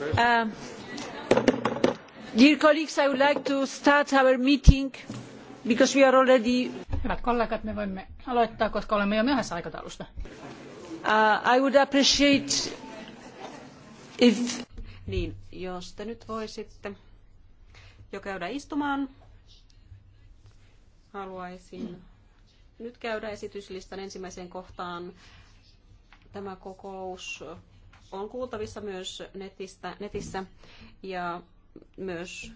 Um, dear colleagues, I would like to start our meeting because we are already... Hyvät kollegat, me voimme aloittaa, koska olemme jo myöhässä aikataulusta. Uh, I would appreciate if... Niin, jos te nyt voisitte jo käydä istumaan, haluaisin nyt käydä esityslistan ensimmäiseen kohtaan. Tämä kokous on kuultavissa myös netistä, netissä ja myös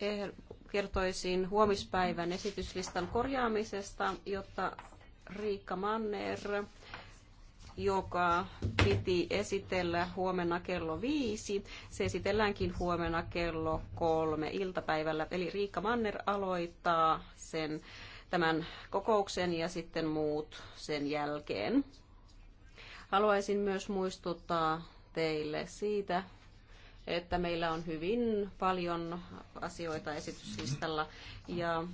er, kertoisin huomispäivän esityslistan korjaamisesta, jotta Riikka Manner, joka piti esitellä huomenna kello viisi, se esitelläänkin huomenna kello kolme iltapäivällä. Eli Riikka Manner aloittaa sen tämän kokouksen ja sitten muut sen jälkeen. Haluaisin myös muistuttaa teille siitä, että meillä on hyvin paljon asioita esityslistalla ja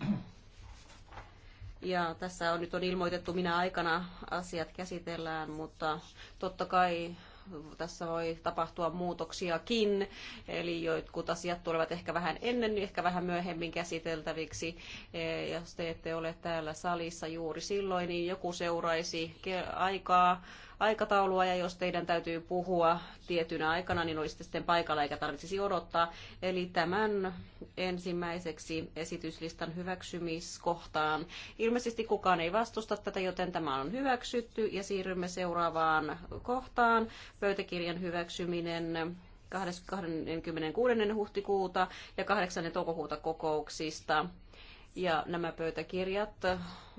ja tässä on nyt on ilmoitettu minä aikana asiat käsitellään, mutta totta kai tässä voi tapahtua muutoksiakin, eli jotkut asiat tulevat ehkä vähän ennen, niin ehkä vähän myöhemmin käsiteltäviksi. E, jos te ette ole täällä salissa juuri silloin, niin joku seuraisi aikaa aikataulua ja jos teidän täytyy puhua tietynä aikana, niin olisitte sitten paikalla eikä tarvitsisi odottaa. Eli tämän ensimmäiseksi esityslistan hyväksymiskohtaan. Ilmeisesti kukaan ei vastusta tätä, joten tämä on hyväksytty ja siirrymme seuraavaan kohtaan. Pöytäkirjan hyväksyminen 26. huhtikuuta ja 8. toukokuuta kokouksista. Ja nämä pöytäkirjat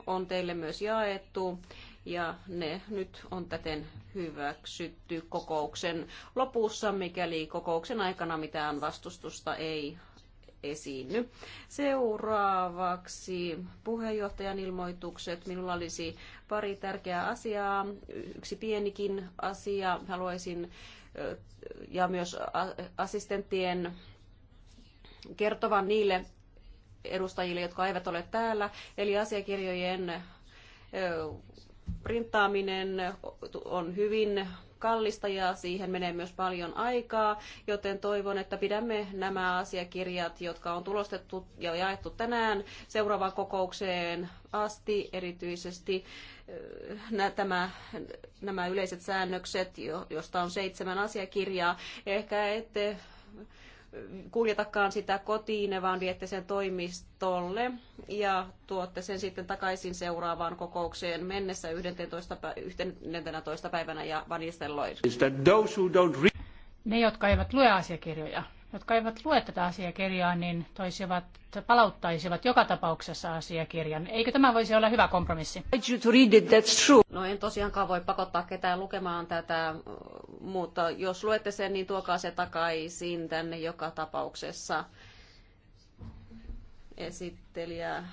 on teille myös jaettu ja ne nyt on täten hyväksytty kokouksen lopussa, mikäli kokouksen aikana mitään vastustusta ei esiinny. Seuraavaksi puheenjohtajan ilmoitukset. Minulla olisi pari tärkeää asiaa, yksi pienikin asia. Haluaisin ja myös assistenttien kertovan niille edustajille, jotka eivät ole täällä, eli asiakirjojen printtaaminen on hyvin kallista ja siihen menee myös paljon aikaa, joten toivon, että pidämme nämä asiakirjat, jotka on tulostettu ja jaettu tänään seuraavaan kokoukseen asti, erityisesti eh, nämä, nämä yleiset säännökset, josta on seitsemän asiakirjaa. Ehkä ette kuljetakaan sitä kotiin, vaan viette sen toimistolle ja tuotte sen sitten takaisin seuraavaan kokoukseen mennessä 11. 11. päivänä ja vanistelloin. Ne, jotka eivät lue asiakirjoja, jotka eivät lue tätä asiakirjaa, niin toisivat, palauttaisivat joka tapauksessa asiakirjan. Eikö tämä voisi olla hyvä kompromissi? No en tosiaankaan voi pakottaa ketään lukemaan tätä, mutta jos luette sen, niin tuokaa se takaisin tänne joka tapauksessa. Esittelijä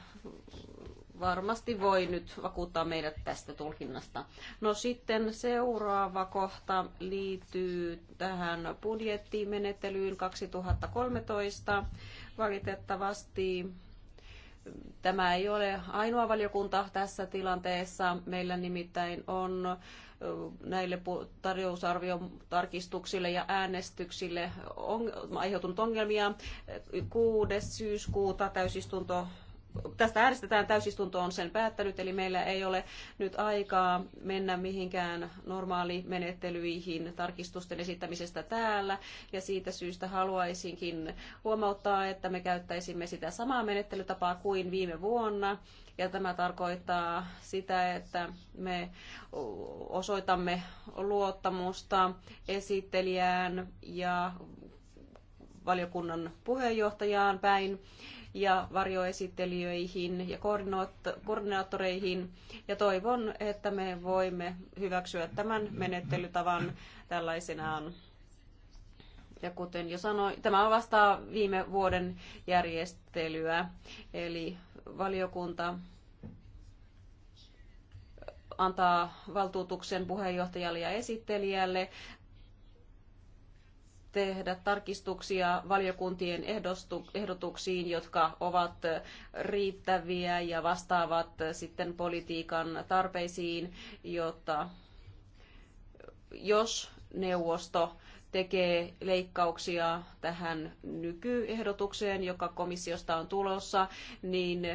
varmasti voi nyt vakuuttaa meidät tästä tulkinnasta. No sitten seuraava kohta liittyy tähän budjettimenettelyyn 2013. Valitettavasti tämä ei ole ainoa valiokunta tässä tilanteessa. Meillä nimittäin on näille tarjousarvion tarkistuksille ja äänestyksille on, aiheutunut ongelmia. 6. syyskuuta täysistunto tästä äänestetään, täysistunto on sen päättänyt, eli meillä ei ole nyt aikaa mennä mihinkään normaalimenettelyihin tarkistusten esittämisestä täällä, ja siitä syystä haluaisinkin huomauttaa, että me käyttäisimme sitä samaa menettelytapaa kuin viime vuonna, ja tämä tarkoittaa sitä, että me osoitamme luottamusta esittelijään ja valiokunnan puheenjohtajaan päin ja varjoesittelijöihin ja koordinaattoreihin. Ja toivon, että me voimme hyväksyä tämän menettelytavan tällaisenaan. Ja kuten jo sanoin, tämä on viime vuoden järjestelyä, eli valiokunta antaa valtuutuksen puheenjohtajalle ja esittelijälle tehdä tarkistuksia valiokuntien ehdotuksiin, jotka ovat riittäviä ja vastaavat sitten politiikan tarpeisiin, jotta jos neuvosto tekee leikkauksia tähän nykyehdotukseen, joka komissiosta on tulossa, niin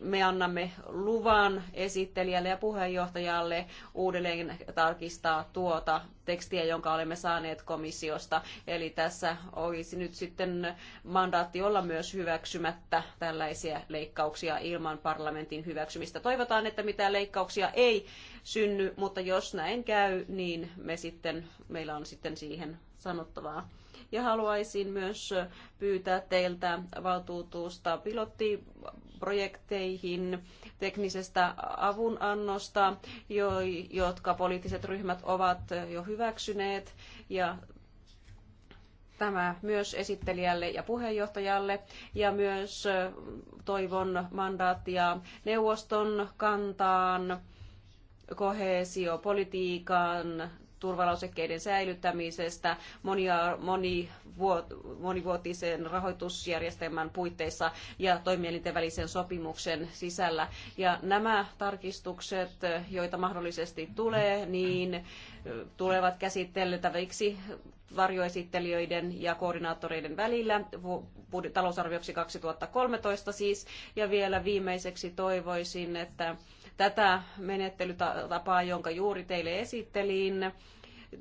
me annamme luvan esittelijälle ja puheenjohtajalle uudelleen tarkistaa tuota tekstiä, jonka olemme saaneet komissiosta. Eli tässä olisi nyt sitten mandaatti olla myös hyväksymättä tällaisia leikkauksia ilman parlamentin hyväksymistä. Toivotaan, että mitään leikkauksia ei synny, mutta jos näin käy, niin me sitten, meillä on sitten siihen sanottavaa. Ja haluaisin myös pyytää teiltä valtuutusta pilottiprojekteihin teknisestä avunannosta, jotka poliittiset ryhmät ovat jo hyväksyneet ja tämä myös esittelijälle ja puheenjohtajalle ja myös toivon mandaattia neuvoston kantaan koheesiopolitiikan turvalausekkeiden säilyttämisestä monia, monivuotisen rahoitusjärjestelmän puitteissa ja toimielinten välisen sopimuksen sisällä. Ja nämä tarkistukset, joita mahdollisesti tulee, niin tulevat käsiteltäviksi varjoesittelijöiden ja koordinaattoreiden välillä talousarvioksi 2013 siis. Ja vielä viimeiseksi toivoisin, että tätä menettelytapaa, jonka juuri teille esittelin,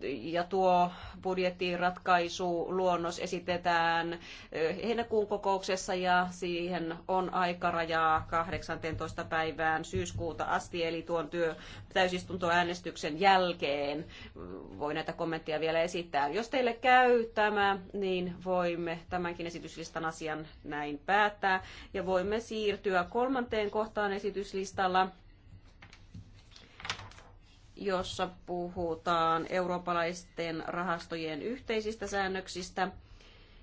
ja tuo budjettiratkaisu luonnos esitetään heinäkuun kokouksessa ja siihen on aikarajaa 18. päivään syyskuuta asti, eli tuon työ täysistuntoäänestyksen jälkeen voi näitä kommentteja vielä esittää. Jos teille käy tämä, niin voimme tämänkin esityslistan asian näin päättää ja voimme siirtyä kolmanteen kohtaan esityslistalla jossa puhutaan eurooppalaisten rahastojen yhteisistä säännöksistä.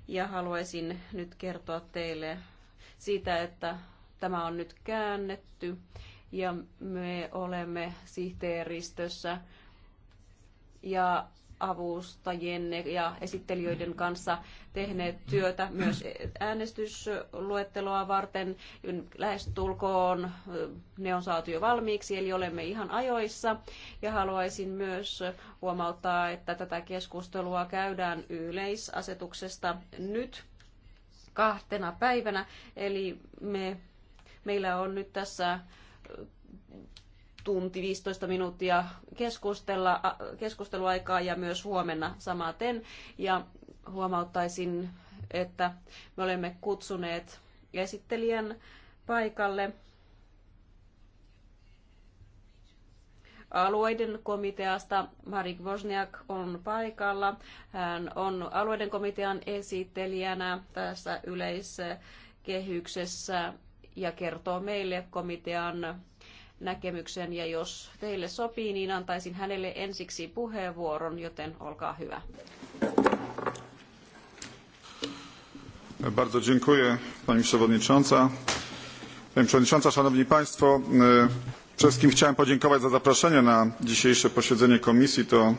Ja haluaisin nyt kertoa teille siitä, että tämä on nyt käännetty ja me olemme sihteeristössä ja avustajien ja esittelijöiden kanssa tehneet työtä myös äänestysluetteloa varten. Lähestulkoon eh, ne on saatu jo valmiiksi, eli olemme ihan ajoissa. Ja haluaisin myös huomauttaa, että tätä keskustelua käydään yleisasetuksesta nyt kahtena päivänä, eli me, meillä on nyt tässä tunti 15 minuuttia keskustella, keskusteluaikaa ja myös huomenna samaten. Ja huomauttaisin, että me olemme kutsuneet esittelijän paikalle alueiden komiteasta. Marik Vosniak on paikalla. Hän on alueiden komitean esittelijänä tässä yleiskehyksessä ja kertoo meille komitean näkemyksen ja jos teille sopii, niin antaisin hänelle ensiksi puheenvuoron, joten olkaa hyvä. Bardzo dziękuję Pani Przewodnicząca. Pani Przewodnicząca, Szanowni Państwo, e, przede wszystkim chciałem podziękować za zaproszenie na dzisiejsze posiedzenie komisji. To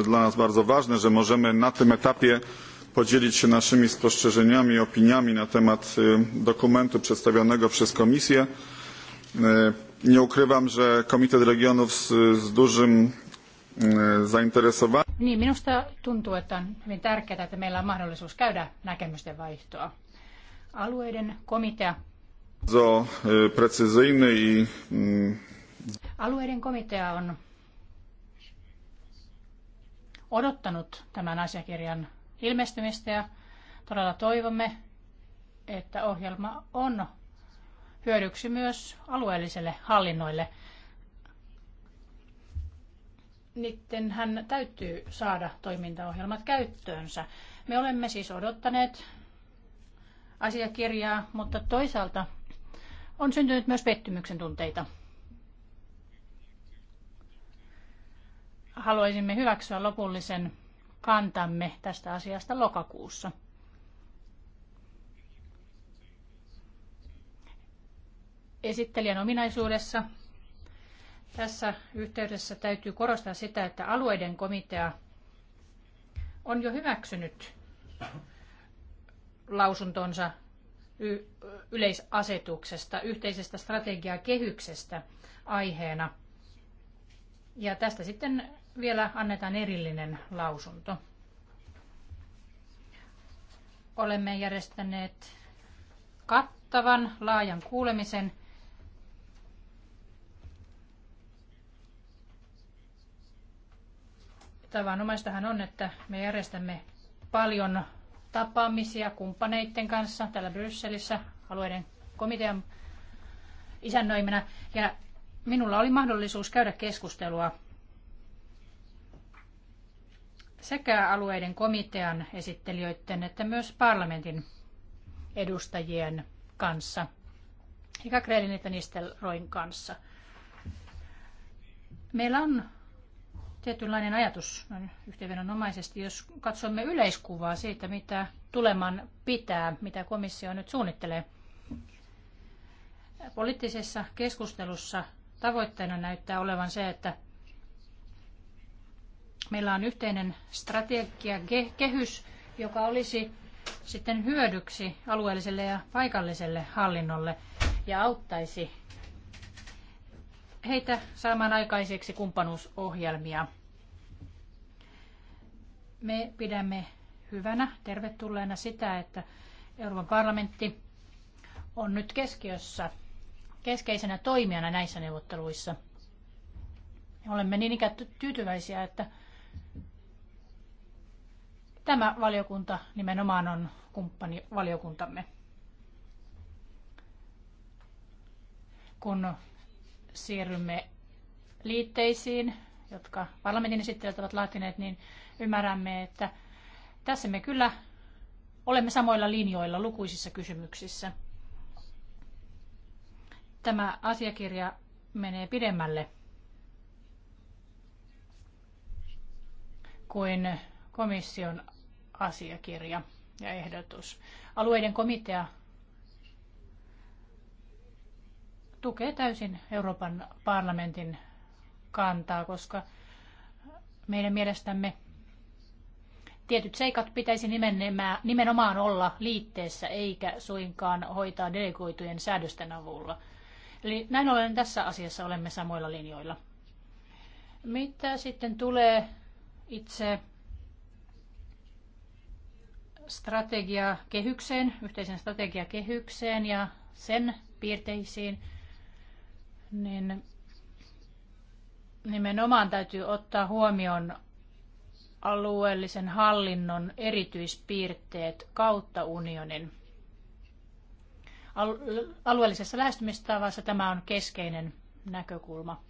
e, dla nas bardzo ważne, że możemy na tym etapie podzielić się naszymi spostrzeżeniami i opiniami na temat e, dokumentu przedstawionego przez Komisję. Nie ukrywam, że Komitet Regionów z, z dużym mm, zainteresowaniem. Niin, minusta tuntuu, että on hyvin tärkeää, että meillä on mahdollisuus käydä näkemysten vaihtoa. Alueiden komitea. Bardzo e, precyzyjny i... Mm, Alueiden komitea on odottanut tämän asiakirjan ilmestymistä ja todella toivomme, että ohjelma on hyödyksi myös alueelliselle hallinnoille. Niiden hän täytyy saada toimintaohjelmat käyttöönsä. Me olemme siis odottaneet asiakirjaa, mutta toisaalta on syntynyt myös pettymyksen tunteita. Haluaisimme hyväksyä lopullisen kantamme tästä asiasta lokakuussa. esittelijän ominaisuudessa. Tässä yhteydessä täytyy korostaa sitä, että alueiden komitea on jo hyväksynyt lausuntonsa yleisasetuksesta, yhteisestä strategiakehyksestä aiheena. Ja tästä sitten vielä annetaan erillinen lausunto. Olemme järjestäneet kattavan laajan kuulemisen – Tavanomaistahan on, että me järjestämme paljon tapaamisia kumppaneiden kanssa täällä Brysselissä alueiden komitean isännöiminä. Ja minulla oli mahdollisuus käydä keskustelua sekä alueiden komitean esittelijöiden että myös parlamentin edustajien kanssa sekä Kreelin että Nistelroin kanssa. Meillä on tietynlainen ajatus yhteenvedonomaisesti, jos katsomme yleiskuvaa siitä, mitä tuleman pitää, mitä komissio nyt suunnittelee. Poliittisessa keskustelussa tavoitteena näyttää olevan se, että meillä on yhteinen strategia, kehys, joka olisi sitten hyödyksi alueelliselle ja paikalliselle hallinnolle ja auttaisi heitä saamaan aikaiseksi kumppanuusohjelmia. Me pidämme hyvänä, tervetulleena sitä, että Euroopan parlamentti on nyt keskiössä, keskeisenä toimijana näissä neuvotteluissa. Olemme niin ikään tyytyväisiä, että tämä valiokunta nimenomaan on kumppanivaliokuntamme. Kun siirrymme liitteisiin, jotka parlamentin esittelijät ovat laatineet, niin ymmärrämme, että tässä me kyllä olemme samoilla linjoilla lukuisissa kysymyksissä. Tämä asiakirja menee pidemmälle kuin komission asiakirja ja ehdotus. Alueiden komitea tukee täysin Euroopan parlamentin kantaa, koska meidän mielestämme tietyt seikat pitäisi nimenomaan olla liitteessä eikä suinkaan hoitaa delegoitujen säädösten avulla. Eli näin ollen tässä asiassa olemme samoilla linjoilla. Mitä sitten tulee itse strategiakehykseen, yhteisen strategiakehykseen ja sen piirteisiin – niin nimenomaan täytyy ottaa huomioon alueellisen hallinnon erityispiirteet kautta unionin. Alueellisessa lähestymistavassa tämä on keskeinen näkökulma.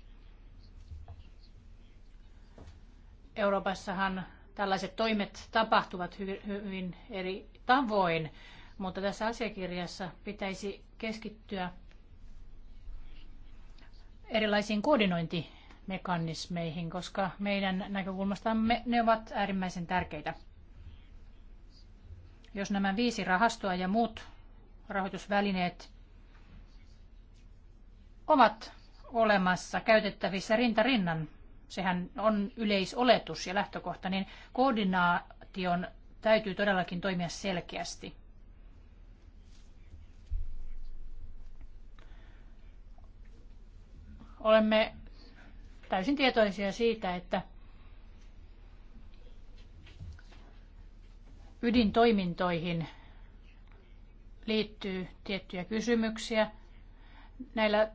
Euroopassahan tällaiset toimet tapahtuvat hyvin eri tavoin, mutta tässä asiakirjassa pitäisi keskittyä erilaisiin koordinointimekanismeihin, koska meidän näkökulmastamme ne ovat äärimmäisen tärkeitä. Jos nämä viisi rahastoa ja muut rahoitusvälineet ovat olemassa käytettävissä rinta rinnan, sehän on yleisoletus ja lähtökohta, niin koordinaation täytyy todellakin toimia selkeästi. Olemme täysin tietoisia siitä, että ydintoimintoihin liittyy tiettyjä kysymyksiä. Näillä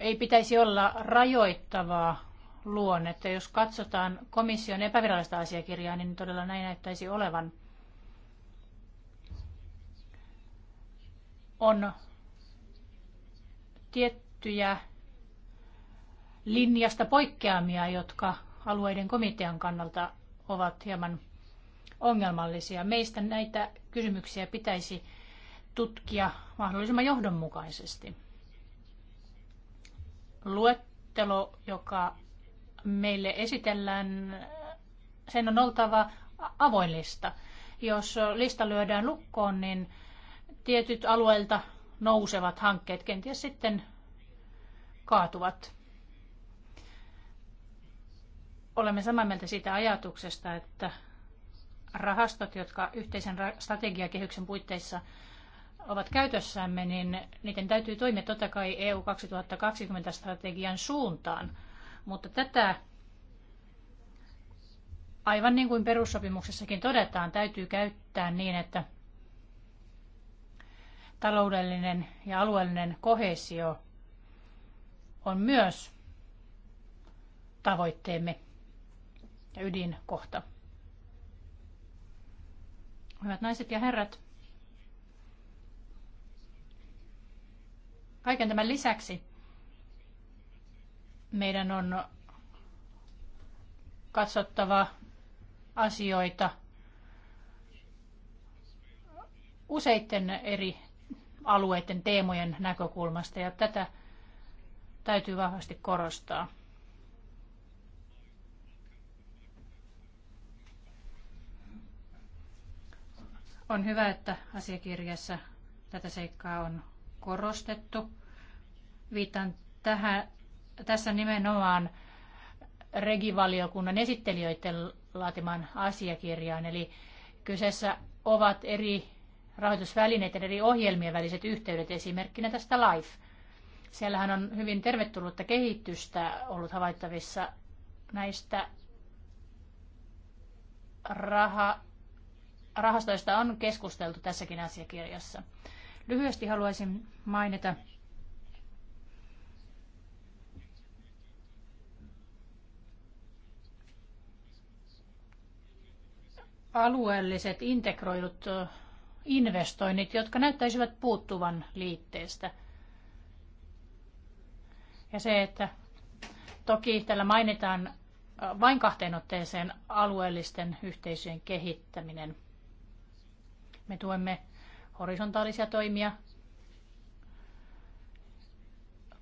ei pitäisi olla rajoittavaa luonnetta. Jos katsotaan komission epävirallista asiakirjaa, niin todella näin näyttäisi olevan. On tietty tiettyjä linjasta poikkeamia, jotka alueiden komitean kannalta ovat hieman ongelmallisia. Meistä näitä kysymyksiä pitäisi tutkia mahdollisimman johdonmukaisesti. Luettelo, joka meille esitellään, sen on oltava avoin lista. Jos lista lyödään lukkoon, niin tietyt alueilta nousevat hankkeet kenties sitten kaatuvat. Olemme samaa mieltä siitä ajatuksesta, että rahastot, jotka yhteisen strategiakehyksen puitteissa ovat käytössämme, niin niiden täytyy toimia totta kai EU 2020-strategian suuntaan. Mutta tätä, aivan niin kuin perussopimuksessakin todetaan, täytyy käyttää niin, että taloudellinen ja alueellinen kohesio – on myös tavoitteemme ja ydinkohta. Hyvät naiset ja herrat, kaiken tämän lisäksi meidän on katsottava asioita useiden eri alueiden teemojen näkökulmasta ja tätä täytyy vahvasti korostaa. On hyvä, että asiakirjassa tätä seikkaa on korostettu. Viitan tähän, tässä nimenomaan regivaliokunnan esittelijöiden laatiman asiakirjaan. Eli kyseessä ovat eri rahoitusvälineiden eri ohjelmien väliset yhteydet, esimerkkinä tästä LIFE. Siellähän on hyvin tervetullutta kehitystä ollut havaittavissa näistä raha, rahastoista on keskusteltu tässäkin asiakirjassa. Lyhyesti haluaisin mainita alueelliset integroidut investoinnit, jotka näyttäisivät puuttuvan liitteestä – ja se, että toki tällä mainitaan äh, vain kahteen otteeseen alueellisten yhteisöjen kehittäminen. Me tuemme horisontaalisia toimia,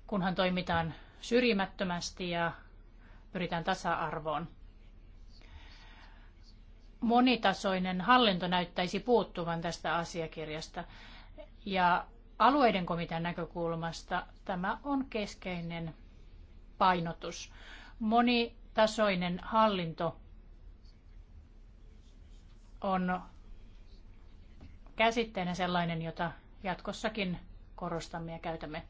kunhan toimitaan syrjimättömästi ja pyritään tasa-arvoon. Monitasoinen hallinto näyttäisi puuttuvan tästä asiakirjasta ja alueiden komitean näkökulmasta tämä on keskeinen painotus. Monitasoinen hallinto on käsitteenä sellainen, jota jatkossakin korostamme ja käytämme.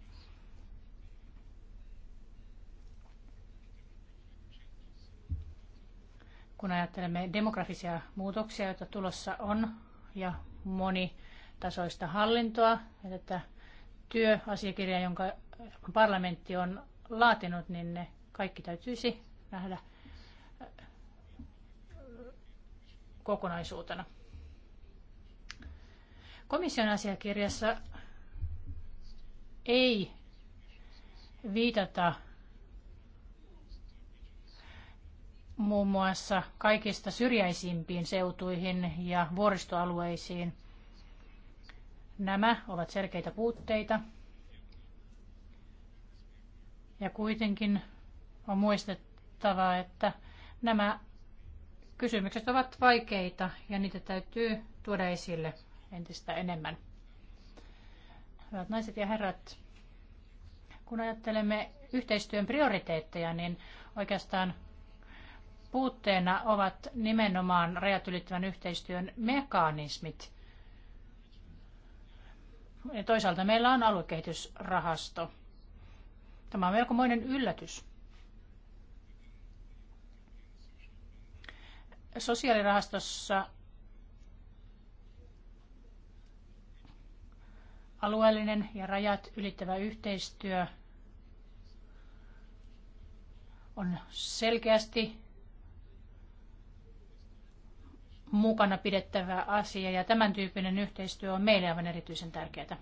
Kun ajattelemme demografisia muutoksia, joita tulossa on, ja moni tasoista hallintoa ja tätä työasiakirjaa, jonka parlamentti on laatinut, niin ne kaikki täytyisi nähdä äh, kokonaisuutena. Komission asiakirjassa ei viitata muun muassa kaikista syrjäisimpiin seutuihin ja vuoristoalueisiin – Nämä ovat selkeitä puutteita. Ja kuitenkin on muistettava, että nämä kysymykset ovat vaikeita ja niitä täytyy tuoda esille entistä enemmän. Hyvät naiset ja herrat, kun ajattelemme yhteistyön prioriteetteja, niin oikeastaan puutteena ovat nimenomaan rajat ylittävän yhteistyön mekanismit. Ja toisaalta meillä on aluekehitysrahasto. Tämä on melkomoinen yllätys. Sosiaalirahastossa alueellinen ja rajat ylittävä yhteistyö on selkeästi mukana pidettävä asia ja tämän tyyppinen yhteistyö on meille aivan erityisen tärkeää.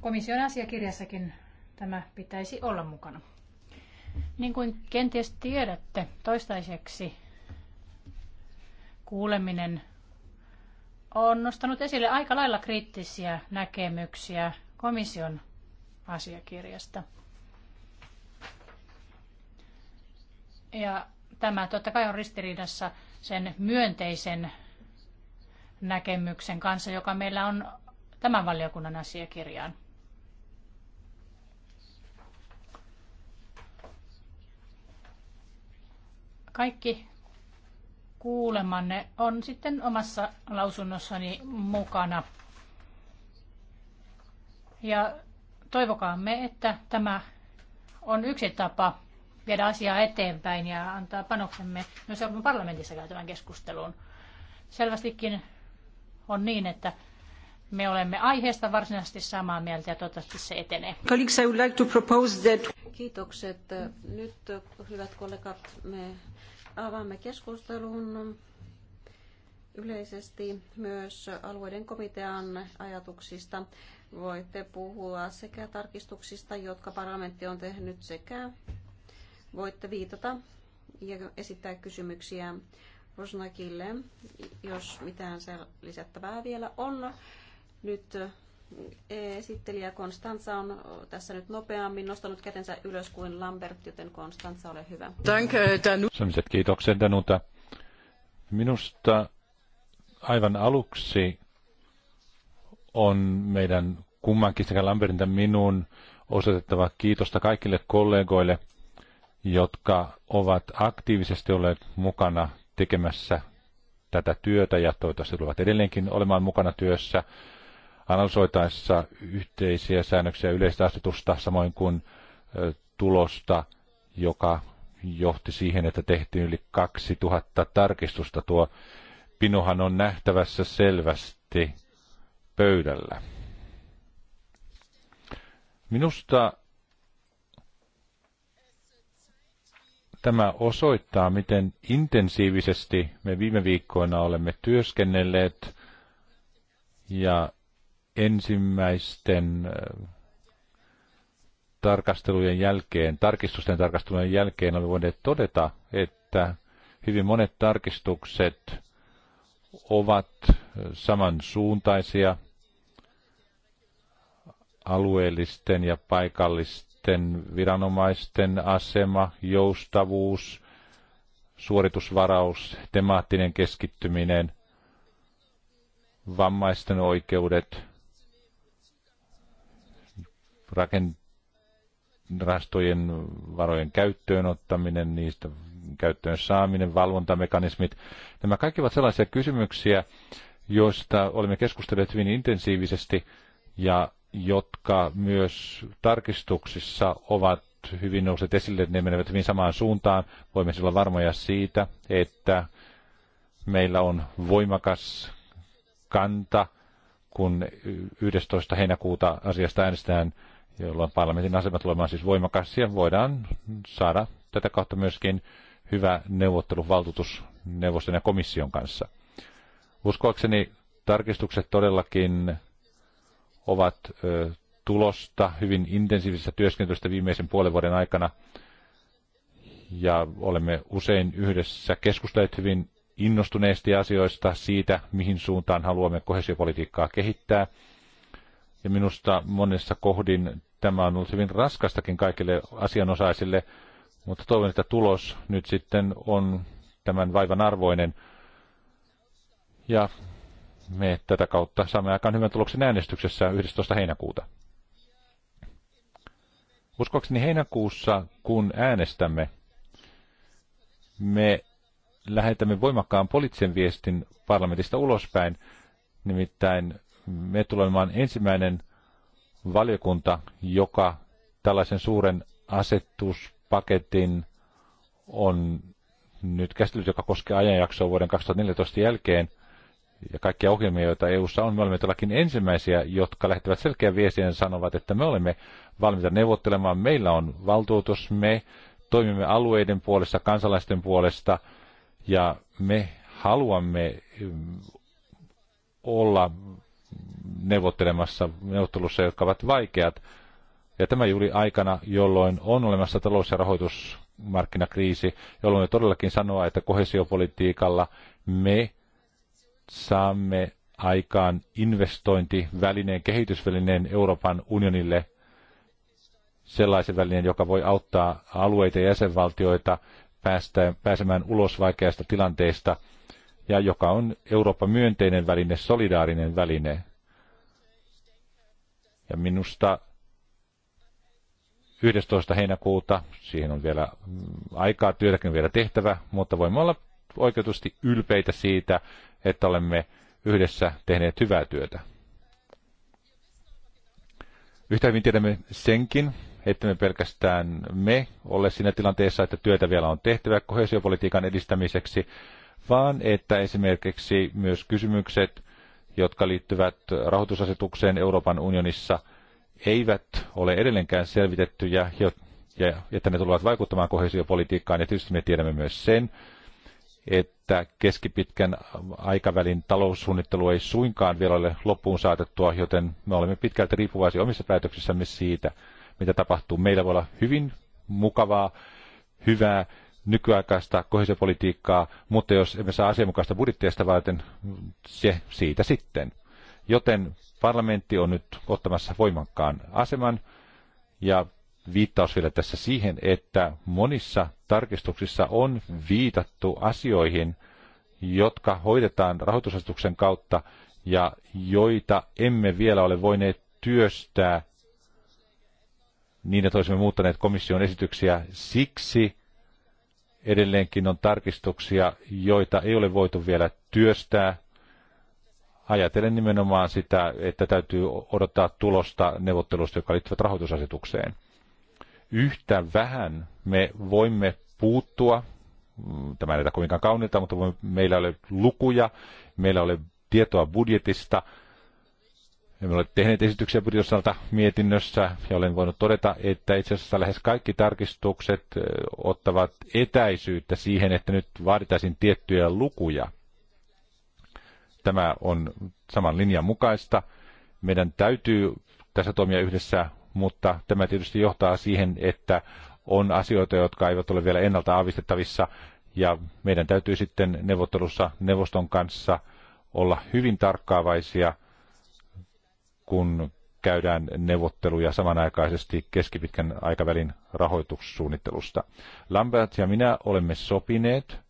Komission asiakirjassakin tämä pitäisi olla mukana. Niin kuin kenties tiedätte, toistaiseksi kuuleminen on nostanut esille aika lailla kriittisiä näkemyksiä komission asiakirjasta – Ja tämä totta kai on ristiriidassa sen myönteisen näkemyksen kanssa, joka meillä on tämän valiokunnan asiakirjaan. Kaikki kuulemanne on sitten omassa lausunnossani mukana. Ja toivokaamme, että tämä on yksi tapa viedä asiaa eteenpäin ja antaa panoksemme myös Euroopan parlamentissa käytävän keskusteluun. Selvästikin on niin, että me olemme aiheesta varsinaisesti samaa mieltä ja toivottavasti se etenee. Colleagues, I would like to propose that... Kiitokset. Nyt, hyvät kollegat, me avaamme keskustelun yleisesti myös alueiden komitean ajatuksista. Voitte puhua sekä tarkistuksista, jotka parlamentti on tehnyt, sekä voitte viitata ja esittää kysymyksiä Rosnakille, jos mitään lisättävää vielä on. Nyt esittelijä Konstanza on tässä nyt nopeammin nostanut kätensä ylös kuin Lambert, joten Konstanza, ole hyvä. Uh, Sellaiset kiitokset Danuta. Minusta aivan aluksi on meidän kummankin sekä Lambertin että minun osoitettava kiitosta kaikille kollegoille – jotka ovat aktiivisesti olleet mukana tekemässä tätä työtä ja toivottavasti tulevat edelleenkin olemaan mukana työssä analysoitaessa yhteisiä säännöksiä yleistä asetusta samoin kuin tulosta, joka johti siihen, että tehtiin yli 2000 tarkistusta. Tuo pinohan on nähtävässä selvästi pöydällä. Minusta Tämä osoittaa, miten intensiivisesti me viime viikkoina olemme työskennelleet ja ensimmäisten äh, tarkastelujen jälkeen, tarkistusten tarkastelujen jälkeen olemme voineet todeta, että hyvin monet tarkistukset ovat äh, samansuuntaisia alueellisten ja paikallisten sitten viranomaisten asema, joustavuus, suoritusvaraus, temaattinen keskittyminen, vammaisten oikeudet, rakenrastojen varojen käyttöön ottaminen, niistä käyttöön saaminen, valvontamekanismit. Nämä kaikki ovat sellaisia kysymyksiä, joista olemme keskustelleet hyvin intensiivisesti ja jotka myös tarkistuksissa ovat hyvin nousseet esille, ne menevät hyvin samaan suuntaan. Voimme olla varmoja siitä, että meillä on voimakas kanta, kun 11. heinäkuuta asiasta äänestetään, jolloin parlamentin asema tulee siis voimakas, ja voidaan saada tätä kautta myöskin hyvä neuvotteluvaltuutus neuvoston ja komission kanssa. Uskoakseni tarkistukset todellakin ovat tulosta hyvin intensiivisestä työskentelystä viimeisen puolen vuoden aikana. Ja olemme usein yhdessä keskustelleet hyvin innostuneesti asioista siitä, mihin suuntaan haluamme kohesiopolitiikkaa kehittää. Ja minusta monessa kohdin tämä on ollut hyvin raskastakin kaikille asianosaisille, mutta toivon, että tulos nyt sitten on tämän vaivan arvoinen. Ja me tätä kautta saamme aikaan hyvän tuloksen äänestyksessä 11. heinäkuuta. Uskoakseni heinäkuussa, kun äänestämme, me lähetämme voimakkaan poliittisen viestin parlamentista ulospäin. Nimittäin me tulemme ensimmäinen valiokunta, joka tällaisen suuren asetuspaketin on nyt käsitellyt, joka koskee ajanjaksoa vuoden 2014 jälkeen – ja kaikkia ohjelmia, joita EU:ssa on, me olemme todellakin ensimmäisiä, jotka lähtevät selkeän viestin ja sanovat, että me olemme valmiita neuvottelemaan, meillä on valtuutus, me toimimme alueiden puolesta, kansalaisten puolesta, ja me haluamme mm, olla neuvottelemassa neuvottelussa, jotka ovat vaikeat. Ja tämä juuri aikana, jolloin on olemassa talous- ja rahoitusmarkkinakriisi, jolloin me todellakin sanoa, että kohesiopolitiikalla me saamme aikaan investointivälineen, kehitysvälineen Euroopan unionille, sellaisen välineen, joka voi auttaa alueita ja jäsenvaltioita päästä, pääsemään ulos vaikeasta tilanteesta, ja joka on Euroopan myönteinen väline, solidaarinen väline. Ja minusta 11. heinäkuuta, siihen on vielä aikaa, työtäkin on vielä tehtävä, mutta voimme olla oikeutusti ylpeitä siitä, että olemme yhdessä tehneet hyvää työtä. Yhtä hyvin tiedämme senkin, että me pelkästään me ole siinä tilanteessa, että työtä vielä on tehtävä kohesiopolitiikan edistämiseksi, vaan että esimerkiksi myös kysymykset, jotka liittyvät rahoitusasetukseen Euroopan unionissa, eivät ole edelleenkään selvitettyjä ja, että ne tulevat vaikuttamaan kohesiopolitiikkaan. Ja tietysti me tiedämme myös sen, että keskipitkän aikavälin taloussuunnittelu ei suinkaan vielä ole loppuun saatettua, joten me olemme pitkälti riippuvaisia omissa päätöksissämme siitä, mitä tapahtuu. Meillä voi olla hyvin mukavaa, hyvää, nykyaikaista kohesiopolitiikkaa, mutta jos emme saa asianmukaista budjettiasta varten, se siitä sitten. Joten parlamentti on nyt ottamassa voimakkaan aseman ja viittaus vielä tässä siihen, että monissa tarkistuksissa on viitattu asioihin, jotka hoidetaan rahoitusasetuksen kautta ja joita emme vielä ole voineet työstää niin, että olisimme muuttaneet komission esityksiä. Siksi edelleenkin on tarkistuksia, joita ei ole voitu vielä työstää. Ajatellen nimenomaan sitä, että täytyy odottaa tulosta neuvottelusta, joka liittyvät rahoitusasetukseen yhtä vähän me voimme puuttua, tämä ei ole kovinkaan kaunilta, mutta meillä ei ole lukuja, meillä ei ole tietoa budjetista, emme ole tehneet esityksiä budjettisalta mietinnössä ja olen voinut todeta, että itse asiassa lähes kaikki tarkistukset ottavat etäisyyttä siihen, että nyt vaadittaisiin tiettyjä lukuja. Tämä on saman linjan mukaista. Meidän täytyy tässä toimia yhdessä mutta tämä tietysti johtaa siihen, että on asioita, jotka eivät ole vielä ennalta aavistettavissa, ja meidän täytyy sitten neuvottelussa neuvoston kanssa olla hyvin tarkkaavaisia, kun käydään neuvotteluja samanaikaisesti keskipitkän aikavälin rahoitussuunnittelusta. Lambert ja minä olemme sopineet,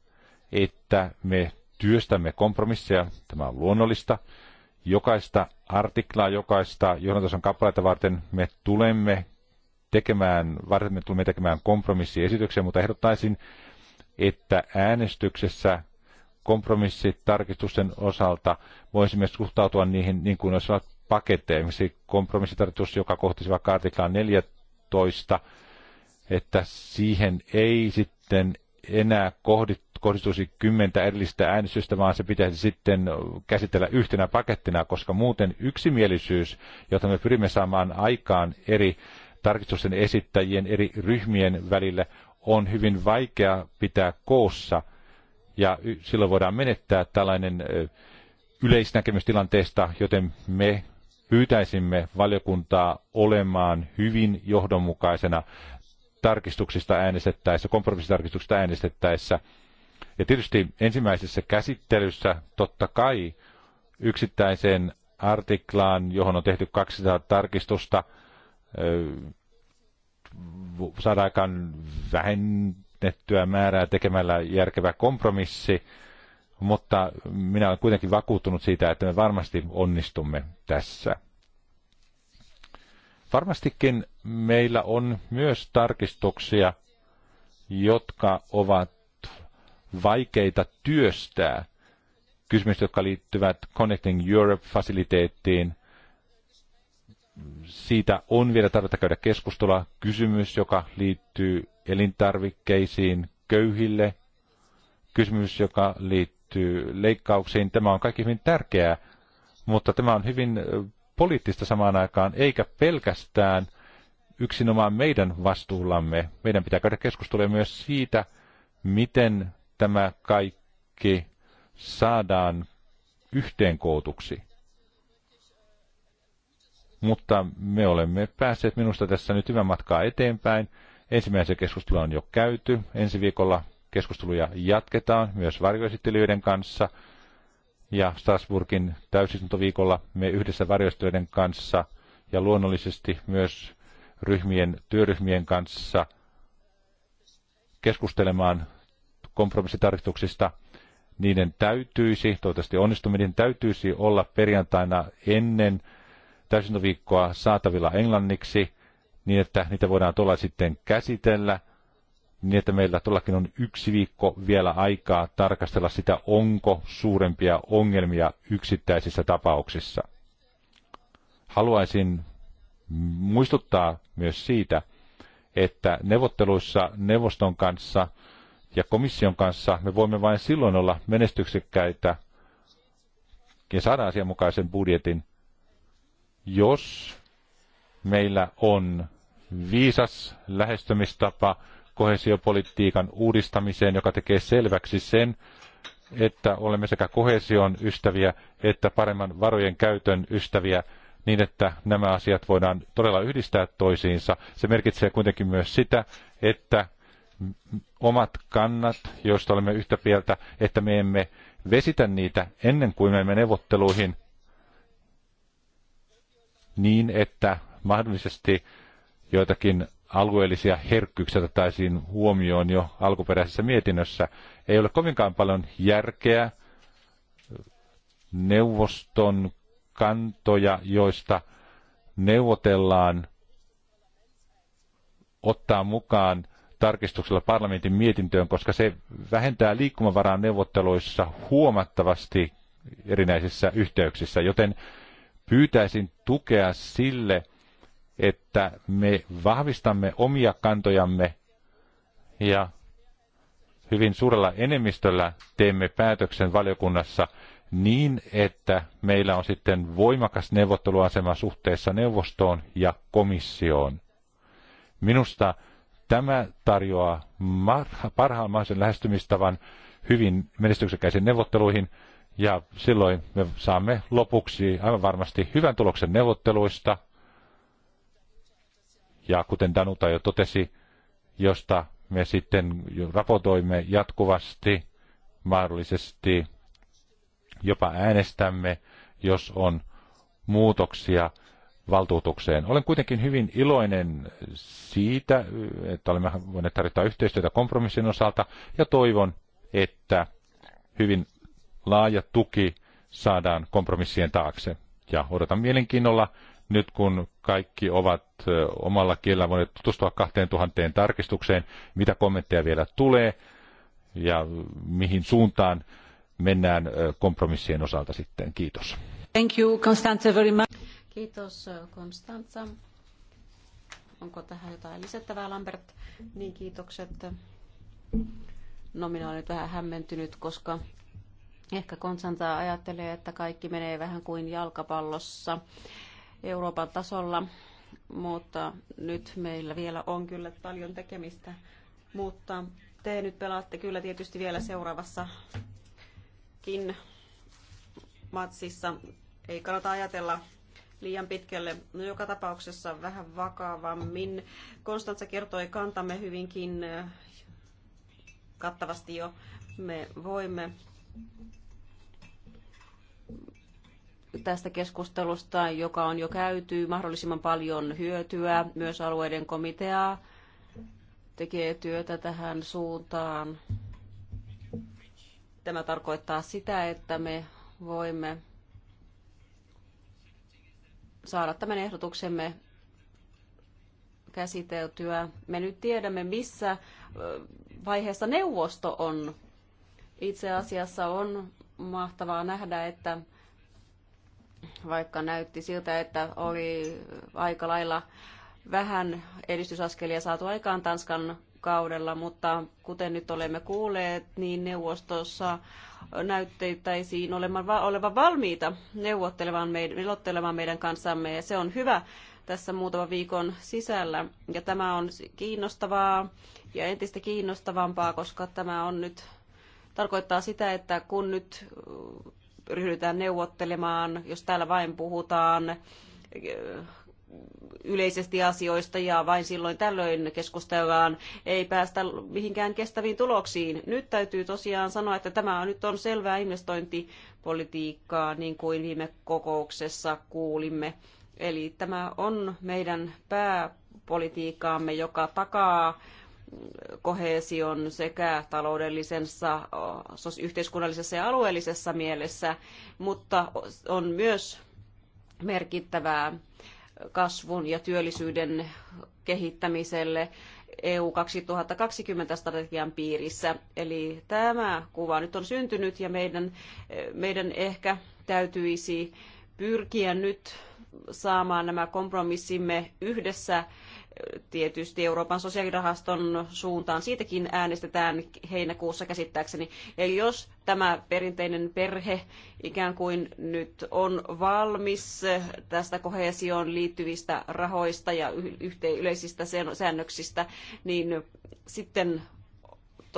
että me työstämme kompromisseja, tämä on luonnollista, jokaista artiklaa, jokaista johdantason kappaletta varten me tulemme tekemään, varten me tulemme tekemään kompromissiesityksiä, mutta ehdottaisin, että äänestyksessä kompromissitarkistusten osalta voisimme suhtautua niihin niin kuin olisivat paketteja. Esimerkiksi kompromissitarkistus, joka kohtisi vaikka artiklaa 14, että siihen ei sitten enää kohdittu kohdistuisi kymmentä erillistä äänestystä, vaan se pitäisi sitten käsitellä yhtenä pakettina, koska muuten yksimielisyys, jota me pyrimme saamaan aikaan eri tarkistusten esittäjien eri ryhmien välillä, on hyvin vaikea pitää koossa. Ja silloin voidaan menettää tällainen yleisnäkemys tilanteesta, joten me pyytäisimme valiokuntaa olemaan hyvin johdonmukaisena tarkistuksista äänestettäessä, kompromissitarkistuksista äänestettäessä – ja tietysti ensimmäisessä käsittelyssä totta kai yksittäiseen artiklaan, johon on tehty 200 tarkistusta, saada aikaan vähennettyä määrää tekemällä järkevä kompromissi, mutta minä olen kuitenkin vakuuttunut siitä, että me varmasti onnistumme tässä. Varmastikin meillä on myös tarkistuksia, jotka ovat vaikeita työstää. Kysymykset, jotka liittyvät Connecting Europe-fasiliteettiin, siitä on vielä tarvetta käydä keskustelua. Kysymys, joka liittyy elintarvikkeisiin köyhille, kysymys, joka liittyy leikkauksiin, tämä on kaikki hyvin tärkeää, mutta tämä on hyvin poliittista samaan aikaan, eikä pelkästään yksinomaan meidän vastuullamme. Meidän pitää käydä keskustelua myös siitä, miten tämä kaikki saadaan yhteenkootuksi. Mutta me olemme päässeet minusta tässä nyt hyvän matkaa eteenpäin. Ensimmäisen keskustelun on jo käyty. Ensi viikolla keskusteluja jatketaan myös varjoesittelijöiden kanssa. Ja Strasburgin täysistuntoviikolla me yhdessä varjoesittelijöiden kanssa ja luonnollisesti myös ryhmien, työryhmien kanssa keskustelemaan kompromissitarkistuksista, niiden täytyisi, toivottavasti onnistuminen täytyisi olla perjantaina ennen täysintoviikkoa saatavilla englanniksi, niin että niitä voidaan tuolla sitten käsitellä, niin että meillä tuollakin on yksi viikko vielä aikaa tarkastella sitä, onko suurempia ongelmia yksittäisissä tapauksissa. Haluaisin muistuttaa myös siitä, että neuvotteluissa neuvoston kanssa – ja komission kanssa me voimme vain silloin olla menestyksekkäitä ja saada asianmukaisen budjetin, jos meillä on viisas lähestymistapa kohesiopolitiikan uudistamiseen, joka tekee selväksi sen, että olemme sekä kohesion ystäviä että paremman varojen käytön ystäviä niin, että nämä asiat voidaan todella yhdistää toisiinsa. Se merkitsee kuitenkin myös sitä, että omat kannat, joista olemme yhtä pieltä, että me emme vesitä niitä ennen kuin menemme neuvotteluihin niin, että mahdollisesti joitakin alueellisia herkkyyksiä otettaisiin huomioon jo alkuperäisessä mietinnössä. Ei ole kovinkaan paljon järkeä neuvoston kantoja, joista neuvotellaan ottaa mukaan tarkistuksella parlamentin mietintöön, koska se vähentää liikkumavaraa neuvotteluissa huomattavasti erinäisissä yhteyksissä, joten pyytäisin tukea sille, että me vahvistamme omia kantojamme ja hyvin suurella enemmistöllä teemme päätöksen valiokunnassa niin, että meillä on sitten voimakas neuvotteluasema suhteessa neuvostoon ja komissioon. Minusta Tämä tarjoaa parhaan mahdollisen lähestymistavan hyvin menestyksekkäisiin neuvotteluihin, ja silloin me saamme lopuksi aivan varmasti hyvän tuloksen neuvotteluista. Ja kuten Danuta jo totesi, josta me sitten raportoimme jatkuvasti, mahdollisesti jopa äänestämme, jos on muutoksia valtuutukseen. Olen kuitenkin hyvin iloinen siitä, että olemme voineet tarjota yhteistyötä kompromissin osalta ja toivon, että hyvin laaja tuki saadaan kompromissien taakse. Ja odotan mielenkiinnolla nyt kun kaikki ovat omalla kielellä voineet tutustua 2000 tarkistukseen, mitä kommentteja vielä tulee ja mihin suuntaan mennään kompromissien osalta sitten. Kiitos. Thank you, very much. Kiitos Konstantsa. Onko tähän jotain lisättävää, Lambert? Niin, kiitokset. No minä olen nyt vähän hämmentynyt, koska ehkä Konstantsa ajattelee, että kaikki menee vähän kuin jalkapallossa Euroopan tasolla, mutta nyt meillä vielä on kyllä paljon tekemistä. Mutta te nyt pelaatte kyllä tietysti vielä seuraavassakin matsissa. Ei kannata ajatella liian pitkälle. No, joka tapauksessa vähän vakavammin. Konstantsa kertoi kantamme hyvinkin eh, kattavasti jo. Me voimme tästä keskustelusta, joka on jo käyty, mahdollisimman paljon hyötyä. Myös alueiden komitea tekee työtä tähän suuntaan. Tämä tarkoittaa sitä, että me voimme saada tämän ehdotuksemme käsiteltyä. Me nyt tiedämme, missä vaiheessa neuvosto on. Itse asiassa on mahtavaa nähdä, että vaikka näytti siltä, että oli aika lailla vähän edistysaskelia saatu aikaan Tanskan kaudella, mutta kuten nyt olemme kuulleet, niin neuvostossa näyttäisiin olevan, olevan valmiita neuvottelemaan meidän, meidän kanssamme ja se on hyvä tässä muutaman viikon sisällä. Ja tämä on kiinnostavaa ja entistä kiinnostavampaa, koska tämä on nyt tarkoittaa sitä, että kun nyt ryhdytään neuvottelemaan, jos täällä vain puhutaan yleisesti asioista ja vain silloin tällöin keskustellaan, ei päästä mihinkään kestäviin tuloksiin. Nyt täytyy tosiaan sanoa, että tämä on nyt on selvää investointipolitiikkaa, niin kuin viime kokouksessa kuulimme. Eli tämä on meidän pääpolitiikkaamme, joka takaa kohesion sekä taloudellisessa, yhteiskunnallisessa ja alueellisessa mielessä, mutta on myös merkittävää kasvun ja työllisyyden kehittämiselle EU 2020-strategian piirissä. Eli tämä kuva nyt on syntynyt ja meidän, meidän ehkä täytyisi pyrkiä nyt saamaan nämä kompromissimme yhdessä tietysti Euroopan sosiaalirahaston suuntaan. Siitäkin äänestetään heinäkuussa käsittääkseni. Eli jos tämä perinteinen perhe ikään kuin nyt on valmis tästä kohesioon liittyvistä rahoista ja yhte- yleisistä säännöksistä, niin sitten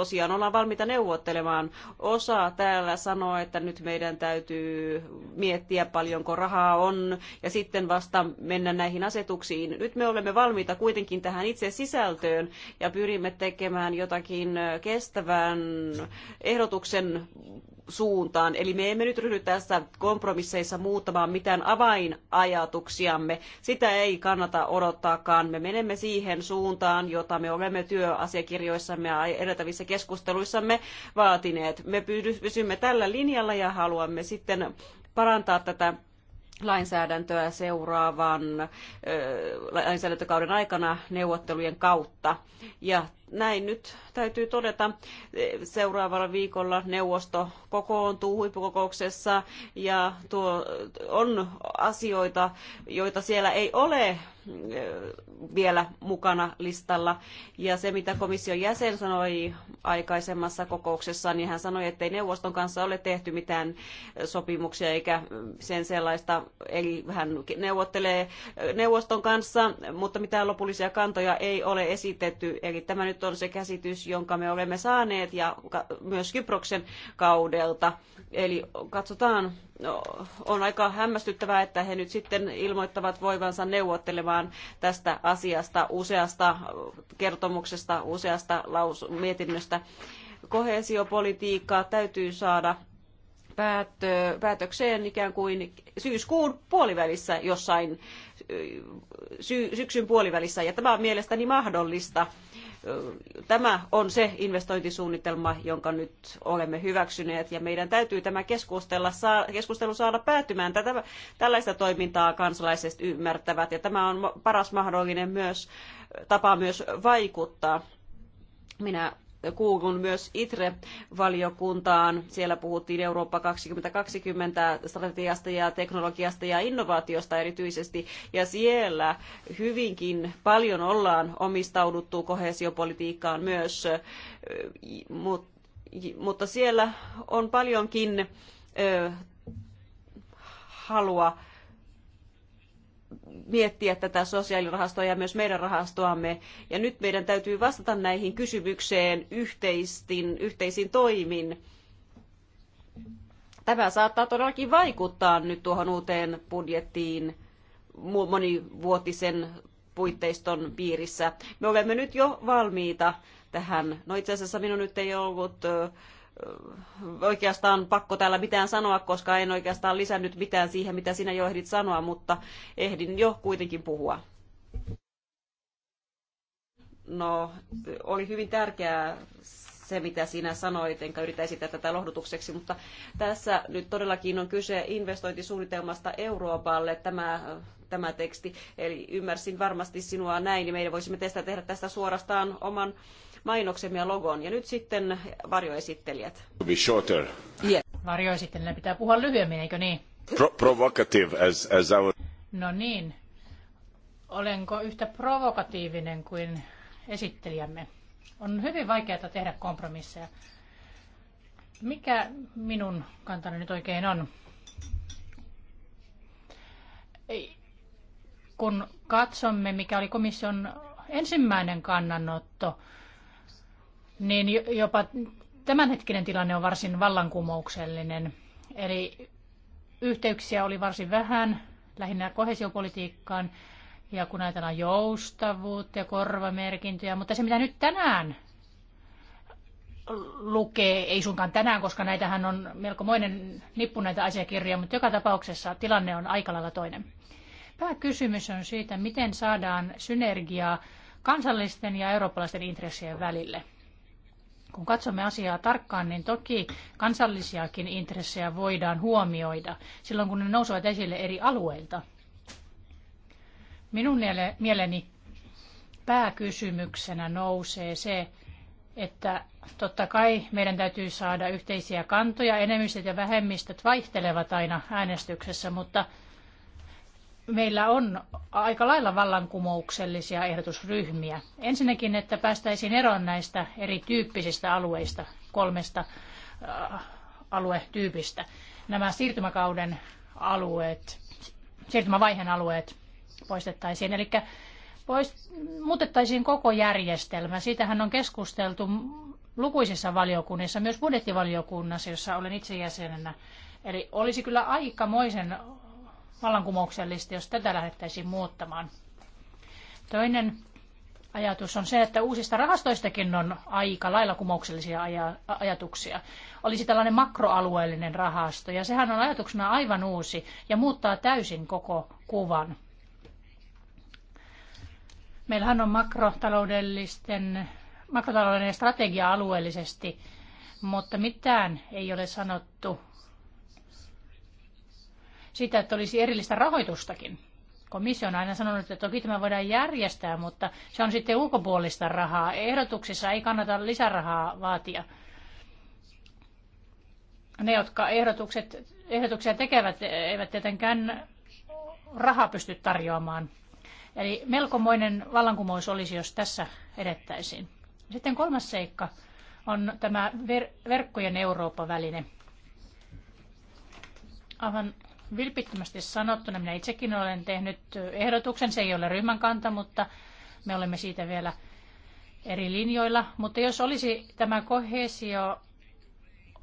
tosiaan ollaan valmiita neuvottelemaan. Osa täällä sanoo, että nyt meidän täytyy miettiä paljonko rahaa on ja sitten vasta mennä näihin asetuksiin. Nyt me olemme valmiita kuitenkin tähän itse sisältöön ja pyrimme tekemään jotakin kestävän ehdotuksen suuntaan. Eli me emme nyt ryhdy tässä kompromisseissa muuttamaan mitään avainajatuksiamme. Sitä ei kannata odottaakaan. Me menemme siihen suuntaan, jota me olemme työasiakirjoissamme ja edeltävissä keskusteluissamme vaatineet. Me pysymme tällä linjalla ja haluamme sitten parantaa tätä lainsäädäntöä seuraavan lainsäädäntökauden aikana neuvottelujen kautta. Ja näin nyt täytyy todeta. Seuraavalla viikolla neuvosto kokoontuu huippukokouksessa ja tuo on asioita, joita siellä ei ole eh, vielä mukana listalla. Ja se, mitä komission jäsen sanoi aikaisemmassa kokouksessa, niin hän sanoi, ettei neuvoston kanssa ole tehty mitään sopimuksia eikä sen sellaista. Eli hän neuvottelee neuvoston kanssa, mutta mitään lopullisia kantoja ei ole esitetty. Eli tämä nyt nyt on se käsitys, jonka me olemme saaneet ja myös Kyproksen kaudelta. Eli katsotaan, no, on aika hämmästyttävää, että he nyt sitten ilmoittavat voivansa neuvottelemaan tästä asiasta useasta kertomuksesta, useasta laus- mietinnöstä. Kohesiopolitiikkaa täytyy saada päätökseen ikään kuin syyskuun puolivälissä jossain syksyn puolivälissä, ja tämä on mielestäni mahdollista tämä on se investointisuunnitelma, jonka nyt olemme hyväksyneet, ja meidän täytyy tämä keskustella, keskustelu saada päättymään. Tätä, tällaista toimintaa kansalaiset ymmärtävät, ja tämä on paras mahdollinen myös, tapa myös vaikuttaa. Minä kuulun myös ITRE-valiokuntaan. Siellä puhuttiin Eurooppa 2020 strategiasta ja teknologiasta ja innovaatiosta erityisesti. Ja siellä hyvinkin paljon ollaan omistauduttu kohesiopolitiikkaan myös, mutta siellä on paljonkin halua miettiä tätä sosiaalirahastoa ja myös meidän rahastoamme. Ja nyt meidän täytyy vastata näihin kysymykseen yhteistin, yhteisin toimin. Tämä saattaa todellakin vaikuttaa nyt tuohon uuteen budjettiin monivuotisen puitteiston piirissä. Me olemme nyt jo valmiita tähän. No itse asiassa minun nyt ei ollut oikeastaan pakko täällä mitään sanoa, koska en oikeastaan lisännyt mitään siihen, mitä sinä jo ehdit sanoa, mutta ehdin jo kuitenkin puhua. No, oli hyvin tärkeää se, mitä sinä sanoit, enkä yritä esittää tätä lohdutukseksi, mutta tässä nyt todellakin on kyse investointisuunnitelmasta Euroopalle. Tämä tämä teksti. Eli ymmärsin varmasti sinua näin, niin meidän voisimme tästä tehdä tästä suorastaan oman mainoksemme ja logon. Ja nyt sitten varjoesittelijät. Be shorter. Yeah. Varjoesittelijänä pitää puhua lyhyemmin, eikö niin? Pro- provocative as, as our... No niin. Olenko yhtä provokatiivinen kuin esittelijämme? On hyvin vaikeaa tehdä kompromisseja. Mikä minun kantani nyt oikein on? Ei. Kun katsomme, mikä oli komission ensimmäinen kannanotto niin jopa tämänhetkinen tilanne on varsin vallankumouksellinen. Eli yhteyksiä oli varsin vähän, lähinnä kohesiopolitiikkaan, ja kun ajatellaan joustavuutta ja korvamerkintöjä, mutta se mitä nyt tänään lukee, ei suinkaan tänään, koska näitähän on melkomoinen nippu näitä asiakirjoja, mutta joka tapauksessa tilanne on aika lailla toinen. Pääkysymys on siitä, miten saadaan synergiaa kansallisten ja eurooppalaisten intressien välille – kun katsomme asiaa tarkkaan, niin toki kansallisiakin intressejä voidaan huomioida silloin, kun ne nousevat esille eri alueilta. Minun mieleni pääkysymyksenä nousee se, että totta kai meidän täytyy saada yhteisiä kantoja, enemmistöt ja vähemmistöt vaihtelevat aina äänestyksessä, mutta meillä on aika lailla vallankumouksellisia ehdotusryhmiä. Ensinnäkin, että päästäisiin eroon näistä erityyppisistä alueista, kolmesta äh, aluetyypistä. Nämä siirtymäkauden alueet, siirtymävaiheen alueet poistettaisiin. Eli pois, muutettaisiin koko järjestelmä. Siitähän on keskusteltu lukuisissa valiokunnissa, myös budjettivaliokunnassa, jossa olen itse jäsenenä. Eli olisi kyllä aikamoisen vallankumouksellista, jos tätä lähdettäisiin muuttamaan. Toinen ajatus on se, että uusista rahastoistakin on aika lailla kumouksellisia ajatuksia. Olisi tällainen makroalueellinen rahasto, ja sehän on ajatuksena aivan uusi ja muuttaa täysin koko kuvan. Meillähän on makrotaloudellisten, makrotaloudellinen strategia alueellisesti, mutta mitään ei ole sanottu siitä, että olisi erillistä rahoitustakin. Komissio on aina sanonut, että toki tämä voidaan järjestää, mutta se on sitten ulkopuolista rahaa. Ehdotuksissa ei kannata lisärahaa vaatia. Ne, jotka ehdotukset, ehdotuksia tekevät, eivät tietenkään rahaa pysty tarjoamaan. Eli melkomoinen vallankumous olisi, jos tässä edettäisiin. Sitten kolmas seikka on tämä ver- verkkojen Eurooppa-väline. Aivan vilpittömästi sanottuna, minä itsekin olen tehnyt ehdotuksen, se ei ole ryhmän kanta, mutta me olemme siitä vielä eri linjoilla. Mutta jos olisi tämä kohesio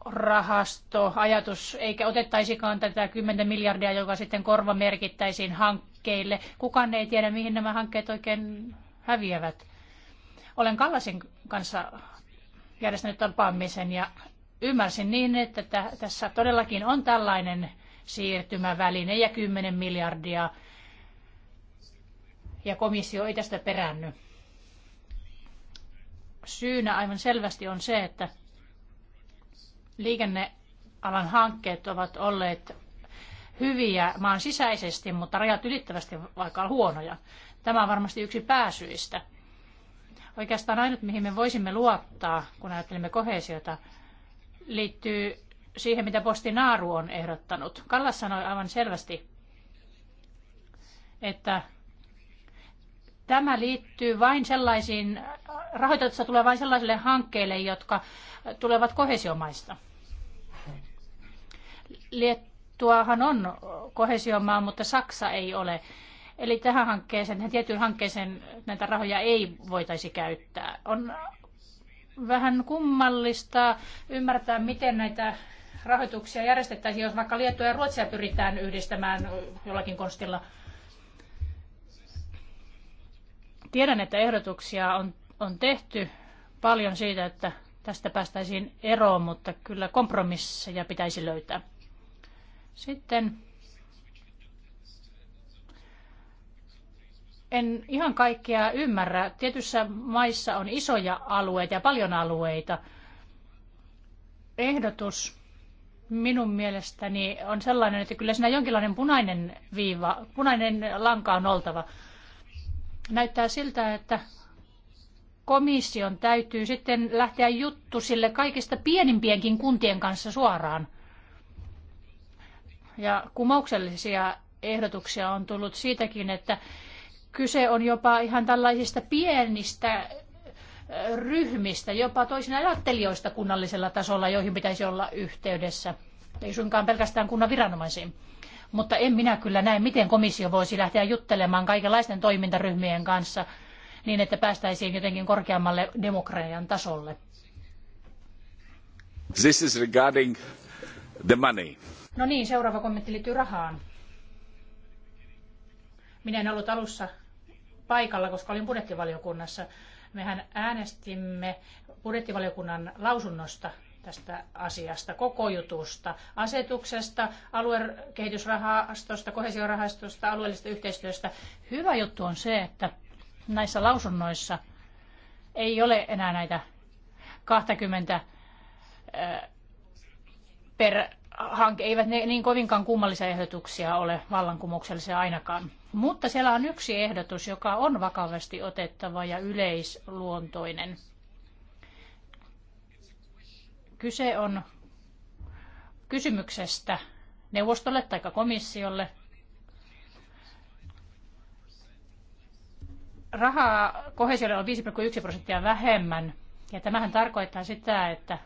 rahasto, ajatus, eikä otettaisikaan tätä 10 miljardia, joka sitten korva merkittäisiin hankkeille. Kukaan ei tiedä, mihin nämä hankkeet oikein häviävät. Olen Kallasin kanssa järjestänyt tapaamisen ja ymmärsin niin, että tässä todellakin on tällainen siirtymäväline ja 10 miljardia. Ja komissio ei tästä peränny. Syynä aivan selvästi on se, että liikennealan hankkeet ovat olleet hyviä maan sisäisesti, mutta rajat ylittävästi vaikka huonoja. Tämä on varmasti yksi pääsyistä. Oikeastaan ainut, mihin me voisimme luottaa, kun ajattelemme kohesiota, liittyy siihen, mitä Posti Naaru on ehdottanut. Kallas sanoi aivan selvästi, että tämä liittyy vain sellaisiin, rahoitusta tulee vain sellaisille hankkeille, jotka tulevat kohesiomaista. Liettuahan on kohesiomaa, mutta Saksa ei ole. Eli tähän hankkeeseen, tähän tiettyyn hankkeeseen näitä rahoja ei voitaisi käyttää. On vähän kummallista ymmärtää, miten näitä rahoituksia järjestettäisiin, jos vaikka Liettua ja Ruotsia pyritään yhdistämään jollakin konstilla? Tiedän, että ehdotuksia on, on tehty paljon siitä, että tästä päästäisiin eroon, mutta kyllä kompromisseja pitäisi löytää. Sitten en ihan kaikkea ymmärrä. Tietyissä maissa on isoja alueita ja paljon alueita. Ehdotus minun mielestäni on sellainen, että kyllä siinä jonkinlainen punainen viiva, punainen lanka on oltava. Näyttää siltä, että komission täytyy sitten lähteä juttu sille kaikista pienimpienkin kuntien kanssa suoraan. Ja kumouksellisia ehdotuksia on tullut siitäkin, että kyse on jopa ihan tällaisista pienistä ryhmistä, jopa toisina ajattelijoista kunnallisella tasolla, joihin pitäisi olla yhteydessä. Ei suinkaan pelkästään kunnan viranomaisiin. Mutta en minä kyllä näe, miten komissio voisi lähteä juttelemaan kaikenlaisten toimintaryhmien kanssa niin, että päästäisiin jotenkin korkeammalle demokratian tasolle. This is regarding the money. No niin, seuraava kommentti liittyy rahaan. Minä en ollut alussa paikalla, koska olin budjettivaliokunnassa. Mehän äänestimme budjettivaliokunnan lausunnosta tästä asiasta, koko jutusta, asetuksesta, aluekehitysrahastosta, kohesiorahastosta, alueellisesta yhteistyöstä. Hyvä juttu on se, että näissä lausunnoissa ei ole enää näitä 20 eh, per hanke. Eivät ne niin kovinkaan kummallisia ehdotuksia ole vallankumouksellisia ainakaan. Mutta siellä on yksi ehdotus, joka on vakavasti otettava ja yleisluontoinen. Kyse on kysymyksestä neuvostolle tai komissiolle. Rahaa kohesiolle on 5,1 prosenttia vähemmän. Ja tämähän tarkoittaa sitä, että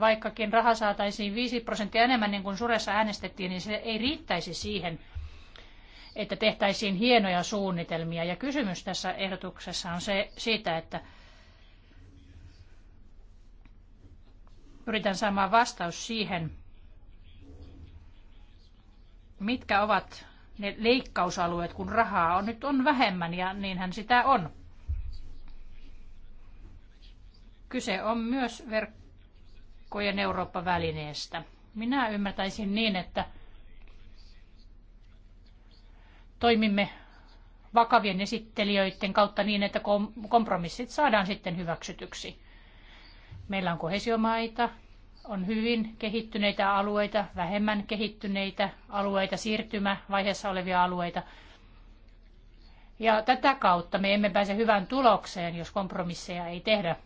vaikkakin raha saataisiin 5 prosenttia enemmän, niin kuin Suressa äänestettiin, niin se ei riittäisi siihen, että tehtäisiin hienoja suunnitelmia. Ja kysymys tässä ehdotuksessa on se siitä, että yritän saamaan vastaus siihen, mitkä ovat ne leikkausalueet, kun rahaa on nyt on vähemmän ja niinhän sitä on. Kyse on myös verkkojen Eurooppa-välineestä. Minä ymmärtäisin niin, että toimimme vakavien esittelijöiden kautta niin, että kompromissit saadaan sitten hyväksytyksi. Meillä on kohesiomaita, on hyvin kehittyneitä alueita, vähemmän kehittyneitä alueita, siirtymävaiheessa olevia alueita. Ja tätä kautta me emme pääse hyvään tulokseen, jos kompromisseja ei tehdä.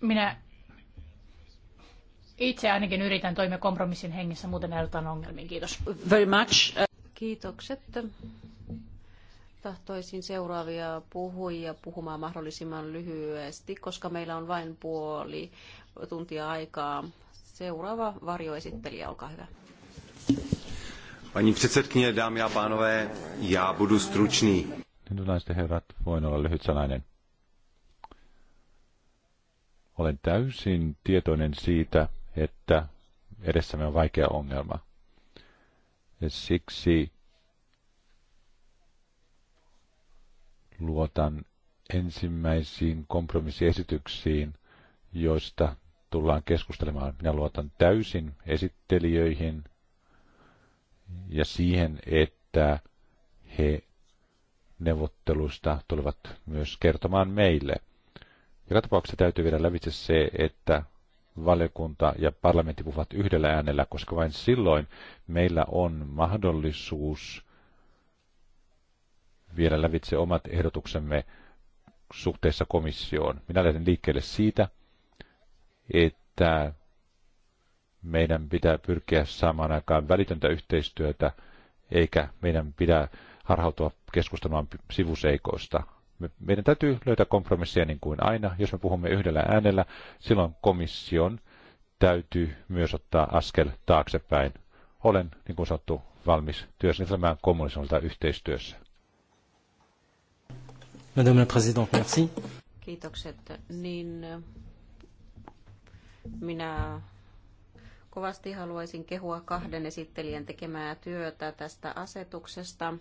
Minä itse ainakin yritän toimia kompromissin hengessä, muuten näytetään ongelmiin. Kiitos. Very much. Kiitokset. Tahtoisin seuraavia puhujia puhumaan mahdollisimman lyhyesti, koska meillä on vain puoli tuntia aikaa. Seuraava varjoesittelijä, olkaa hyvä. Pani předsedkyně, dámy a pánové, já budu stručný. Naiset herrat, voin olla lyhyt sanainen. Olen täysin tietoinen siitä, että edessämme on vaikea ongelma. Ja siksi luotan ensimmäisiin kompromissiesityksiin, joista tullaan keskustelemaan. Minä luotan täysin esittelijöihin ja siihen, että he neuvotteluista tulevat myös kertomaan meille. Joka tapauksessa täytyy vielä lävitse se, että valiokunta ja parlamentti puhuvat yhdellä äänellä, koska vain silloin meillä on mahdollisuus viedä lävitse omat ehdotuksemme suhteessa komissioon. Minä lähden liikkeelle siitä, että meidän pitää pyrkiä saamaan aikaan välitöntä yhteistyötä, eikä meidän pidä harhautua keskustelemaan sivuseikoista meidän täytyy löytää kompromisseja niin kuin aina. Jos me puhumme yhdellä äänellä, silloin komission täytyy myös ottaa askel taaksepäin. Olen, niin kuin sanottu, valmis työskentelemään kommunismilta yhteistyössä. Madame la Présidente, merci. Kiitokset. Niin, minä kovasti haluaisin kehua kahden esittelijän tekemää työtä tästä asetuksesta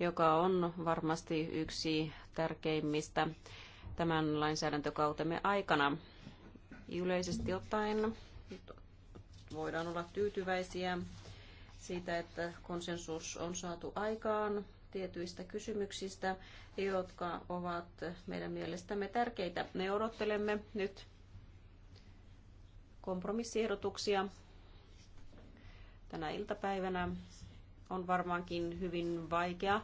joka on varmasti yksi tärkeimmistä tämän lainsäädäntökautemme aikana. Yleisesti ottaen voidaan olla tyytyväisiä siitä, että konsensus on saatu aikaan tietyistä kysymyksistä, jotka ovat meidän mielestämme tärkeitä. Me odottelemme nyt kompromissiehdotuksia tänä iltapäivänä on varmaankin hyvin vaikea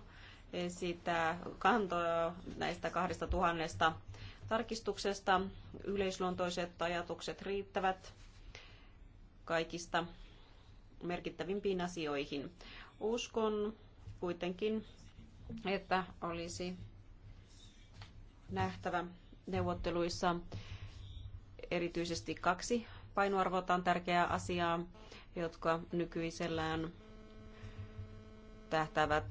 esittää kantoja näistä kahdesta tuhannesta tarkistuksesta. Yleisluontoiset ajatukset riittävät kaikista merkittävimpiin asioihin. Uskon kuitenkin, että olisi nähtävä neuvotteluissa erityisesti kaksi painoarvotaan tärkeää asiaa, jotka nykyisellään tähtävät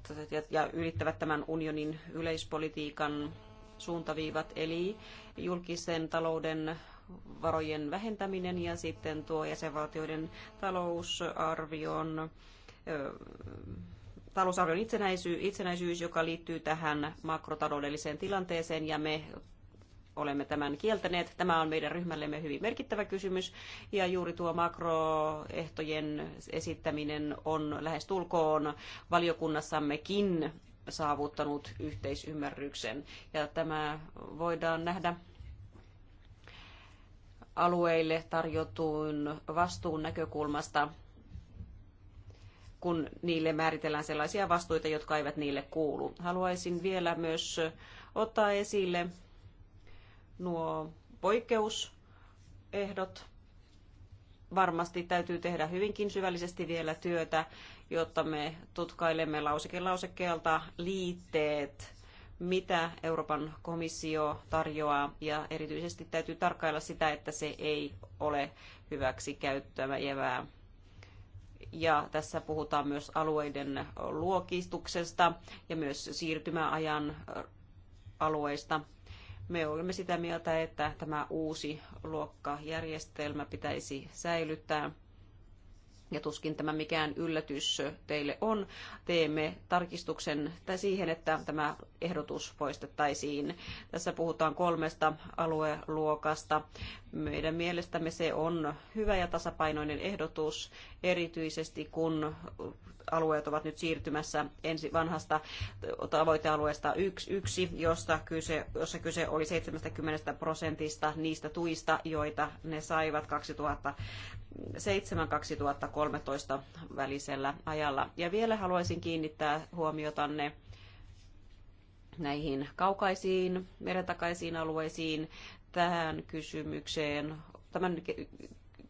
ja ylittävät tämän unionin yleispolitiikan suuntaviivat, eli julkisen talouden varojen vähentäminen ja sitten tuo jäsenvaltioiden talousarvion talousarvion itsenäisyys, itsenäisyys, joka liittyy tähän makrotaloudelliseen tilanteeseen, ja me olemme tämän kieltäneet. Tämä on meidän ryhmällemme hyvin merkittävä kysymys ja juuri tuo makroehtojen esittäminen on lähes tulkoon valiokunnassammekin saavuttanut yhteisymmärryksen. Ja tämä voidaan nähdä alueille tarjotuun vastuun näkökulmasta, kun niille määritellään sellaisia vastuita, jotka eivät niille kuulu. Haluaisin vielä myös ottaa esille nuo poikkeusehdot. Varmasti täytyy tehdä hyvinkin syvällisesti vielä työtä, jotta me tutkailemme lauseke lausekkeelta liitteet, mitä Euroopan komissio tarjoaa, ja erityisesti täytyy tarkkailla sitä, että se ei ole hyväksi käyttävää ja tässä puhutaan myös alueiden luokistuksesta ja myös siirtymäajan alueista. Me olemme sitä mieltä, että tämä uusi luokkajärjestelmä pitäisi säilyttää. Ja tuskin tämä mikään yllätys teille on. Teemme tarkistuksen tai siihen, että tämä ehdotus poistettaisiin. Tässä puhutaan kolmesta alueluokasta. Meidän mielestämme se on hyvä ja tasapainoinen ehdotus, erityisesti kun alueet ovat nyt siirtymässä ensi vanhasta tavoitealueesta yksi, yksi josta kyse, jossa kyse oli 70 prosentista niistä tuista, joita ne saivat 2007-2013 välisellä ajalla. Ja vielä haluaisin kiinnittää huomiotanne näihin kaukaisiin merentakaisiin alueisiin. Tähän kysymykseen, tämän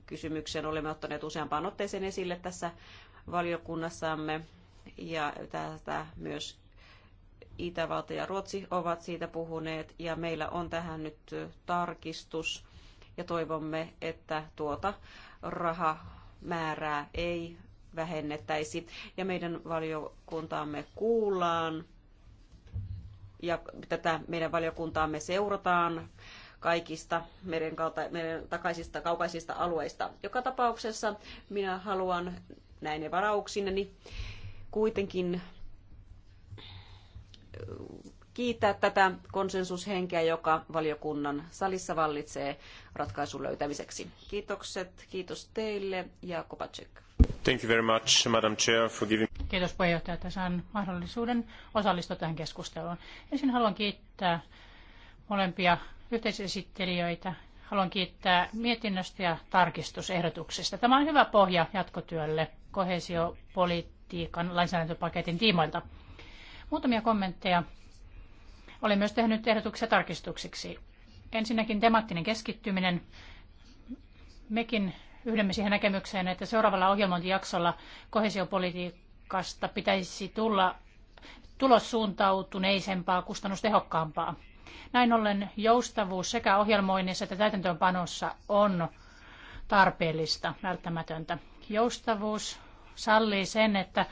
kysymyksen olemme ottaneet useampaan otteeseen esille tässä valiokunnassamme ja tästä myös Itävalta ja Ruotsi ovat siitä puhuneet ja meillä on tähän nyt tarkistus ja toivomme, että tuota rahamäärää ei vähennettäisi ja meidän valiokuntaamme kuullaan ja tätä meidän valiokuntaamme seurataan kaikista meren, kalta, meren takaisista kaukaisista alueista. Joka tapauksessa minä haluan näin ne varauksina, niin kuitenkin kiittää tätä konsensushenkeä, joka valiokunnan salissa vallitsee ratkaisun löytämiseksi. Kiitokset, kiitos teille ja Kopacek. Thank you very much, Madam Chair, for giving... Kiitos puheenjohtaja, että saan mahdollisuuden osallistua tähän keskusteluun. Ensin haluan kiittää molempia yhteisesittelijöitä Haluan kiittää mietinnöstä ja tarkistusehdotuksesta. Tämä on hyvä pohja jatkotyölle kohesiopolitiikan lainsäädäntöpaketin tiimoilta. Muutamia kommentteja. Olen myös tehnyt ehdotuksia tarkistuksiksi. Ensinnäkin temaattinen keskittyminen. Mekin yhdemme siihen näkemykseen, että seuraavalla ohjelmointijaksolla kohesiopolitiikasta pitäisi tulla tulossuuntautuneisempaa, kustannustehokkaampaa. Näin ollen joustavuus sekä ohjelmoinnissa että täytäntöönpanossa on tarpeellista, välttämätöntä. Joustavuus sallii sen, että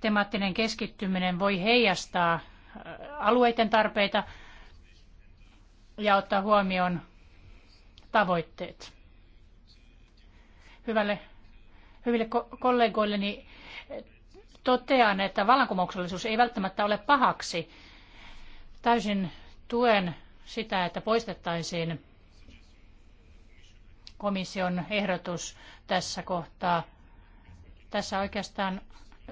temaattinen keskittyminen voi heijastaa äh, alueiden tarpeita ja ottaa huomioon tavoitteet. Hyvälle, hyville kollegoilleni äh, totean, että vallankumouksellisuus ei välttämättä ole pahaksi. Täysin Tuen sitä, että poistettaisiin komission ehdotus tässä kohtaa. Tässä oikeastaan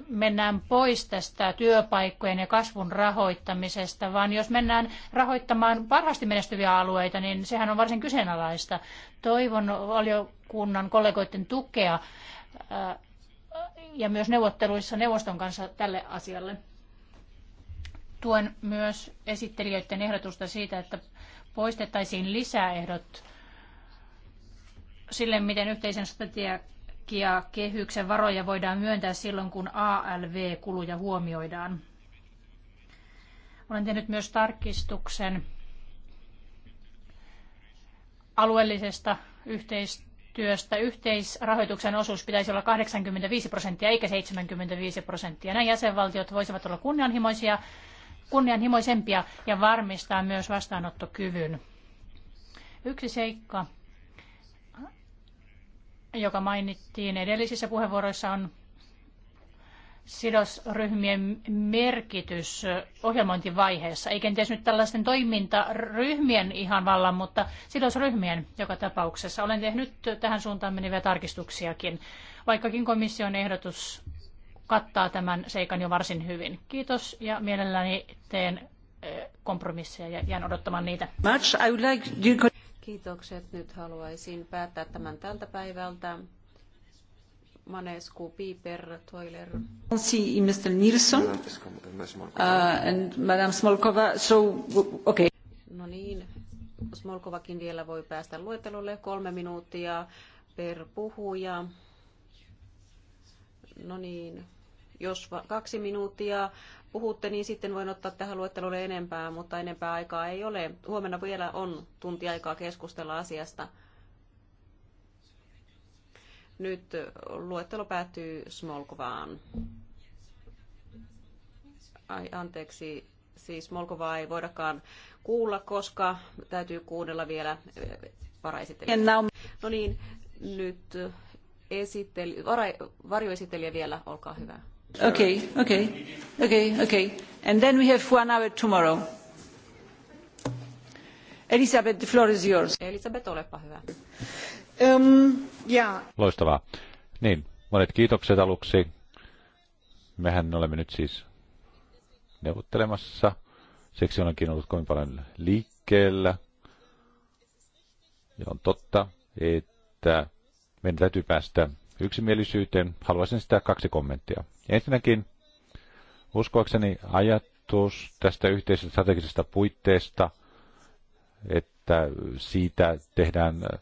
mennään pois tästä työpaikkojen ja kasvun rahoittamisesta, vaan jos mennään rahoittamaan parhaasti menestyviä alueita, niin sehän on varsin kyseenalaista. Toivon valiokunnan kollegoiden tukea ja myös neuvotteluissa neuvoston kanssa tälle asialle. Tuen myös esittelijöiden ehdotusta siitä, että poistettaisiin lisäehdot sille, miten yhteisen strategiakehyksen varoja voidaan myöntää silloin, kun ALV-kuluja huomioidaan. Olen tehnyt myös tarkistuksen alueellisesta yhteistyöstä. Yhteisrahoituksen osuus pitäisi olla 85 prosenttia eikä 75 prosenttia. Näin jäsenvaltiot voisivat olla kunnianhimoisia kunnianhimoisempia ja varmistaa myös vastaanottokyvyn. Yksi seikka, joka mainittiin edellisissä puheenvuoroissa, on sidosryhmien merkitys ohjelmointivaiheessa. Ei kenties nyt tällaisten toimintaryhmien ihan vallan, mutta sidosryhmien joka tapauksessa. Olen tehnyt tähän suuntaan meneviä tarkistuksiakin, vaikkakin komission ehdotus kattaa tämän seikan jo varsin hyvin. Kiitos ja mielelläni teen eh, kompromisseja ja jään odottamaan niitä. Kiitokset. Nyt haluaisin päättää tämän tältä päivältä. Manescu, Piper, Toiler. Si, Mr. Nilsson. Uh, and Madame Smolkova. So, okay. No niin, Smolkovakin vielä voi päästä luettelolle. Kolme minuuttia per puhuja. No niin, jos kaksi minuuttia puhutte, niin sitten voin ottaa tähän luettelolle enempää, mutta enempää aikaa ei ole. Huomenna vielä on tunti aikaa keskustella asiasta. Nyt luettelo päättyy Smolkovaan. Ai anteeksi, siis Smolkovaa ei voidakaan kuulla, koska täytyy kuunnella vielä eh, varaesittelijä. No niin, nyt esittely, vara, varjoesittelijä vielä, olkaa hyvä. Okay, okay, okay, okay. And then we have one hour tomorrow. Elisabeth, the floor is yours. Elisabeth, olepa hyvä. Um, yeah. Loistavaa. Niin, monet kiitokset aluksi. Mehän olemme nyt siis neuvottelemassa. Siksi olenkin ollut kovin paljon liikkeellä. Ja on totta, että meidän täytyy päästä yksimielisyyteen. Haluaisin sitä kaksi kommenttia. Ensinnäkin uskoakseni ajatus tästä yhteisestä strategisesta puitteesta, että siitä tehdään äh,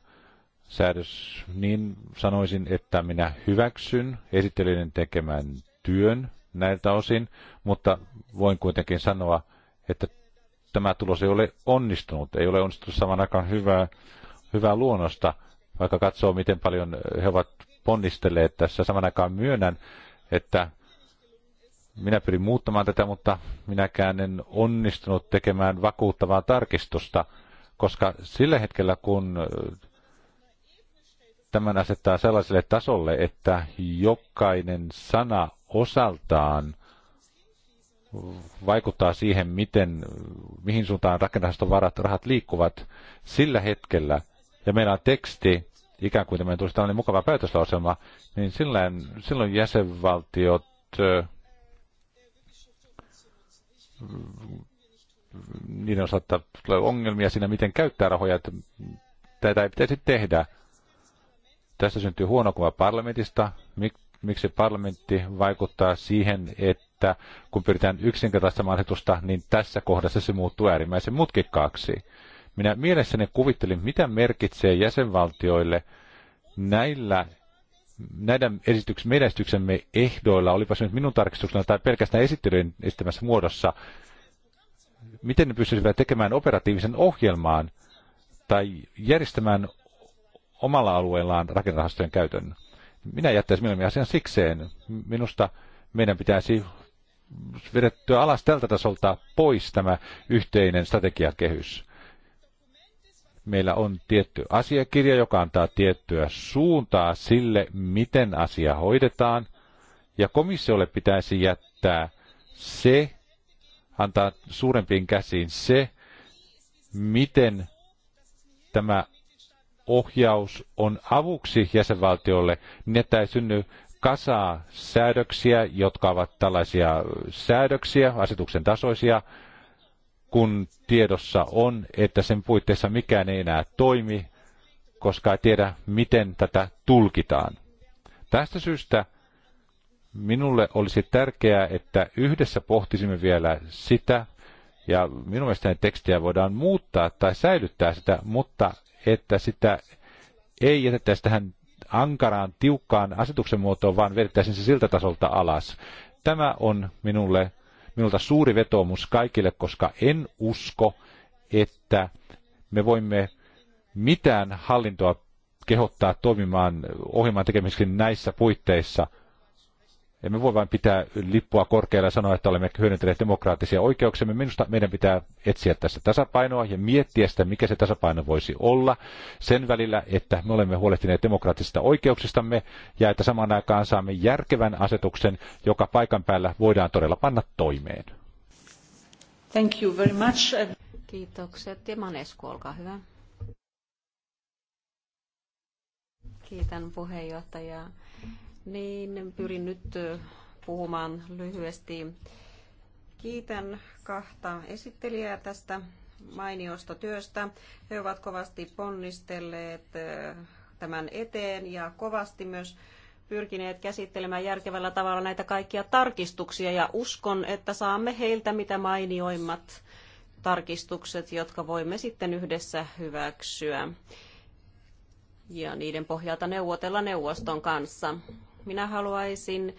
säädös, niin sanoisin, että minä hyväksyn esittelijöiden tekemän työn näiltä osin, mutta voin kuitenkin sanoa, että tämä tulos ei ole onnistunut, ei ole onnistunut saman aikaan hyvää, hyvää luonnosta, vaikka katsoo, miten paljon äh, he ovat ponnistelleet tässä. Saman aikaan myönnän, että minä pyrin muuttamaan tätä, mutta minäkään en onnistunut tekemään vakuuttavaa tarkistusta, koska sillä hetkellä, kun tämän asettaa sellaiselle tasolle, että jokainen sana osaltaan vaikuttaa siihen, miten, mihin suuntaan rakennerahaston varat, rahat liikkuvat sillä hetkellä. Ja meillä on teksti, ikään kuin tämä tulisi tällainen mukava päätöslauselma, niin silloin, silloin jäsenvaltiot niiden osalta tulee ongelmia siinä, miten käyttää rahoja, että tätä ei pitäisi tehdä. Tästä syntyy huono kuva parlamentista. Mik, miksi parlamentti vaikuttaa siihen, että kun pyritään yksinkertaista asetusta, niin tässä kohdassa se muuttuu äärimmäisen mutkikkaaksi. Minä mielessäni kuvittelin, mitä merkitsee jäsenvaltioille näillä näiden esityks, meidän esityksemme ehdoilla, olipa se nyt minun tarkistuksena tai pelkästään esittelyjen esittämässä muodossa, miten ne pystyisivät tekemään operatiivisen ohjelmaan tai järjestämään omalla alueellaan rakennerahastojen käytön. Minä jättäisin mieluummin asian sikseen. Minusta meidän pitäisi vedettyä alas tältä tasolta pois tämä yhteinen strategiakehys meillä on tietty asiakirja, joka antaa tiettyä suuntaa sille, miten asia hoidetaan, ja komissiolle pitäisi jättää se, antaa suurempiin käsiin se, miten tämä ohjaus on avuksi jäsenvaltiolle, niin että ei synny kasaa säädöksiä, jotka ovat tällaisia säädöksiä, asetuksen tasoisia, kun tiedossa on, että sen puitteissa mikään ei enää toimi, koska ei tiedä, miten tätä tulkitaan. Tästä syystä minulle olisi tärkeää, että yhdessä pohtisimme vielä sitä, ja minun mielestäni tekstiä voidaan muuttaa tai säilyttää sitä, mutta että sitä ei jätettäisi tähän ankaraan, tiukkaan asetuksen muotoon, vaan vedettäisiin se siltä tasolta alas. Tämä on minulle minulta suuri vetoomus kaikille, koska en usko, että me voimme mitään hallintoa kehottaa toimimaan ohjelman tekemiseksi näissä puitteissa – emme voi vain pitää lippua korkealla ja sanoa, että olemme hyödyntäneet demokraattisia oikeuksia. Minusta meidän pitää etsiä tässä tasapainoa ja miettiä sitä, mikä se tasapaino voisi olla sen välillä, että me olemme huolehtineet demokraattisista oikeuksistamme ja että samaan aikaan saamme järkevän asetuksen, joka paikan päällä voidaan todella panna toimeen. Thank you very much. Kiitokset. Ja Manesku, olkaa hyvä. Kiitän puheenjohtajaa niin pyrin nyt puhumaan lyhyesti. Kiitän kahta esittelijää tästä mainiosta työstä. He ovat kovasti ponnistelleet tämän eteen ja kovasti myös pyrkineet käsittelemään järkevällä tavalla näitä kaikkia tarkistuksia ja uskon, että saamme heiltä mitä mainioimmat tarkistukset, jotka voimme sitten yhdessä hyväksyä ja niiden pohjalta neuvotella neuvoston kanssa. Minä haluaisin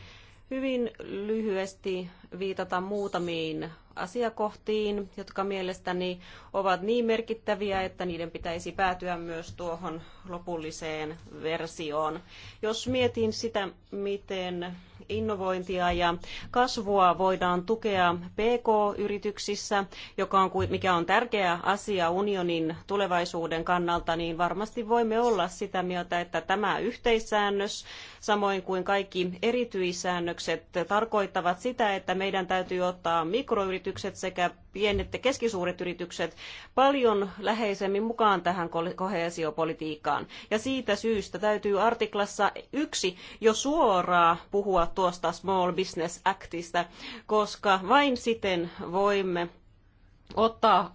hyvin lyhyesti viitata muutamiin asiakohtiin, jotka mielestäni ovat niin merkittäviä, että niiden pitäisi päätyä myös tuohon lopulliseen versioon. Jos mietin sitä, miten innovointia ja kasvua voidaan tukea PK-yrityksissä, joka on, mikä on tärkeä asia unionin tulevaisuuden kannalta, niin varmasti voimme olla sitä mieltä, että tämä yhteissäännös, samoin kuin kaikki erityissäännökset, tarkoittavat sitä, että meidän täytyy ottaa mikroyritykset sekä pienet ja keskisuuret yritykset paljon läheisemmin mukaan tähän koheesiopolitiikkaan suuntaan. Ja siitä syystä täytyy artiklassa yksi jo suoraan puhua tuosta Small Business Actista, koska vain siten voimme ottaa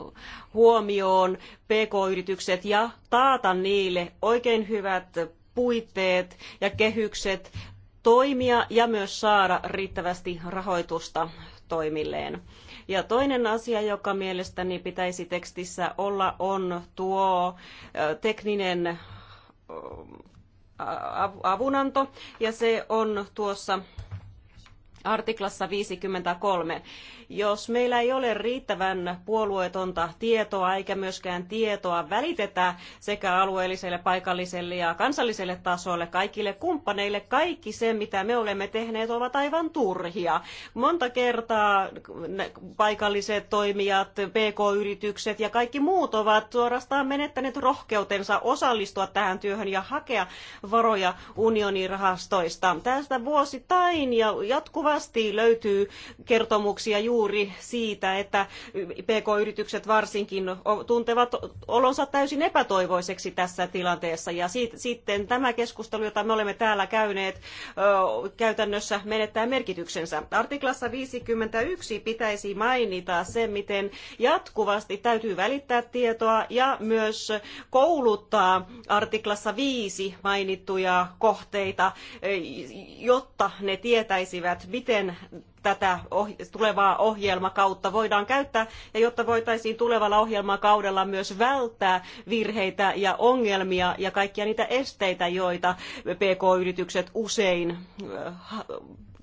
huomioon pk-yritykset ja taata niille oikein hyvät puitteet ja kehykset toimia ja myös saada riittävästi rahoitusta toimilleen. Ja toinen asia, joka mielestäni pitäisi tekstissä olla, on tuo tekninen avunanto, ja se on tuossa artiklassa 53. Jos meillä ei ole riittävän puolueetonta tietoa eikä myöskään tietoa välitetä sekä alueelliselle, paikalliselle ja kansalliselle tasolle kaikille kumppaneille, kaikki se mitä me olemme tehneet ovat aivan turhia. Monta kertaa paikalliset toimijat, pk-yritykset ja kaikki muut ovat suorastaan menettäneet rohkeutensa osallistua tähän työhön ja hakea varoja unionin rahastoista. Tästä vuosittain ja jatkuvasti Jatkuvasti löytyy kertomuksia juuri siitä, että PK-yritykset varsinkin tuntevat olonsa täysin epätoivoiseksi tässä tilanteessa. Ja sitten tämä keskustelu, jota me olemme täällä käyneet, käytännössä menettää merkityksensä. Artiklassa 51 pitäisi mainita se, miten jatkuvasti täytyy välittää tietoa ja myös kouluttaa artiklassa 5 mainittuja kohteita, jotta ne tietäisivät, miten tätä tulevaa ohjelmakautta voidaan käyttää ja jotta voitaisiin tulevalla ohjelmakaudella myös välttää virheitä ja ongelmia ja kaikkia niitä esteitä, joita PK-yritykset usein äh,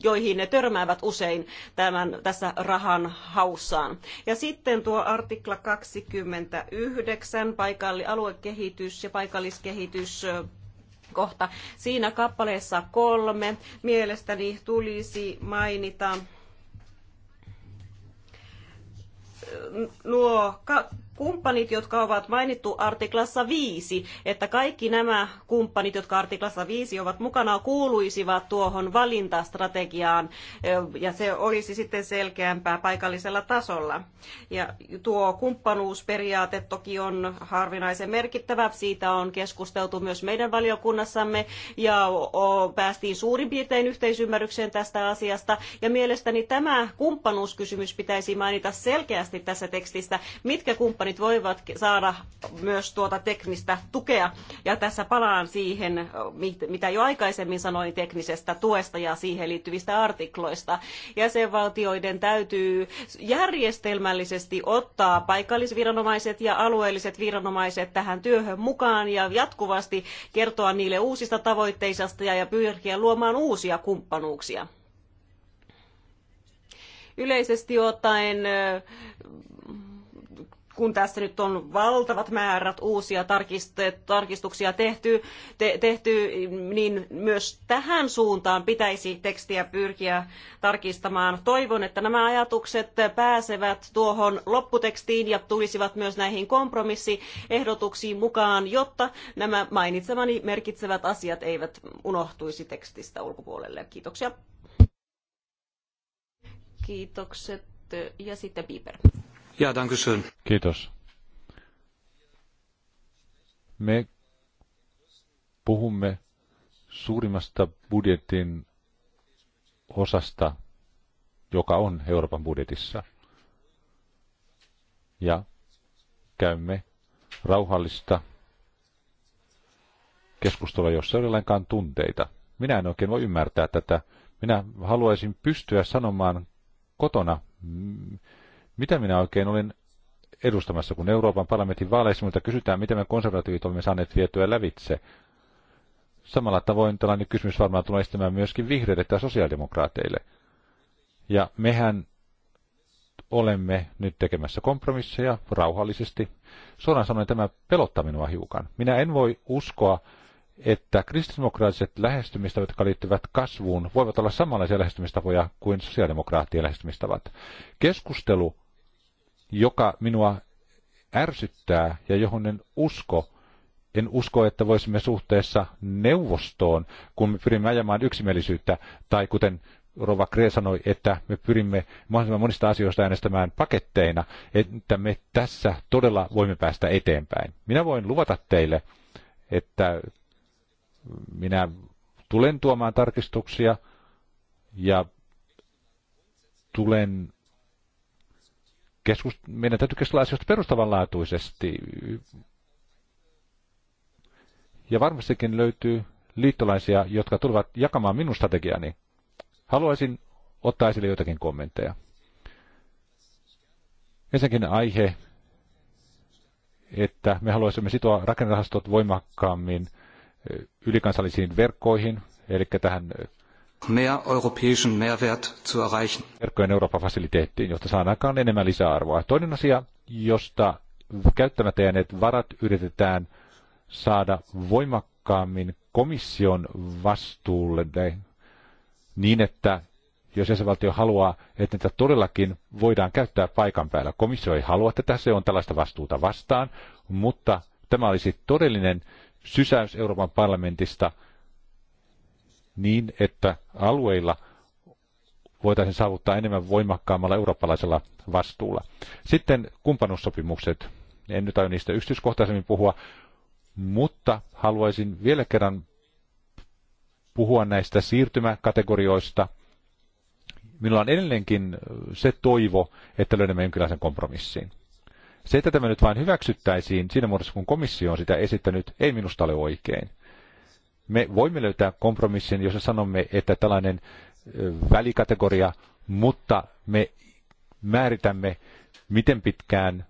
joihin ne törmäävät usein tämän, tässä rahan haussaan. Ja sitten tuo artikla 29, paikalli, aluekehitys ja paikalliskehitys äh, kohta. Siinä kappaleessa kolme mielestäni tulisi mainita nuo kumppanit, jotka ovat mainittu artiklassa 5, että kaikki nämä kumppanit, jotka artiklassa 5 ovat mukana, kuuluisivat tuohon valintastrategiaan ja se olisi sitten selkeämpää paikallisella tasolla. Ja tuo kumppanuusperiaate toki on harvinaisen merkittävä. Siitä on keskusteltu myös meidän valiokunnassamme ja päästiin suurin piirtein yhteisymmärrykseen tästä asiasta. Ja mielestäni tämä kumppanuuskysymys pitäisi mainita selkeästi tässä tekstissä, mitkä kumppanit kumppanit voivat saada myös tuota teknistä tukea. Ja tässä palaan siihen, mitä jo aikaisemmin sanoin teknisestä tuesta ja siihen liittyvistä artikloista. Jäsenvaltioiden täytyy järjestelmällisesti ottaa paikallisviranomaiset ja alueelliset viranomaiset tähän työhön mukaan ja jatkuvasti kertoa niille uusista tavoitteista ja pyrkiä luomaan uusia kumppanuuksia yleisesti ottaen kun tässä nyt on valtavat määrät uusia tarkistuksia tehty, te, tehty, niin myös tähän suuntaan pitäisi tekstiä pyrkiä tarkistamaan. Toivon, että nämä ajatukset pääsevät tuohon lopputekstiin ja tulisivat myös näihin kompromissiehdotuksiin mukaan, jotta nämä mainitsemani merkitsevät asiat eivät unohtuisi tekstistä ulkopuolelle. Kiitoksia. Kiitokset ja sitten Bieber. Ja, Kiitos. Me puhumme suurimmasta budjetin osasta, joka on Euroopan budjetissa. Ja käymme rauhallista keskustelua, jossa ei ole lainkaan tunteita. Minä en oikein voi ymmärtää tätä. Minä haluaisin pystyä sanomaan kotona, mm, mitä minä oikein olin edustamassa, kun Euroopan parlamentin vaaleissa minulta kysytään, mitä me konservatiivit olemme saaneet vietyä lävitse. Samalla tavoin tällainen kysymys varmaan tulee estämään myöskin vihreille tai sosiaalidemokraateille. Ja mehän olemme nyt tekemässä kompromisseja rauhallisesti. Suoraan sanoen tämä pelottaa minua hiukan. Minä en voi uskoa, että kristillisdemokraattiset lähestymistavat, jotka liittyvät kasvuun, voivat olla samanlaisia lähestymistapoja kuin sosiaalidemokraattien lähestymistavat. Keskustelu joka minua ärsyttää ja johon en usko. En usko, että voisimme suhteessa neuvostoon, kun me pyrimme ajamaan yksimielisyyttä, tai kuten Rova Kree sanoi, että me pyrimme mahdollisimman monista asioista äänestämään paketteina, että me tässä todella voimme päästä eteenpäin. Minä voin luvata teille, että minä tulen tuomaan tarkistuksia ja tulen keskust- meidän täytyy keskustella asioista perustavanlaatuisesti. Ja varmastikin löytyy liittolaisia, jotka tulevat jakamaan minun strategiani. Haluaisin ottaa esille jotakin kommentteja. Ensinnäkin aihe, että me haluaisimme sitoa rakennerahastot voimakkaammin eh, ylikansallisiin verkkoihin, eli tähän eh, mehr europäischen Mehrwert zu erreichen. Verkkojen Eurooppa-fasiliteettiin, josta aikaan enemmän lisäarvoa. Toinen asia, josta käyttämättä jääneet varat yritetään saada voimakkaammin komission vastuulle niin, että jos jäsenvaltio haluaa, että niitä todellakin voidaan käyttää paikan päällä. Komissio ei halua että tässä on tällaista vastuuta vastaan, mutta tämä olisi todellinen sysäys Euroopan parlamentista – niin, että alueilla voitaisiin saavuttaa enemmän voimakkaammalla eurooppalaisella vastuulla. Sitten kumppanuussopimukset. En nyt aio niistä yksityiskohtaisemmin puhua, mutta haluaisin vielä kerran puhua näistä siirtymäkategorioista. Minulla on edelleenkin se toivo, että löydämme jonkinlaisen kompromissin. Se, että tämä nyt vain hyväksyttäisiin siinä muodossa, kun komissio on sitä esittänyt, ei minusta ole oikein me voimme löytää kompromissin, jossa sanomme, että tällainen välikategoria, mutta me määritämme, miten pitkään,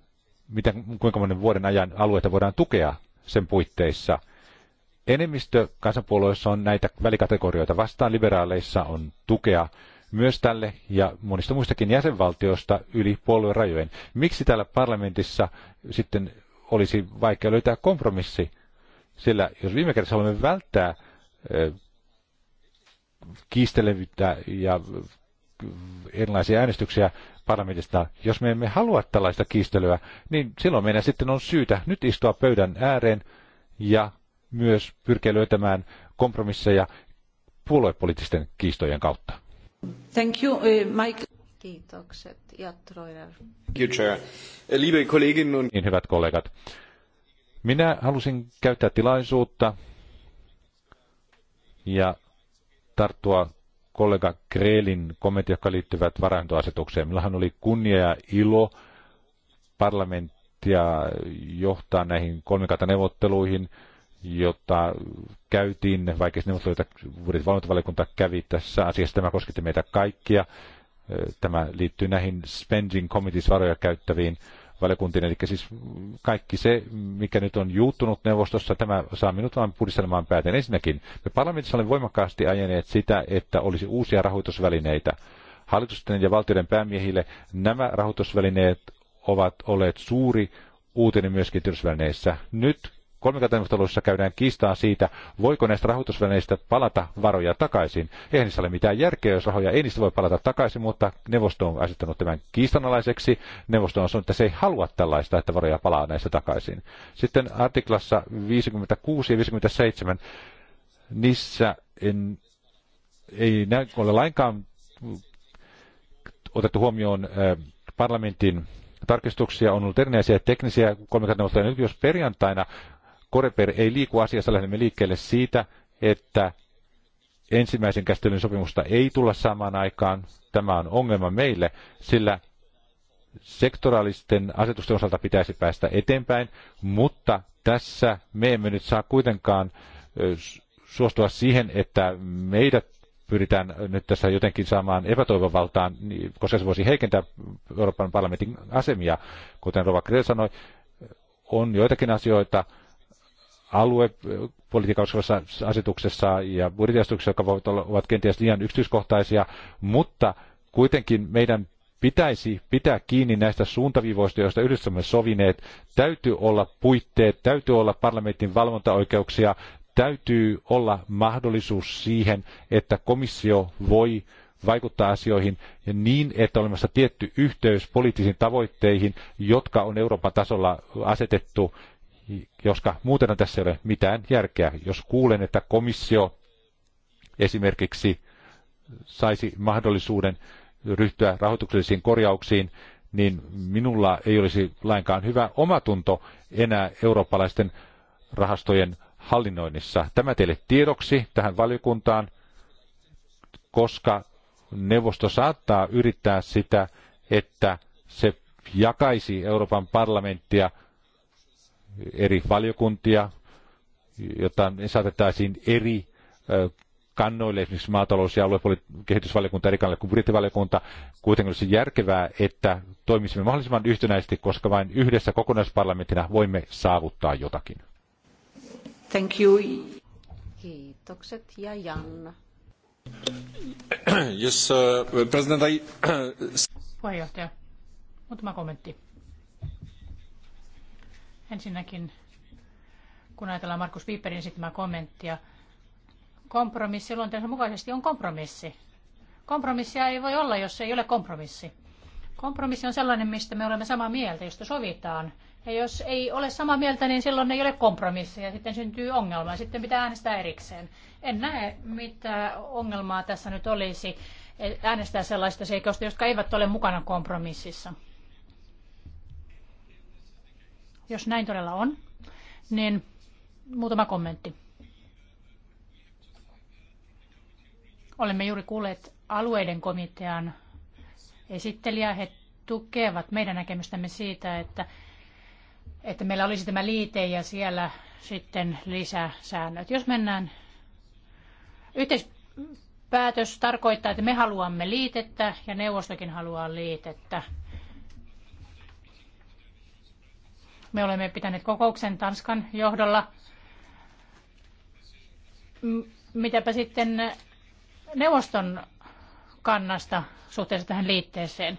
miten, kuinka monen vuoden ajan alueita voidaan tukea sen puitteissa. Enemmistö kansanpuolueissa on näitä välikategorioita vastaan, liberaaleissa on tukea myös tälle ja monista muistakin jäsenvaltioista yli rajojen. Miksi täällä parlamentissa sitten olisi vaikea löytää kompromissi sillä jos viime kerralla haluamme välttää kiistelevyyttä ja erilaisia äänestyksiä parlamentista, jos me emme halua tällaista kiistelyä, niin silloin meidän sitten on syytä nyt istua pöydän ääreen ja myös pyrkiä löytämään kompromisseja puoluepoliittisten kiistojen kautta. Thank you, eh, Mike. Kiitokset, Jattroiner. Niin, hyvät kollegat. Minä halusin käyttää tilaisuutta ja tarttua kollega Kreelin kommentit, jotka liittyvät varantoasetukseen. Millähän oli kunnia ja ilo parlamenttia johtaa näihin kolmikantaneuvotteluihin, jotta käytiin vaikeissa neuvotteluita, valvontavaliokunta kävi tässä asiassa. Tämä kosketti meitä kaikkia. Tämä liittyy näihin spending committees varoja käyttäviin valiokuntiin. Eli siis kaikki se, mikä nyt on juuttunut neuvostossa, tämä saa minut vain pudistelemaan päätän. Ensinnäkin me parlamentissa olemme voimakkaasti ajaneet sitä, että olisi uusia rahoitusvälineitä hallitusten ja valtioiden päämiehille. Nämä rahoitusvälineet ovat olleet suuri uutinen myöskin tiedotusvälineissä. Nyt kolmikantaneuvotteluissa käydään kiistaa siitä, voiko näistä rahoitusvälineistä palata varoja takaisin. Eihän niissä ole mitään järkeä, jos rahoja ei niistä voi palata takaisin, mutta neuvosto on asettanut tämän kiistanalaiseksi. Neuvosto on sanonut, että se ei halua tällaista, että varoja palaa näistä takaisin. Sitten artiklassa 56 ja 57, niissä en, ei näy ole lainkaan otettu huomioon äh, parlamentin tarkistuksia, on ollut erinäisiä teknisiä kolmikantaneuvotteluja. Nyt jos perjantaina Koreper ei liiku asiassa, lähdemme liikkeelle siitä, että ensimmäisen käsittelyn sopimusta ei tulla samaan aikaan. Tämä on ongelma meille, sillä sektoraalisten asetusten osalta pitäisi päästä eteenpäin, mutta tässä me emme nyt saa kuitenkaan suostua siihen, että meidät pyritään nyt tässä jotenkin saamaan epätoivovaltaan, niin, koska se voisi heikentää Euroopan parlamentin asemia. Kuten Rova Krell sanoi, on joitakin asioita, aluepolitiikan asetuksessa ja budjettiasetuksessa, jotka voivat olla, ovat kenties liian yksityiskohtaisia, mutta kuitenkin meidän pitäisi pitää kiinni näistä suuntaviivoista, joista yhdessä olemme sovineet. Täytyy olla puitteet, täytyy olla parlamentin valvontaoikeuksia, täytyy olla mahdollisuus siihen, että komissio voi vaikuttaa asioihin ja niin, että olemassa tietty yhteys poliittisiin tavoitteihin, jotka on Euroopan tasolla asetettu koska muuten tässä ei ole mitään järkeä. Jos kuulen, että komissio esimerkiksi saisi mahdollisuuden ryhtyä rahoituksellisiin korjauksiin, niin minulla ei olisi lainkaan hyvä omatunto enää eurooppalaisten rahastojen hallinnoinnissa. Tämä teille tiedoksi tähän valiokuntaan, koska neuvosto saattaa yrittää sitä, että se jakaisi Euroopan parlamenttia – eri valiokuntia, jotta ne saatettaisiin eri kannoille, esimerkiksi maatalous- ja aluekehitysvaliokunta eri kannoille kuin budjettivaliokunta. Kuitenkin olisi järkevää, että toimisimme mahdollisimman yhtenäisesti, koska vain yhdessä kokonaisparlamenttina voimme saavuttaa jotakin. Thank you. Kiitokset ja Janna. Yes, uh, president, I... Puheenjohtaja, muutama kommentti. Ensinnäkin, kun ajatellaan Markus Piperin esittämää kommenttia, kompromissi luonteensa mukaisesti on kompromissi. Kompromissia ei voi olla, jos ei ole kompromissi. Kompromissi on sellainen, mistä me olemme samaa mieltä, josta sovitaan. Ja jos ei ole samaa mieltä, niin silloin ei ole kompromissi ja sitten syntyy ongelma ja sitten pitää äänestää erikseen. En näe, mitä ongelmaa tässä nyt olisi äänestää sellaista seikoista, jotka eivät ole mukana kompromississa. Jos näin todella on, niin muutama kommentti. Olemme juuri kuulleet alueiden komitean esittelijä. He tukevat meidän näkemystämme siitä, että, että meillä olisi tämä liite ja siellä sitten lisäsäännöt. Jos mennään yhteispäätös tarkoittaa, että me haluamme liitettä ja neuvostokin haluaa liitettä. Me olemme pitäneet kokouksen Tanskan johdolla. Mitäpä sitten neuvoston kannasta suhteessa tähän liitteeseen?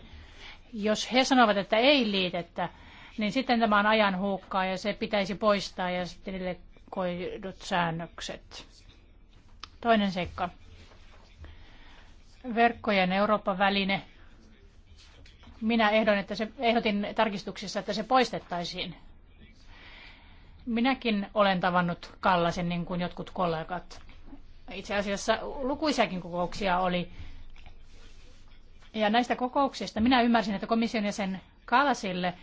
Jos he sanovat, että ei liitettä, niin sitten tämä on ajan huukkaa ja se pitäisi poistaa ja sitten niille koidut säännökset. Toinen seikka. Verkkojen Euroopan väline. Minä ehdoin, että se, ehdotin tarkistuksissa, että se poistettaisiin. Minäkin olen tavannut Kallasen niin kuin jotkut kollegat. Itse asiassa lukuisiakin kokouksia oli. Ja näistä kokouksista minä ymmärsin, että komission jäsen Kallasille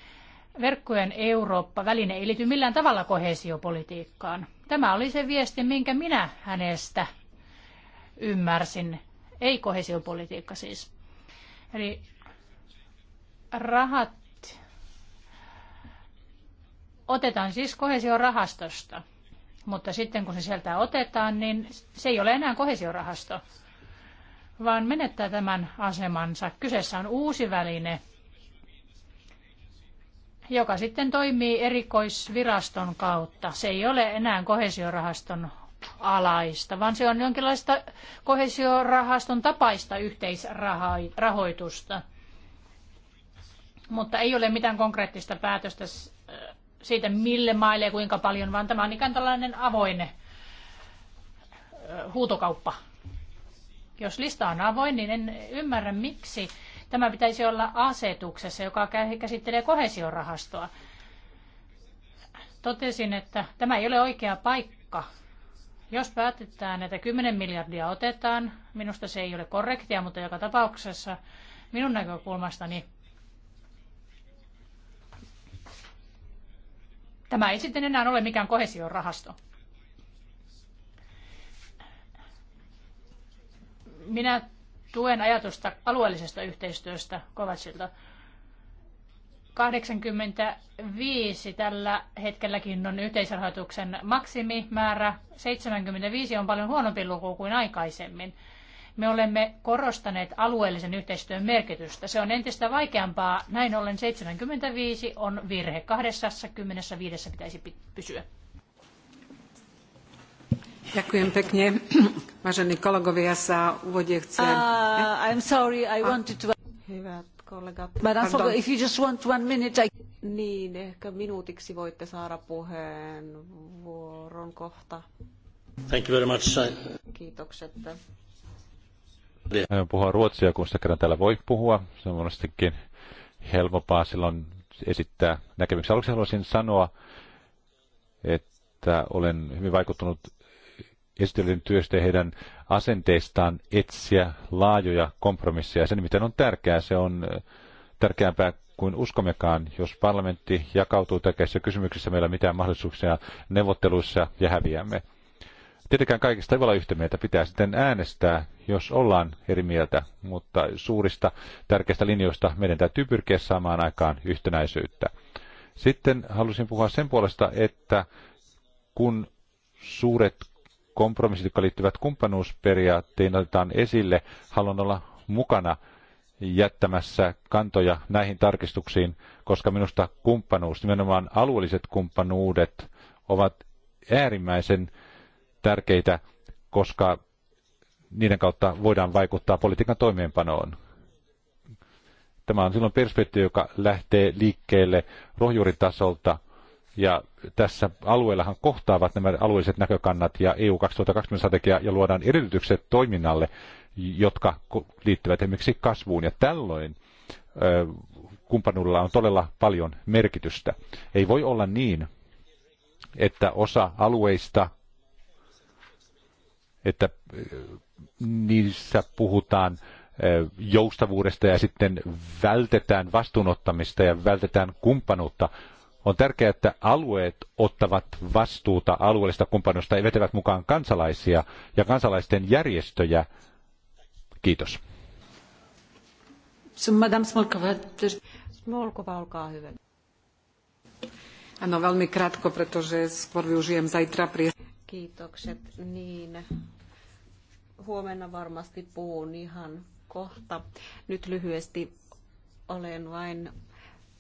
verkkojen Eurooppa-väline ei liity millään tavalla kohesiopolitiikkaan. Tämä oli se viesti, minkä minä hänestä ymmärsin. Ei kohesiopolitiikka siis. Eli rahat otetaan siis kohesiorahastosta, mutta sitten kun se sieltä otetaan, niin se ei ole enää kohesiorahasto, vaan menettää tämän asemansa. Kyseessä on uusi väline, joka sitten toimii erikoisviraston kautta. Se ei ole enää kohesiorahaston alaista, vaan se on jonkinlaista kohesiorahaston tapaista yhteisrahoitusta. Mutta ei ole mitään konkreettista päätöstä siitä, mille maille ja kuinka paljon, vaan tämä on ikään tällainen avoin huutokauppa. Jos lista on avoin, niin en ymmärrä miksi tämä pitäisi olla asetuksessa, joka käsittelee kohesiorahastoa. Totesin, että tämä ei ole oikea paikka. Jos päätetään, että 10 miljardia otetaan, minusta se ei ole korrektia, mutta joka tapauksessa minun näkökulmastani Tämä ei sitten enää ole mikään kohesiorahasto. Minä tuen ajatusta alueellisesta yhteistyöstä Kovacilta. 85 tällä hetkelläkin on yhteisrahoituksen maksimimäärä. 75 on paljon huonompi luku kuin aikaisemmin. Me olemme korostaneet alueellisen yhteistyön merkitystä. Se on entistä vaikeampaa. Näin ollen 75 on virhe. 25 pitäisi pysyä. Ďakujem pekne. Vážení kolegovia, sa úvode chcem... Uh, I'm sorry, I wanted to... Hyvät kollegat. Madam Fogo, if you just want one minute, I... Niin, ehkä minuutiksi voitte saada puheenvuoron kohta. Thank you very much. Kiitokset puhua ruotsia, kun sitä kerran täällä voi puhua. Se on monestikin helpompaa silloin esittää näkemyksiä. Aluksi haluaisin sanoa, että olen hyvin vaikuttunut esittelyiden työstä ja heidän asenteistaan etsiä laajoja kompromisseja. Se nimittäin on tärkeää. Se on tärkeämpää kuin uskommekaan, jos parlamentti jakautuu tärkeissä kysymyksissä meillä mitään mahdollisuuksia neuvotteluissa ja häviämme. Tietenkään kaikista ei olla yhtä mieltä, pitää sitten äänestää, jos ollaan eri mieltä, mutta suurista tärkeistä linjoista meidän täytyy pyrkiä saamaan aikaan yhtenäisyyttä. Sitten halusin puhua sen puolesta, että kun suuret kompromissit, jotka liittyvät kumppanuusperiaatteen, otetaan esille, haluan olla mukana jättämässä kantoja näihin tarkistuksiin, koska minusta kumppanuus, nimenomaan alueelliset kumppanuudet, ovat äärimmäisen tärkeitä, koska niiden kautta voidaan vaikuttaa politiikan toimeenpanoon. Tämä on silloin perspektiivi, joka lähtee liikkeelle rohjuuritasolta ja tässä alueellahan kohtaavat nämä alueelliset näkökannat ja EU 2020 strategia ja luodaan edellytykset toiminnalle, jotka liittyvät esimerkiksi kasvuun. Ja tällöin kumppanuudella on todella paljon merkitystä. Ei voi olla niin, että osa alueista että äh, niissä puhutaan äh, joustavuudesta ja sitten vältetään vastuunottamista ja vältetään kumppanuutta. On tärkeää, että alueet ottavat vastuuta alueellista kumppanuutta ja vetävät mukaan kansalaisia ja kansalaisten järjestöjä. Kiitos. Madame Smolkova, olkaa hyvä. Áno, veľmi krátko, pretože skôr využijem zajtra pri... Kiitokset. Niin, huomenna varmasti puhun ihan kohta. Nyt lyhyesti olen vain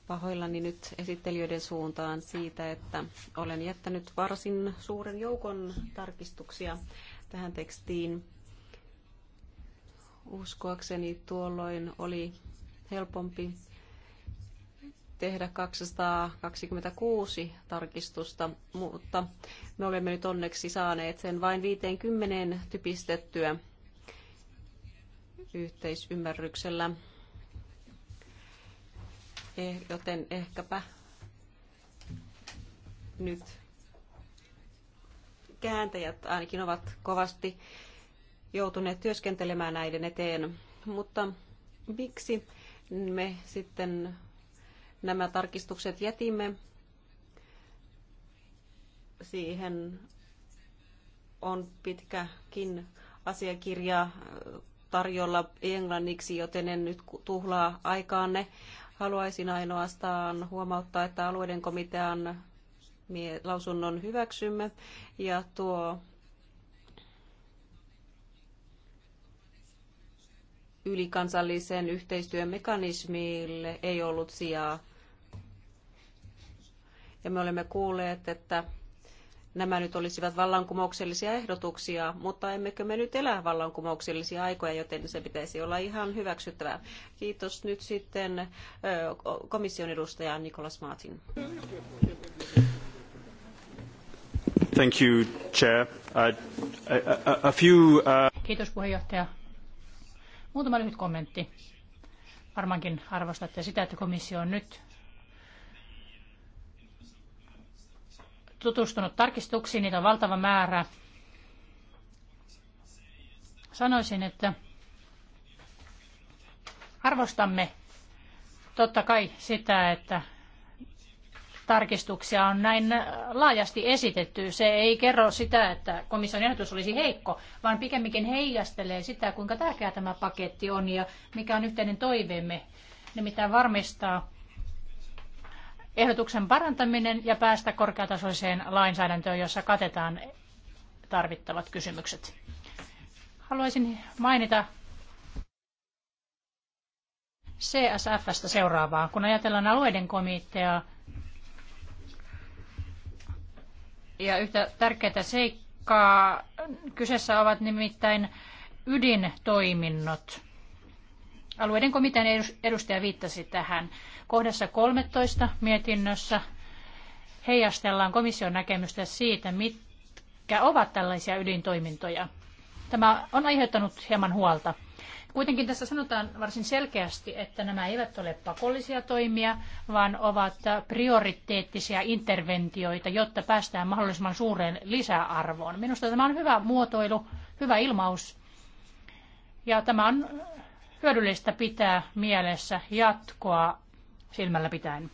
pahoillani nyt esittelijöiden suuntaan siitä, että olen jättänyt varsin suuren joukon tarkistuksia tähän tekstiin. Uskoakseni tuolloin oli helpompi tehdä 226 tarkistusta, mutta me olemme nyt onneksi saaneet sen vain 50 typistettyä yhteisymmärryksellä. Eh, joten ehkäpä nyt kääntäjät ainakin ovat kovasti joutuneet työskentelemään näiden eteen. Mutta miksi me sitten Nämä tarkistukset jätimme. Siihen on pitkäkin asiakirja tarjolla englanniksi, joten en nyt tuhlaa aikaanne. Haluaisin ainoastaan huomauttaa, että alueiden komitean lausunnon hyväksymme ja tuo ylikansallisen yhteistyön mekanismille ei ollut sijaa ja me olemme kuulleet, että nämä nyt olisivat vallankumouksellisia ehdotuksia, mutta emmekö me nyt elä vallankumouksellisia aikoja, joten se pitäisi olla ihan hyväksyttävää. Kiitos nyt sitten komission edustaja Nikolas Martin. Thank you, Chair. Uh, a, a few, uh... Kiitos puheenjohtaja. Muutama lyhyt kommentti. Varmaankin arvostatte sitä, että komissio on nyt tutustunut tarkistuksiin, niitä on valtava määrä. Sanoisin, että arvostamme totta kai sitä, että tarkistuksia on näin laajasti esitetty. Se ei kerro sitä, että komission ehdotus olisi heikko, vaan pikemminkin heijastelee sitä, kuinka tärkeä tämä paketti on ja mikä on yhteinen toiveemme, nimittäin varmistaa ehdotuksen parantaminen ja päästä korkeatasoiseen lainsäädäntöön, jossa katetaan tarvittavat kysymykset. Haluaisin mainita CSFstä seuraavaa. Kun ajatellaan alueiden komiteaa ja yhtä tärkeää seikkaa, kyseessä ovat nimittäin ydintoiminnot. Alueiden komitean edustaja viittasi tähän. Kohdassa 13 mietinnössä heijastellaan komission näkemystä siitä, mitkä ovat tällaisia ydintoimintoja. Tämä on aiheuttanut hieman huolta. Kuitenkin tässä sanotaan varsin selkeästi, että nämä eivät ole pakollisia toimia, vaan ovat prioriteettisia interventioita, jotta päästään mahdollisimman suureen lisäarvoon. Minusta tämä on hyvä muotoilu, hyvä ilmaus. Ja tämä on hyödyllistä pitää mielessä jatkoa silmällä pitäen.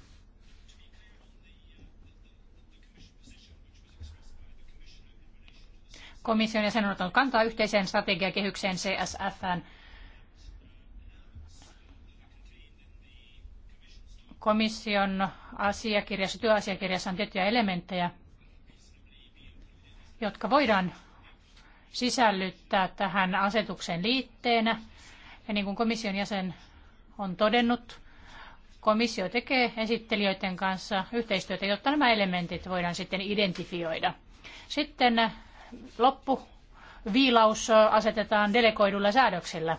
Komission jäsen on ottanut kantaa yhteiseen strategiakehykseen CSFn komission asiakirjassa, työasiakirjassa on tiettyjä elementtejä, jotka voidaan sisällyttää tähän asetukseen liitteenä. Ja niin kuin komission jäsen on todennut, komissio tekee esittelijöiden kanssa yhteistyötä, jotta nämä elementit voidaan sitten identifioida. Sitten loppu viilaus asetetaan delegoidulla säädöksellä.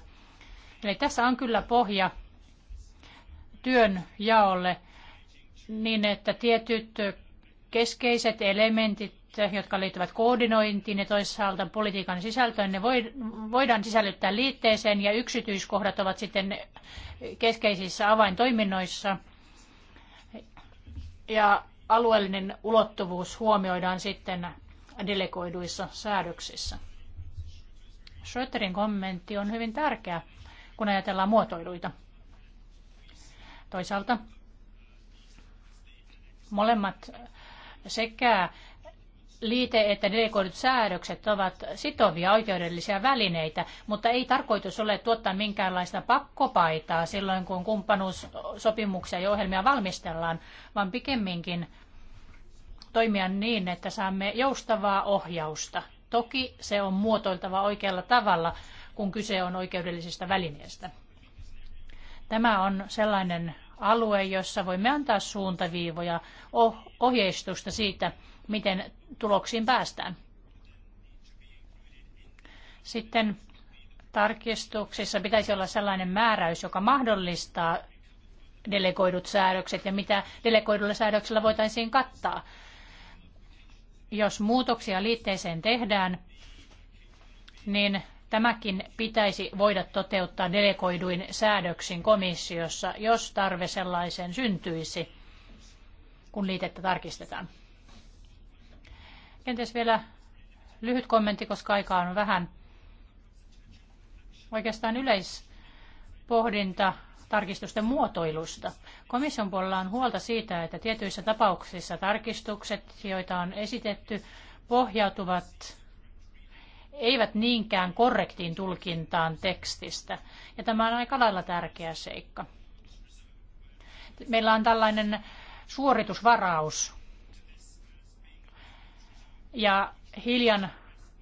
Eli tässä on kyllä pohja työn jaolle niin, että tietyt keskeiset elementit jotka liittyvät koordinointiin ja toisaalta politiikan sisältöön, ne voidaan sisällyttää liitteeseen ja yksityiskohdat ovat sitten keskeisissä avaintoiminnoissa. Ja alueellinen ulottuvuus huomioidaan sitten delegoiduissa säädöksissä. Schröterin kommentti on hyvin tärkeä, kun ajatellaan muotoiluita. Toisaalta molemmat sekä liite- että delegoidut säädökset ovat sitovia oikeudellisia välineitä, mutta ei tarkoitus ole tuottaa minkäänlaista pakkopaitaa silloin, kun kumppanuussopimuksia ja ohjelmia valmistellaan, vaan pikemminkin toimia niin, että saamme joustavaa ohjausta. Toki se on muotoiltava oikealla tavalla, kun kyse on oikeudellisista välineistä. Tämä on sellainen alue, jossa voimme antaa suuntaviivoja, oh-, ohjeistusta siitä, miten tuloksiin päästään. Sitten tarkistuksissa pitäisi olla sellainen määräys, joka mahdollistaa delegoidut säädökset ja mitä delegoidulla säädöksellä voitaisiin kattaa. Jos muutoksia liitteeseen tehdään, niin tämäkin pitäisi voida toteuttaa delegoiduin säädöksin komissiossa, jos tarve sellaiseen syntyisi, kun liitettä tarkistetaan. Kenties vielä lyhyt kommentti, koska aikaa on vähän. Oikeastaan yleispohdinta tarkistusten muotoilusta. Komission puolella on huolta siitä, että tietyissä tapauksissa tarkistukset, joita on esitetty, pohjautuvat eivät niinkään korrektiin tulkintaan tekstistä. Ja tämä on aika lailla tärkeä seikka. Meillä on tällainen suoritusvaraus ja hiljan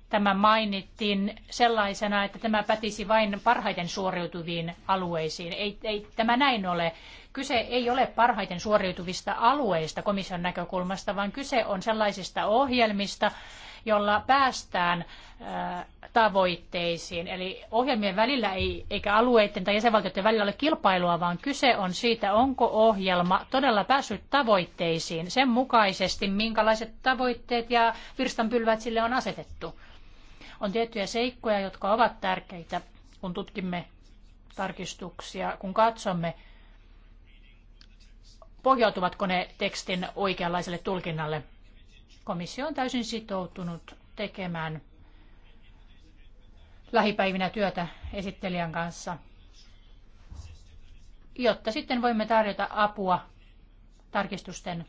tämä mainittiin sellaisena, että tämä pätisi vain parhaiten suoriutuviin alueisiin. Ei, ei tämä näin ole. Kyse ei ole parhaiten suoriutuvista alueista komission näkökulmasta, vaan kyse on sellaisista ohjelmista, jolla päästään tavoitteisiin. Eli ohjelmien välillä ei, eikä alueiden tai jäsenvaltioiden välillä ole kilpailua, vaan kyse on siitä, onko ohjelma todella päässyt tavoitteisiin sen mukaisesti, minkälaiset tavoitteet ja virstanpylvät sille on asetettu. On tiettyjä seikkoja, jotka ovat tärkeitä, kun tutkimme tarkistuksia, kun katsomme, pohjautuvatko ne tekstin oikeanlaiselle tulkinnalle. Komissio on täysin sitoutunut tekemään lähipäivinä työtä esittelijän kanssa, jotta sitten voimme tarjota apua tarkistusten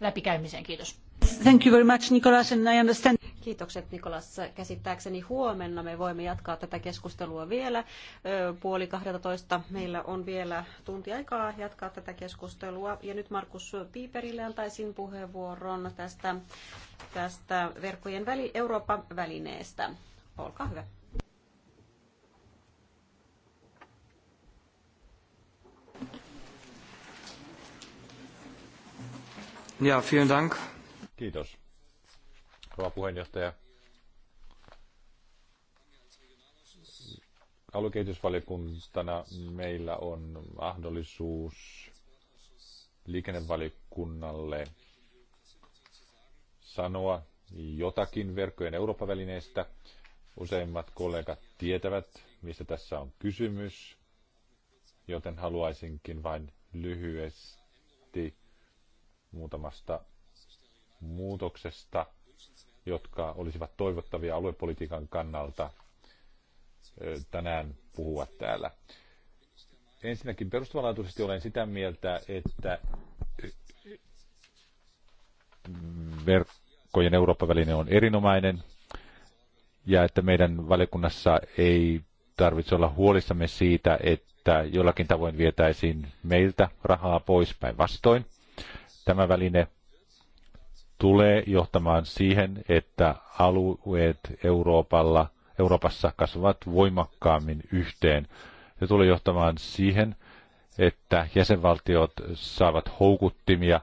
läpikäymiseen. Kiitos. Thank you very much, Nicolas, and I understand. Kiitokset Nikolas. Käsittääkseni huomenna me voimme jatkaa tätä keskustelua vielä. Puoli 12 meillä on vielä tunti aikaa jatkaa tätä keskustelua. Ja nyt Markus Piiperille antaisin puheenvuoron tästä, tästä verkkojen väli, Euroopan välineestä. Olkaa hyvä. Ja, vielen Dank. Kiitos rouva puheenjohtaja. Aluekehitysvaliokuntana meillä on mahdollisuus liikennevaliokunnalle sanoa jotakin verkkojen eurooppa välineistä Useimmat kollegat tietävät, mistä tässä on kysymys, joten haluaisinkin vain lyhyesti muutamasta muutoksesta – jotka olisivat toivottavia aluepolitiikan kannalta, tänään puhua täällä. Ensinnäkin perustavanlaatuisesti olen sitä mieltä, että verkkojen Euroopan väline on erinomainen ja että meidän valiokunnassa ei tarvitse olla huolissamme siitä, että jollakin tavoin vietäisiin meiltä rahaa pois päinvastoin. Tämä väline tulee johtamaan siihen, että alueet Euroopalla, Euroopassa kasvavat voimakkaammin yhteen. Se tulee johtamaan siihen, että jäsenvaltiot saavat houkuttimia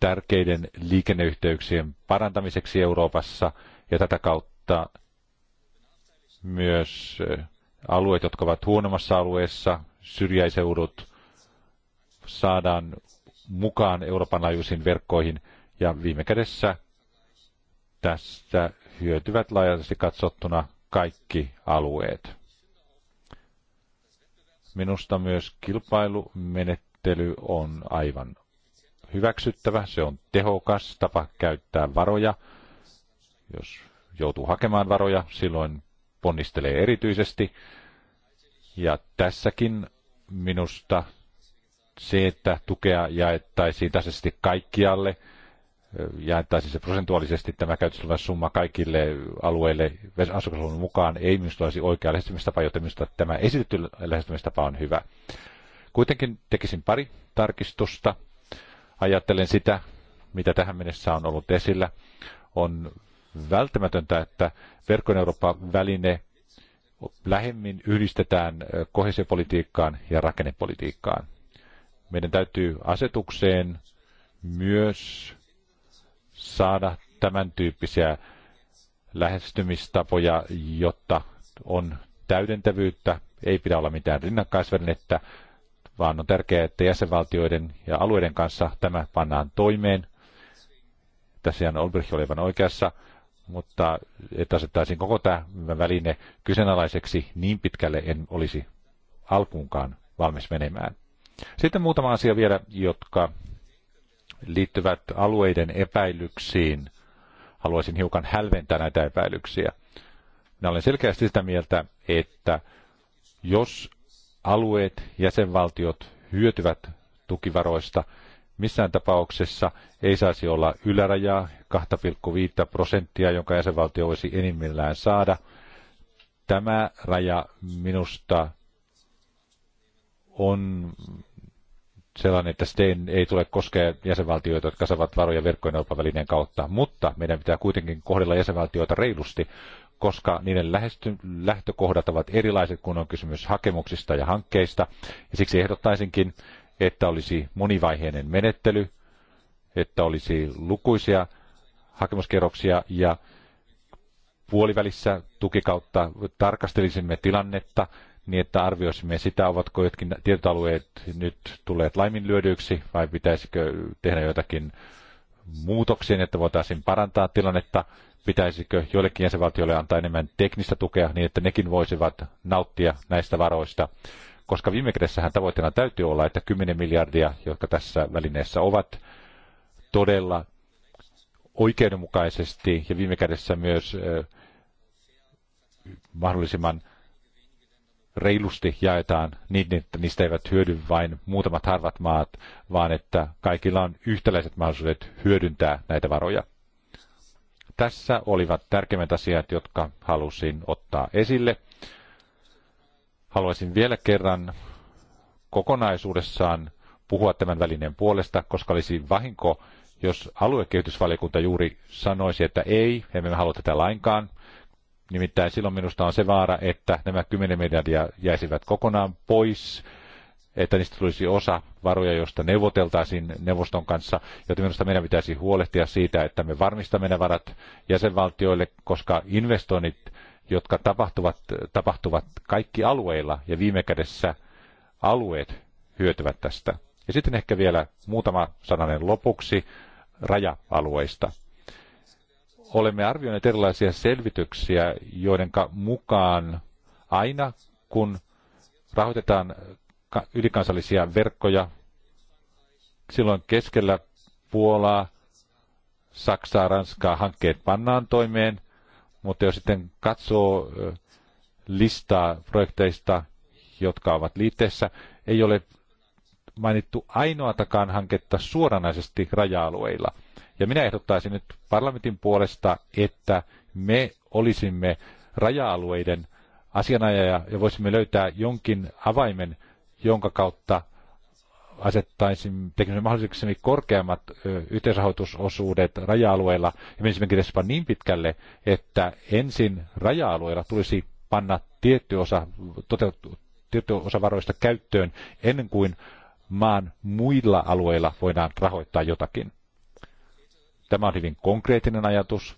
tärkeiden liikenneyhteyksien parantamiseksi Euroopassa ja tätä kautta myös äh, alueet, jotka ovat huonommassa alueessa, syrjäiseudut, saadaan mukaan Euroopan laajuisiin verkkoihin – ja viime kädessä tästä hyötyvät laajasti katsottuna kaikki alueet. Minusta myös kilpailumenettely on aivan hyväksyttävä. Se on tehokas tapa käyttää varoja. Jos joutuu hakemaan varoja, silloin ponnistelee erityisesti. Ja tässäkin minusta se, että tukea jaettaisiin tasaisesti kaikkialle – jaettaisiin se prosentuaalisesti tämä käytössä summa kaikille alueille asukasluvun mukaan, ei minusta olisi oikea lähestymistapa, joten minusta tämä esitetty lähestymistapa on hyvä. Kuitenkin tekisin pari tarkistusta. Ajattelen sitä, mitä tähän mennessä on ollut esillä. On välttämätöntä, että verkkojen Eurooppa-väline lähemmin yhdistetään kohesiopolitiikkaan ja rakennepolitiikkaan. Meidän täytyy asetukseen myös saada tämän tyyppisiä lähestymistapoja, jotta on täydentävyyttä, ei pidä olla mitään rinnakkaisvälinettä, vaan on tärkeää, että jäsenvaltioiden ja alueiden kanssa tämä pannaan toimeen. Tässä Jan Olbrich oli aivan oikeassa, mutta että asettaisiin koko tämä väline kyseenalaiseksi niin pitkälle en olisi alkuunkaan valmis menemään. Sitten muutama asia vielä, jotka liittyvät alueiden epäilyksiin. Haluaisin hiukan hälventää näitä epäilyksiä. Minä olen selkeästi sitä mieltä, että jos alueet, jäsenvaltiot hyötyvät tukivaroista, missään tapauksessa ei saisi olla ylärajaa 2,5 prosenttia, jonka jäsenvaltio voisi enimmillään saada. Tämä raja minusta on sellainen, että Stein ei tule koskea jäsenvaltioita, jotka saavat varoja verkkojen välineen kautta, mutta meidän pitää kuitenkin kohdella jäsenvaltioita reilusti, koska niiden lähesty, lähtökohdat ovat erilaiset, kun on kysymys hakemuksista ja hankkeista. Ja siksi ehdottaisinkin, että olisi monivaiheinen menettely, että olisi lukuisia hakemuskerroksia ja puolivälissä tukikautta tarkastelisimme tilannetta niin että arvioisimme sitä, ovatko jotkin tietyt alueet nyt tulleet laiminlyödyiksi vai pitäisikö tehdä jotakin muutoksia, niin, että voitaisiin parantaa tilannetta, pitäisikö joillekin jäsenvaltioille antaa enemmän teknistä tukea niin, että nekin voisivat nauttia näistä varoista, koska viime kädessähän tavoitteena täytyy olla, että 10 miljardia, jotka tässä välineessä ovat, todella oikeudenmukaisesti ja viime kädessä myös mahdollisimman reilusti jaetaan niin, että niistä eivät hyödy vain muutamat harvat maat, vaan että kaikilla on yhtäläiset mahdollisuudet hyödyntää näitä varoja. Tässä olivat tärkeimmät asiat, jotka halusin ottaa esille. Haluaisin vielä kerran kokonaisuudessaan puhua tämän välineen puolesta, koska olisi vahinko, jos aluekehitysvaliokunta juuri sanoisi, että ei, emme halua tätä lainkaan, Nimittäin silloin minusta on se vaara, että nämä 10 miljardia jäisivät kokonaan pois, että niistä tulisi osa varoja, joista neuvoteltaisiin neuvoston kanssa, joten minusta meidän pitäisi huolehtia siitä, että me varmistamme ne varat jäsenvaltioille, koska investoinnit, jotka tapahtuvat, tapahtuvat kaikki alueilla ja viime kädessä alueet hyötyvät tästä. Ja sitten ehkä vielä muutama sananen lopuksi raja-alueista olemme arvioineet erilaisia selvityksiä, joiden mukaan aina kun rahoitetaan ylikansallisia verkkoja, silloin keskellä Puolaa, Saksaa, Ranskaa hankkeet pannaan toimeen, mutta jos sitten katsoo listaa projekteista, jotka ovat liitteessä, ei ole mainittu ainoatakaan hanketta suoranaisesti raja-alueilla. Ja minä ehdottaisin nyt parlamentin puolesta, että me olisimme raja-alueiden asianajaja ja voisimme löytää jonkin avaimen, jonka kautta asettaisimme, tekisimme mahdolliseksi korkeammat yhteisrahoitusosuudet raja-alueilla ja menisimmekin edes niin pitkälle, että ensin raja-alueilla tulisi panna tietty osa, toteutu, tietty osa varoista käyttöön ennen kuin maan muilla alueilla voidaan rahoittaa jotakin. Tämä on hyvin konkreettinen ajatus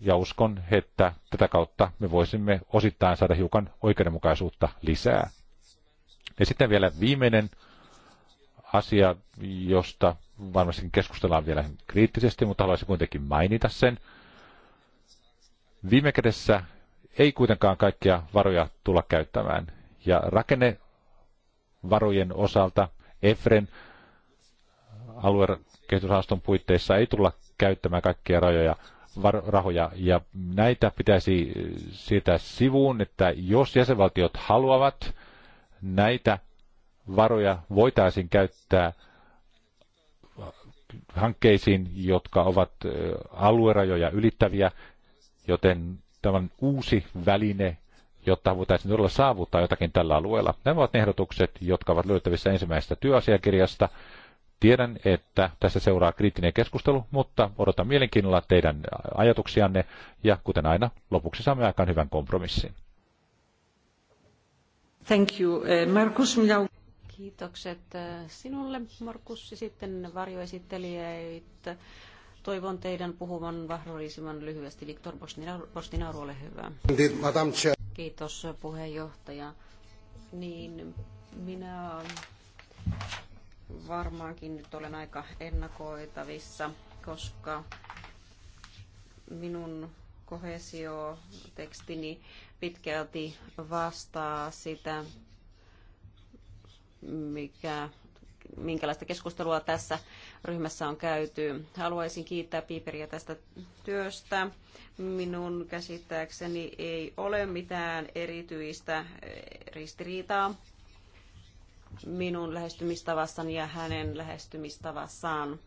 ja uskon, että tätä kautta me voisimme osittain saada hiukan oikeudenmukaisuutta lisää. Ja sitten vielä viimeinen asia, josta varmasti keskustellaan vielä kriittisesti, mutta haluaisin kuitenkin mainita sen. Viime kädessä ei kuitenkaan kaikkia varoja tulla käyttämään. Ja rakennevarojen osalta EFREN aluekehitysrahaston puitteissa ei tulla käyttämään kaikkia rajoja, var, rahoja, ja näitä pitäisi eh, siirtää sivuun, että jos jäsenvaltiot haluavat, näitä varoja voitaisiin käyttää eh, hankkeisiin, jotka ovat eh, aluerajoja ylittäviä, joten tämä on uusi väline, jotta voitaisiin todella saavuttaa jotakin tällä alueella. Nämä ovat ehdotukset, jotka ovat löytävissä ensimmäisestä työasiakirjasta, Tiedän, että tässä seuraa kriittinen keskustelu, mutta odotan mielenkiinnolla teidän ajatuksianne ja kuten aina lopuksi saamme aikaan hyvän kompromissin. Thank you. Eh, Markus Miau. Kiitokset eh, sinulle, Markus. Sitten varjoesittelijöitä. Toivon teidän puhuvan vahvallisimman lyhyesti. Viktor Postinauru, ole hyvä. Kiitos puheenjohtaja. Niin, minä varmaankin nyt olen aika ennakoitavissa, koska minun kohesiotekstini pitkälti vastaa sitä, mikä, minkälaista keskustelua tässä ryhmässä on käyty. Haluaisin kiittää Piiperiä tästä työstä. Minun käsittääkseni ei ole mitään erityistä ristiriitaa minun lähestymistavassani ja hänen lähestymistavassaan.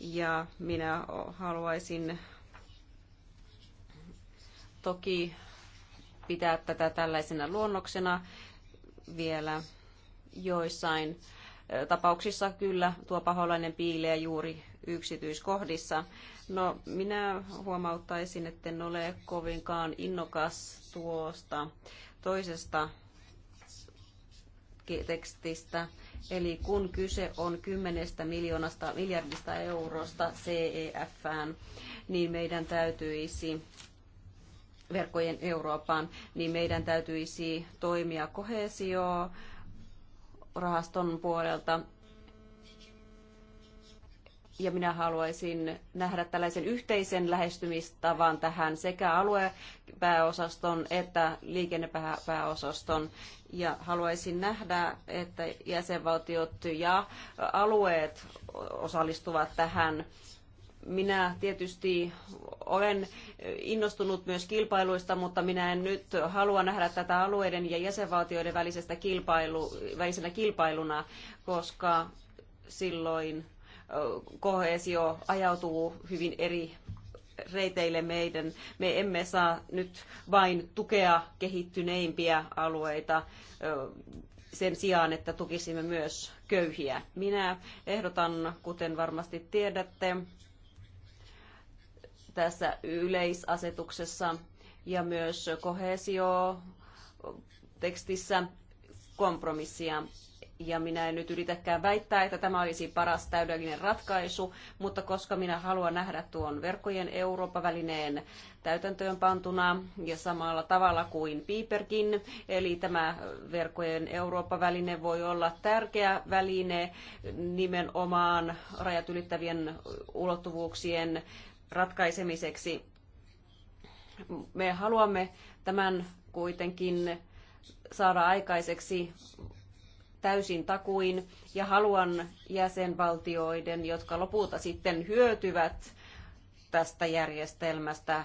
Ja minä haluaisin toki pitää tätä tällaisena luonnoksena vielä joissain tapauksissa kyllä tuo paholainen piilee juuri yksityiskohdissa. No, minä huomauttaisin, että en ole kovinkaan innokas tuosta toisesta tekstistä. Eli kun kyse on 10 miljoonasta miljardista eurosta CEFään, niin meidän täytyisi verkkojen Euroopan, niin meidän täytyisi toimia kohesio rahaston puolelta ja minä haluaisin nähdä tällaisen yhteisen lähestymistavan tähän sekä aluepääosaston että liikennepääosaston. Ja haluaisin nähdä, että jäsenvaltiot ja alueet osallistuvat tähän minä tietysti olen innostunut myös kilpailuista, mutta minä en nyt halua nähdä tätä alueiden ja jäsenvaltioiden välisestä kilpailu, välisenä kilpailuna, koska silloin kohesio ajautuu hyvin eri reiteille meidän. Me emme saa nyt vain tukea kehittyneimpiä alueita sen sijaan, että tukisimme myös köyhiä. Minä ehdotan, kuten varmasti tiedätte, tässä yleisasetuksessa ja myös kohesio tekstissä kompromissia ja minä en nyt yritäkään väittää, että tämä olisi paras täydellinen ratkaisu, mutta koska minä haluan nähdä tuon verkkojen Eurooppa-välineen täytäntöön pantuna ja samalla tavalla kuin Piiperkin, eli tämä verkkojen Eurooppa-väline voi olla tärkeä väline nimenomaan rajat ylittävien ulottuvuuksien ratkaisemiseksi. Me haluamme tämän kuitenkin saada aikaiseksi täysin takuin ja haluan jäsenvaltioiden, jotka lopulta sitten hyötyvät tästä järjestelmästä,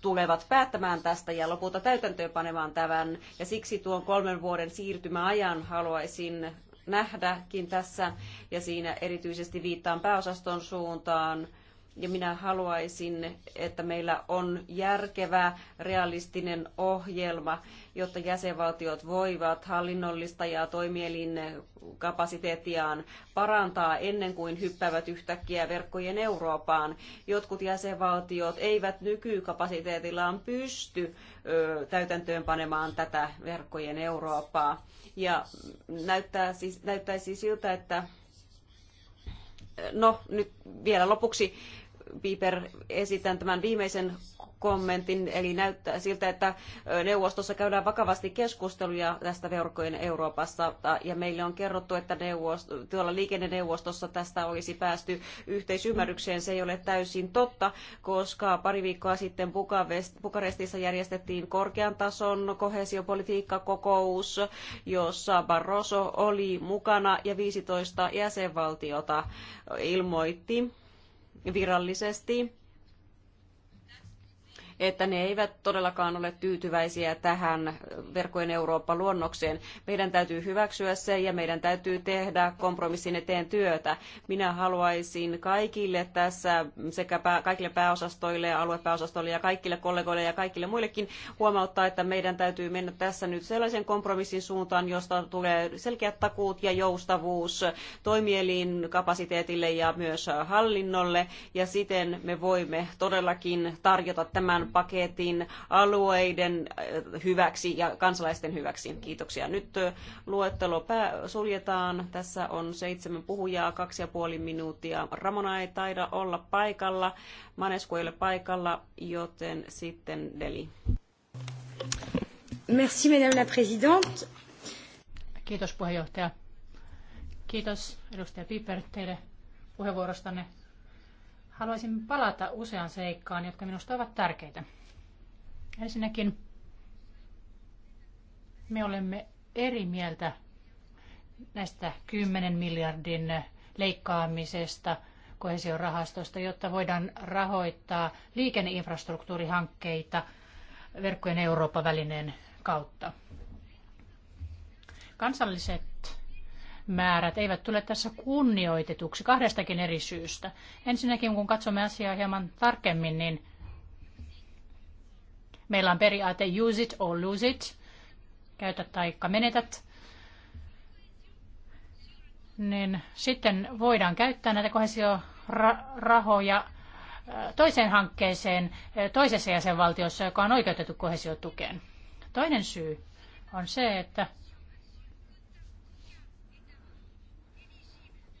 tulevat päättämään tästä ja lopulta panemaan tämän. Ja siksi tuon kolmen vuoden siirtymäajan haluaisin nähdäkin tässä ja siinä erityisesti viittaan pääosaston suuntaan ja minä haluaisin, että meillä on järkevä, realistinen ohjelma, jotta jäsenvaltiot voivat hallinnollista ja toimielin kapasiteettiaan parantaa ennen kuin hyppäävät yhtäkkiä verkkojen Eurooppaan. Jotkut jäsenvaltiot eivät nykykapasiteetillaan pysty ö, täytäntöön panemaan tätä verkkojen Eurooppaa. Ja näyttää siis, näyttäisi siltä, että no nyt vielä lopuksi Piper, esitän tämän viimeisen kommentin, eli näyttää siltä, että neuvostossa käydään vakavasti keskusteluja tästä verkkojen Euroopassa, ja meille on kerrottu, että neuvosto, tuolla liikenneneuvostossa tästä olisi päästy yhteisymmärrykseen. Se ei ole täysin totta, koska pari viikkoa sitten Bukarestissa järjestettiin korkean tason kohesiopolitiikkakokous, jossa Barroso oli mukana ja 15 jäsenvaltiota ilmoitti virallisesti että ne eivät todellakaan ole tyytyväisiä tähän verkkojen Eurooppa-luonnokseen. Meidän täytyy hyväksyä se ja meidän täytyy tehdä kompromissin eteen työtä. Minä haluaisin kaikille tässä sekä pää, kaikille pääosastoille aluepääosastoille ja kaikille kollegoille ja kaikille muillekin huomauttaa, että meidän täytyy mennä tässä nyt sellaisen kompromissin suuntaan, josta tulee selkeät takuut ja joustavuus toimielin kapasiteetille ja myös hallinnolle ja siten me voimme todellakin tarjota tämän paketin alueiden äh, hyväksi ja kansalaisten hyväksi. Kiitoksia. Nyt äh, luettelo pää- suljetaan. Tässä on seitsemän puhujaa, kaksi ja puoli minuuttia. Ramona ei taida olla paikalla, Manesku ei ole paikalla, joten sitten Deli. Merci, Madame la Présidente. Kiitos puheenjohtaja. Kiitos edustaja Piper teille puheenvuorostanne. Haluaisin palata usean seikkaan, jotka minusta ovat tärkeitä. Ensinnäkin me olemme eri mieltä näistä 10 miljardin leikkaamisesta kohesiorahastosta, jotta voidaan rahoittaa liikenneinfrastruktuurihankkeita verkkojen Eurooppa-välineen kautta. Kansalliset määrät eivät tule tässä kunnioitetuksi kahdestakin eri syystä. Ensinnäkin, kun katsomme asiaa hieman tarkemmin, niin meillä on periaate use it or lose it, käytä tai menetät, niin sitten voidaan käyttää näitä kohesiorahoja äh, toiseen hankkeeseen äh, toisessa jäsenvaltiossa, joka on oikeutettu kohesiotukeen. Toinen syy on se, että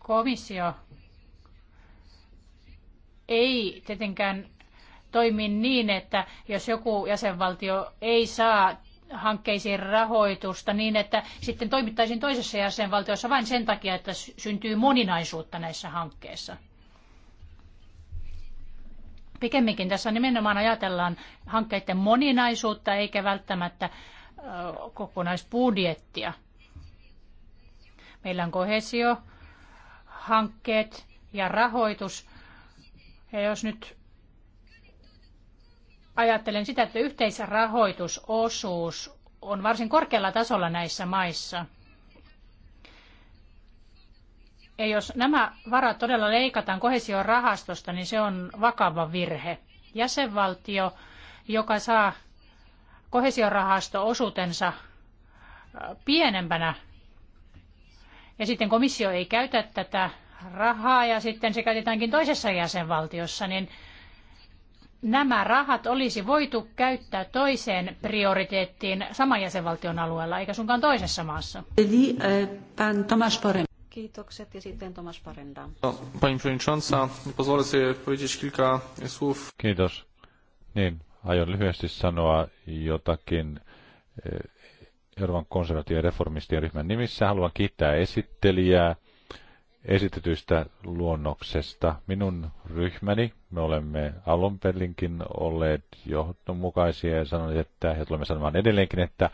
Komissio ei tietenkään toimi niin, että jos joku jäsenvaltio ei saa hankkeisiin rahoitusta niin, että sitten toimittaisiin toisessa jäsenvaltiossa vain sen takia, että syntyy moninaisuutta näissä hankkeissa. Pikemminkin tässä nimenomaan ajatellaan hankkeiden moninaisuutta eikä välttämättä kokonaisbudjettia. Meillä on kohesio, hankkeet ja rahoitus. Ja jos nyt ajattelen sitä, että yhteisrahoitusosuus on varsin korkealla tasolla näissä maissa. Ja jos nämä varat todella leikataan kohesion rahastosta, niin se on vakava virhe. Jäsenvaltio, joka saa kohesiorahasto osuutensa pienempänä ja sitten komissio ei käytä tätä rahaa ja sitten se käytetäänkin toisessa jäsenvaltiossa, niin nämä rahat olisi voitu käyttää toiseen prioriteettiin saman jäsenvaltion alueella, eikä sunkaan toisessa maassa. Eli eh, pan Tomasz Porem. Kiitokset ja sitten Tomasz Parenda. No, pani przewodnicząca, pozwolę sobie powiedzieć kilka słów. Kiitos. Niin, aion lyhyesti sanoa jotakin eh, Euroopan ja reformistien ryhmän nimissä haluan kiittää esittelijää esitetystä luonnoksesta. Minun ryhmäni, me olemme alun perinkin olleet johdonmukaisia ja sanoneet, että, ja tulemme sanomaan edelleenkin, että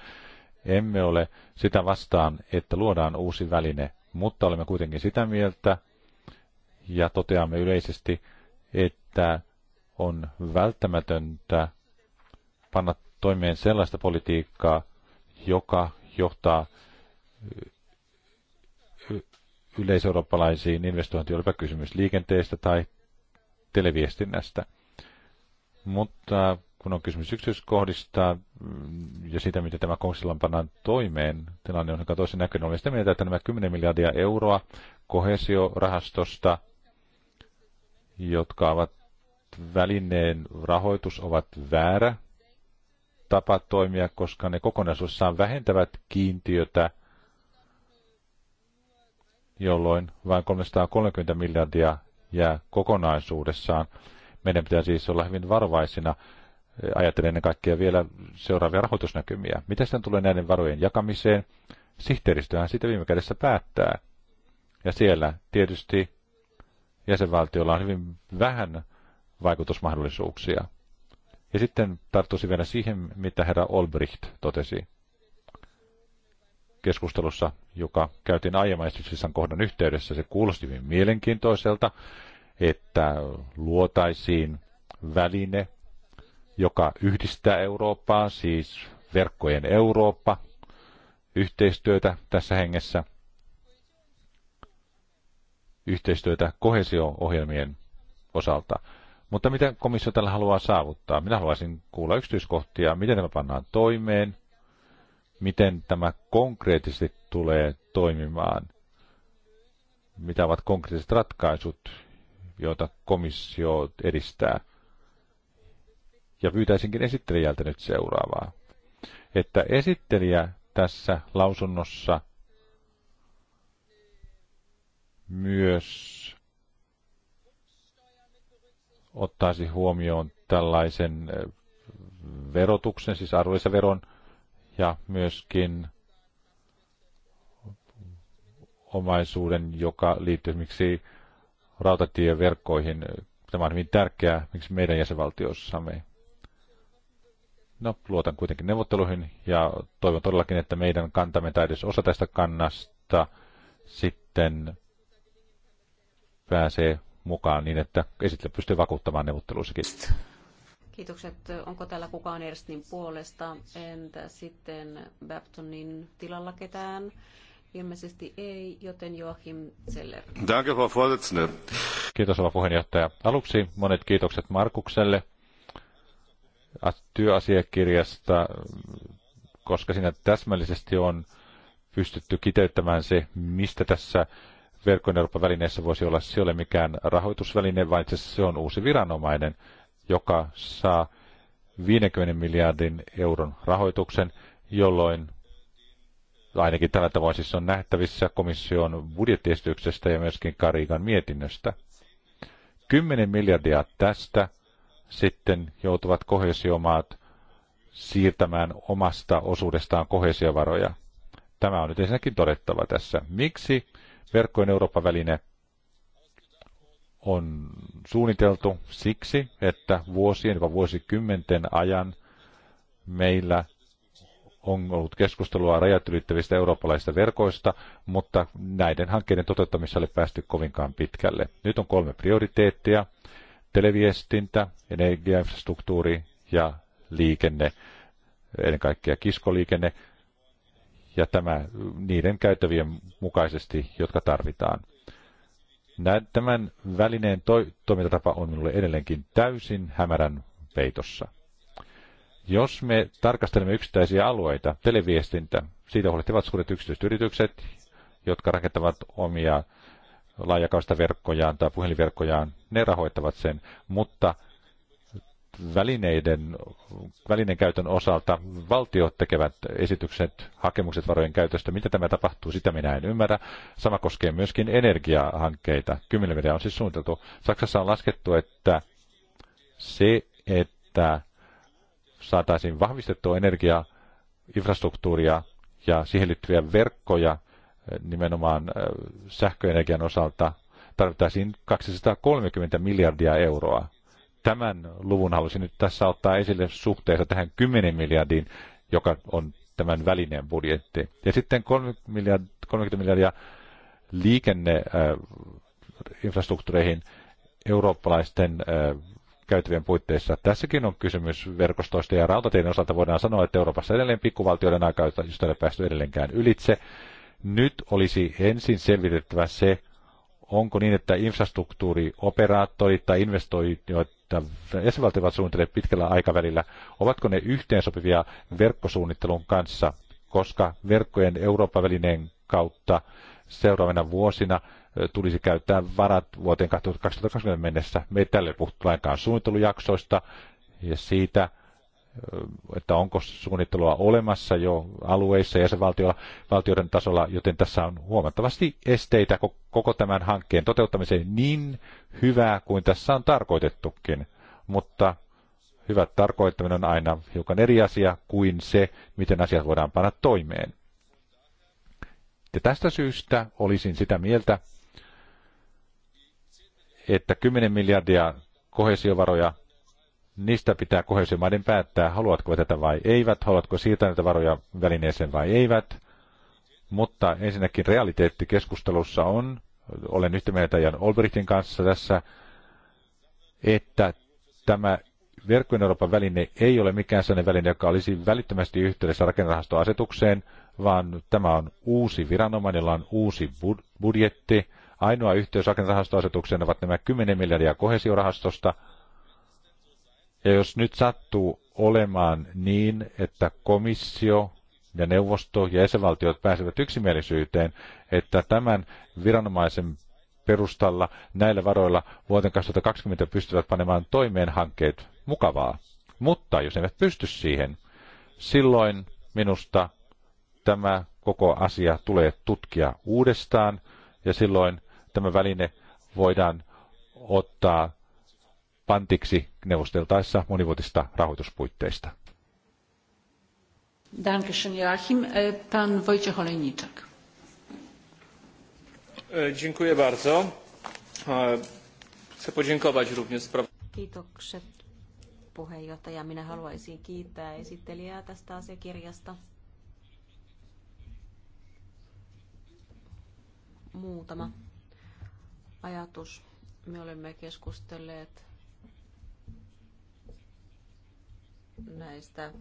emme ole sitä vastaan, että luodaan uusi väline, mutta olemme kuitenkin sitä mieltä ja toteamme yleisesti, että on välttämätöntä panna toimeen sellaista politiikkaa, joka johtaa yleiseurooppalaisiin investointiin, olipa kysymys liikenteestä tai televiestinnästä. Mutta kun on kysymys yksityiskohdista ja sitä, miten tämä kongsilla pannaan toimeen, tilanne on aika toisen näköinen. Olen sitä mieltä, että nämä 10 miljardia euroa kohesiorahastosta, jotka ovat välineen rahoitus, ovat väärä tapa toimia, koska ne kokonaisuudessaan vähentävät kiintiötä, jolloin vain 330 miljardia jää kokonaisuudessaan. Meidän pitää siis olla hyvin varovaisina eh, ajatellen ennen kaikkea vielä seuraavia rahoitusnäkymiä. Mitä sitten tulee näiden varojen jakamiseen? Sihteeristöhän sitä viime kädessä päättää. Ja siellä tietysti jäsenvaltiolla on hyvin vähän vaikutusmahdollisuuksia. Ja sitten tarttuisin vielä siihen, mitä herra Olbricht totesi keskustelussa, joka käytiin aiemman esityksessä kohdan yhteydessä. Se kuulosti hyvin mielenkiintoiselta, että luotaisiin väline, joka yhdistää Eurooppaa, siis verkkojen Eurooppa, yhteistyötä tässä hengessä, yhteistyötä kohesio-ohjelmien osalta. Mutta mitä komissio tällä haluaa saavuttaa? Minä haluaisin kuulla yksityiskohtia, miten tämä pannaan toimeen, miten tämä konkreettisesti tulee toimimaan, mitä ovat konkreettiset ratkaisut, joita komissio edistää. Ja pyytäisinkin esittelijältä nyt seuraavaa. Että esittelijä tässä lausunnossa myös ottaisi huomioon tällaisen verotuksen, siis arvonlisäveron ja myöskin omaisuuden, joka liittyy esimerkiksi rautatieverkkoihin. Tämä on hyvin tärkeää, miksi meidän jäsenvaltiossamme. No, luotan kuitenkin neuvotteluihin ja toivon todellakin, että meidän kantamme tai edes osa tästä kannasta sitten pääsee mukaan niin, että esittely pystyy vakuuttamaan neuvotteluissakin. Kiitokset. Onko täällä kukaan Erstin puolesta? Entä sitten Baptonin tilalla ketään? Ilmeisesti ei, joten Joachim Zeller. Danke, Kiitos, rouva puheenjohtaja. Aluksi monet kiitokset Markukselle työasiakirjasta, koska siinä täsmällisesti on pystytty kiteyttämään se, mistä tässä verkon Euroopan välineessä voisi olla, se ei ole mikään rahoitusväline, vaan itse se on uusi viranomainen, joka saa 50 miljardin euron rahoituksen, jolloin ainakin tällä tavoin siis on nähtävissä komission budjettiesityksestä ja myöskin Karikan mietinnöstä. 10 miljardia tästä sitten joutuvat kohesiomaat siirtämään omasta osuudestaan kohesiovaroja. Tämä on nyt ensinnäkin todettava tässä. Miksi Verkkojen Eurooppa-väline on suunniteltu siksi, että vuosien, jopa vuosikymmenten ajan meillä on ollut keskustelua rajat ylittävistä eurooppalaisista verkoista, mutta näiden hankkeiden toteuttamissa ei päästy kovinkaan pitkälle. Nyt on kolme prioriteettia. Televiestintä, energiainfrastruktuuri ja liikenne, ennen kaikkea kiskoliikenne ja tämä niiden käyttävien mukaisesti, jotka tarvitaan. Tämän välineen to- toimintatapa on minulle edelleenkin täysin hämärän peitossa. Jos me tarkastelemme yksittäisiä alueita, televiestintä, siitä huolehtivat suuret yksityiset yritykset, jotka rakentavat omia verkkojaan tai puhelinverkkojaan, ne rahoittavat sen, mutta välineiden, välineen käytön osalta valtiot tekevät esitykset, hakemukset varojen käytöstä. Mitä tämä tapahtuu, sitä minä en ymmärrä. Sama koskee myöskin energiahankkeita. Kymmenen miljoonaa on siis suunniteltu. Saksassa on laskettu, että se, että saataisiin vahvistettua energiaa, infrastruktuuria ja siihen liittyviä verkkoja eh, nimenomaan eh, sähköenergian osalta, tarvittaisiin 230 miljardia euroa tämän luvun halusin nyt tässä ottaa esille suhteessa tähän 10 miljardiin, joka on tämän välineen budjetti. Ja sitten 30 miljardia, 30 miljardia liikenneinfrastruktuureihin äh, eurooppalaisten äh, käytävien puitteissa. Tässäkin on kysymys verkostoista ja rautateiden osalta voidaan sanoa, että Euroopassa edelleen pikkuvaltioiden aikaa, josta ei ole päästy edelleenkään ylitse. Nyt olisi ensin selvitettävä se, onko niin, että infrastruktuurioperaattorit tai investoijat että jäsenvaltiot suunnittelevat pitkällä aikavälillä, ovatko ne yhteensopivia verkkosuunnittelun kanssa, koska verkkojen Euroopan välineen kautta seuraavina vuosina tulisi käyttää varat vuoteen 2020 mennessä. Me ei tälle puhuttu lainkaan suunnittelujaksoista ja siitä, että onko suunnittelua olemassa jo alueissa ja valtioiden tasolla, joten tässä on huomattavasti esteitä koko tämän hankkeen toteuttamiseen niin hyvää kuin tässä on tarkoitettukin. Mutta hyvä tarkoittaminen on aina hiukan eri asia kuin se, miten asiat voidaan panna toimeen. Ja tästä syystä olisin sitä mieltä, että 10 miljardia kohesiovaroja niistä pitää kohesiomaiden päättää, haluatko tätä vai eivät, haluatko siirtää näitä varoja välineeseen vai eivät. Mutta ensinnäkin realiteetti keskustelussa on, olen yhtä mieltä Jan Olbrichtin kanssa tässä, että tämä verkkojen Euroopan väline ei ole mikään sellainen väline, joka olisi välittömästi yhteydessä rakennerahastoasetukseen, vaan tämä on uusi viranomainen, jolla on uusi budjetti. Ainoa yhteys rakennerahastoasetukseen ovat nämä 10 miljardia kohesiorahastosta – ja jos nyt sattuu olemaan niin, että komissio ja neuvosto ja jäsenvaltiot pääsevät yksimielisyyteen, että tämän viranomaisen perustalla näillä varoilla vuoden 2020 pystyvät panemaan toimeen hankkeet mukavaa. Mutta jos eivät pysty siihen, silloin minusta tämä koko asia tulee tutkia uudestaan ja silloin tämä väline voidaan ottaa pantiksi neuvosteltaessa monivuotista rahoituspuitteista. Dankeschön, Joachim. E, pan Wojciech Olejniczak. E, dziękuję bardzo. E, chcę podziękować również Kiitokset puheenjohtaja. Minä haluaisin kiittää esittelijää tästä asiakirjasta. Muutama ajatus. Me olemme keskustelleet näistä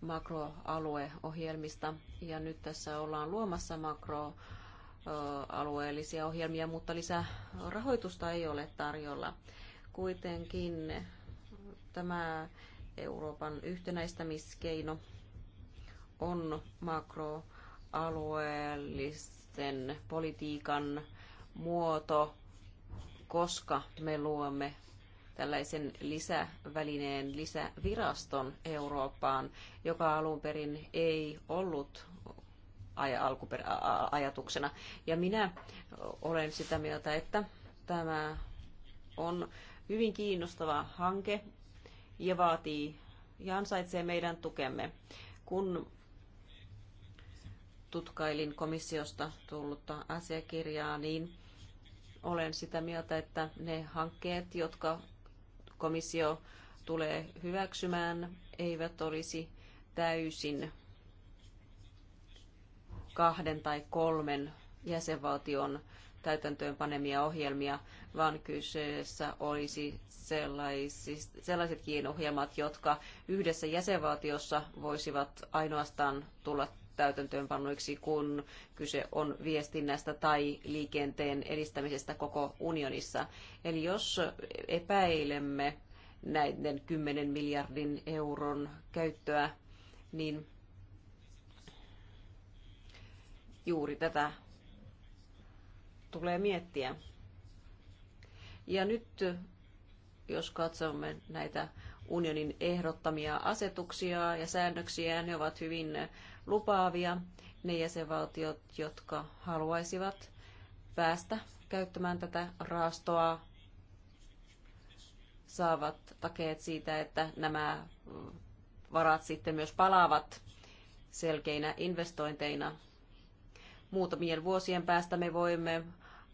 makroalueohjelmista. Ja nyt tässä ollaan luomassa makroalueellisia ohjelmia, mutta lisärahoitusta ei ole tarjolla. Kuitenkin tämä Euroopan yhtenäistämiskeino on makroalueellisten politiikan muoto, koska me luomme tällaisen lisävälineen, lisäviraston Eurooppaan, joka alun perin ei ollut ajatuksena. Ja minä olen sitä mieltä, että tämä on hyvin kiinnostava hanke ja vaatii ja ansaitsee meidän tukemme. Kun tutkailin komissiosta tullutta asiakirjaa, niin olen sitä mieltä, että ne hankkeet, jotka komissio tulee hyväksymään, eivät olisi täysin kahden tai kolmen jäsenvaltion täytäntöönpanemia ohjelmia, vaan kyseessä olisi sellaisetkin ohjelmat, jotka yhdessä jäsenvaltiossa voisivat ainoastaan tulla täytäntöönpannuiksi, kun kyse on viestinnästä tai liikenteen edistämisestä koko unionissa. Eli jos epäilemme näiden 10 miljardin euron käyttöä, niin juuri tätä tulee miettiä. Ja nyt jos katsomme näitä unionin ehdottamia asetuksia ja säännöksiä, ne ovat hyvin lupaavia ne jäsenvaltiot, jotka haluaisivat päästä käyttämään tätä raastoa, saavat takeet siitä, että nämä varat sitten myös palaavat selkeinä investointeina. Muutamien vuosien päästä me voimme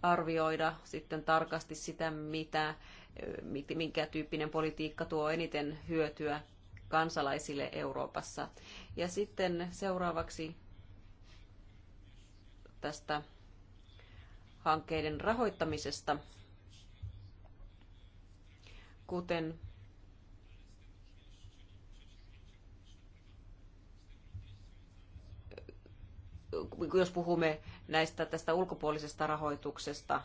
arvioida sitten tarkasti sitä, mitä, minkä tyyppinen politiikka tuo eniten hyötyä kansalaisille Euroopassa. Ja sitten seuraavaksi tästä hankkeiden rahoittamisesta. Kuten jos puhumme näistä tästä ulkopuolisesta rahoituksesta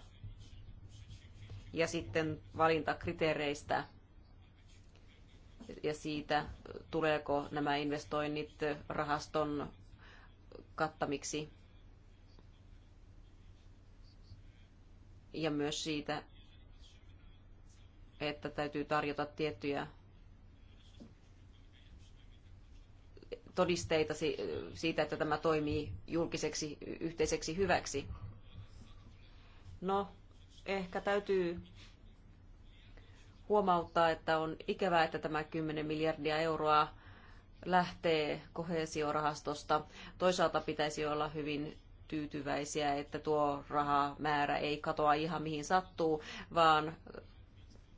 ja sitten valintakriteereistä, ja siitä, tuleeko nämä investoinnit rahaston kattamiksi ja myös siitä, että täytyy tarjota tiettyjä todisteita siitä, että tämä toimii julkiseksi yhteiseksi hyväksi. No, ehkä täytyy huomauttaa, että on ikävää, että tämä 10 miljardia euroa lähtee kohesiorahastosta. Toisaalta pitäisi olla hyvin tyytyväisiä, että tuo rahamäärä ei katoa ihan mihin sattuu, vaan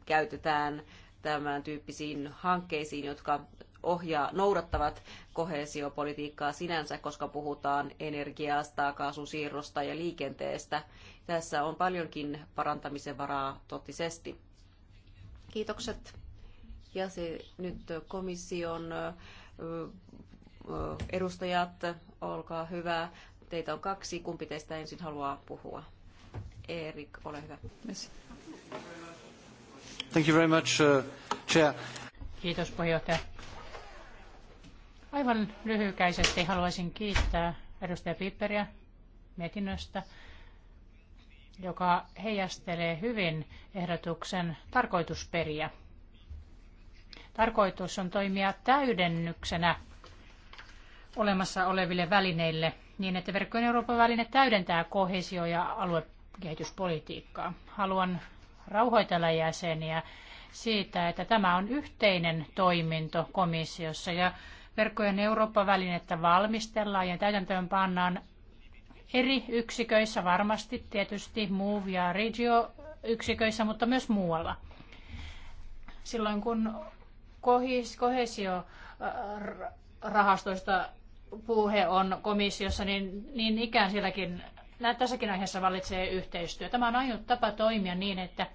käytetään tämän tyyppisiin hankkeisiin, jotka ohjaa, noudattavat kohesiopolitiikkaa sinänsä, koska puhutaan energiasta, kaasusiirrosta ja liikenteestä. Tässä on paljonkin parantamisen varaa totisesti. Kiitokset. Ja se nyt komission edustajat, olkaa hyvä. Teitä on kaksi. Kumpi teistä ensin haluaa puhua? Erik, ole hyvä. Thank you very much, uh, Chair. Kiitos puheenjohtaja. Aivan lyhykäisesti haluaisin kiittää edustaja Piperiä mietinnöstä joka heijastelee hyvin ehdotuksen tarkoitusperiä. Tarkoitus on toimia täydennyksenä olemassa oleville välineille niin, että verkkojen Euroopan väline täydentää kohesio- ja aluekehityspolitiikkaa. Haluan rauhoitella jäseniä siitä, että tämä on yhteinen toiminto komissiossa ja verkkojen Euroopan välinettä valmistellaan ja täytäntöön pannaan eri yksiköissä varmasti, tietysti Move ja Regio yksiköissä, mutta myös muualla. Silloin kun kohesio äh, rahastoista puhe on komissiossa, niin, niin ikään sielläkin tässäkin aiheessa valitsee yhteistyö. Tämä on ainut tapa toimia niin, että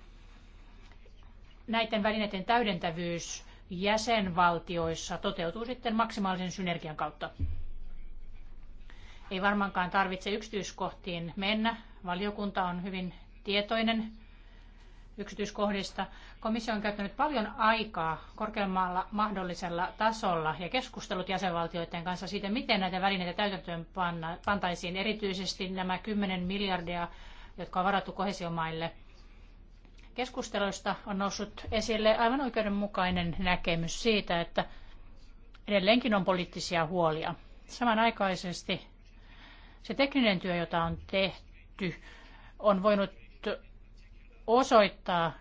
näiden välineiden täydentävyys jäsenvaltioissa toteutuu sitten maksimaalisen synergian kautta. Ei varmaankaan tarvitse yksityiskohtiin mennä. Valiokunta on hyvin tietoinen yksityiskohdista. Komissio on käyttänyt paljon aikaa korkeammalla mahdollisella tasolla ja keskustellut jäsenvaltioiden kanssa siitä, miten näitä välineitä täytäntöön pantaisiin, erityisesti nämä 10 miljardia, jotka on varattu kohesiomaille. Keskusteluista on noussut esille aivan oikeudenmukainen näkemys siitä, että edelleenkin on poliittisia huolia. Samanaikaisesti se tekninen työ, jota on tehty, on voinut osoittaa,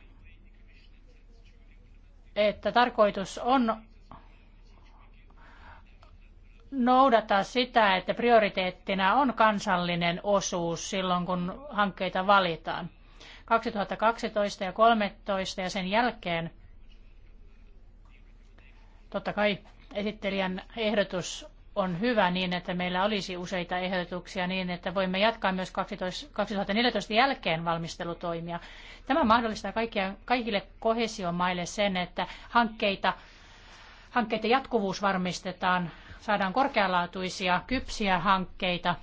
että tarkoitus on noudattaa sitä, että prioriteettina on kansallinen osuus silloin, kun hankkeita valitaan. 2012 ja 2013 ja sen jälkeen totta kai esittelijän ehdotus on hyvä niin, että meillä olisi useita ehdotuksia niin, että voimme jatkaa myös 2014 jälkeen valmistelutoimia. Tämä mahdollistaa kaikkia, kaikille kohesiomaille sen, että hankkeita, hankkeiden jatkuvuus varmistetaan, saadaan korkealaatuisia, kypsiä hankkeita.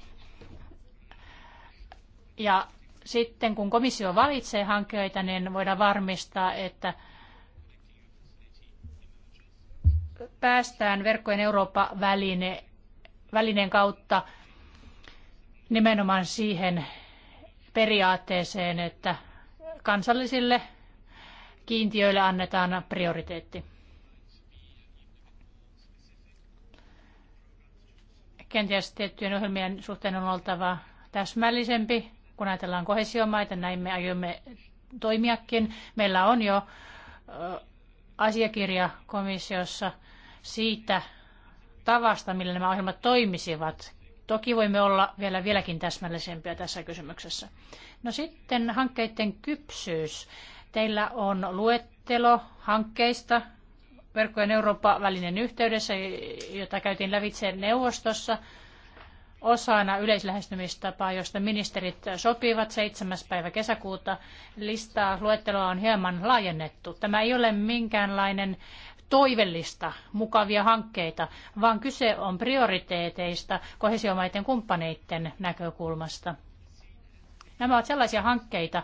Ja sitten kun komissio valitsee hankkeita, niin voidaan varmistaa, että päästään verkkojen Eurooppa-väline välineen kautta nimenomaan siihen periaatteeseen, että kansallisille kiintiöille annetaan prioriteetti. Kenties tiettyjen ohjelmien suhteen on oltava täsmällisempi, kun ajatellaan kohesiomaita, näin me aiomme toimiakin. Meillä on jo asiakirja komissiossa siitä, tavasta, millä nämä ohjelmat toimisivat. Toki voimme olla vielä vieläkin täsmällisempiä tässä kysymyksessä. No sitten hankkeiden kypsyys. Teillä on luettelo hankkeista verkkojen Eurooppa-välinen yhteydessä, jota käytiin lävitse neuvostossa osana yleislähestymistapaa, josta ministerit sopivat 7. päivä kesäkuuta. Listaa luetteloa on hieman laajennettu. Tämä ei ole minkäänlainen toivellista, mukavia hankkeita, vaan kyse on prioriteeteista kohesiomaiden kumppaneiden näkökulmasta. Nämä ovat sellaisia hankkeita,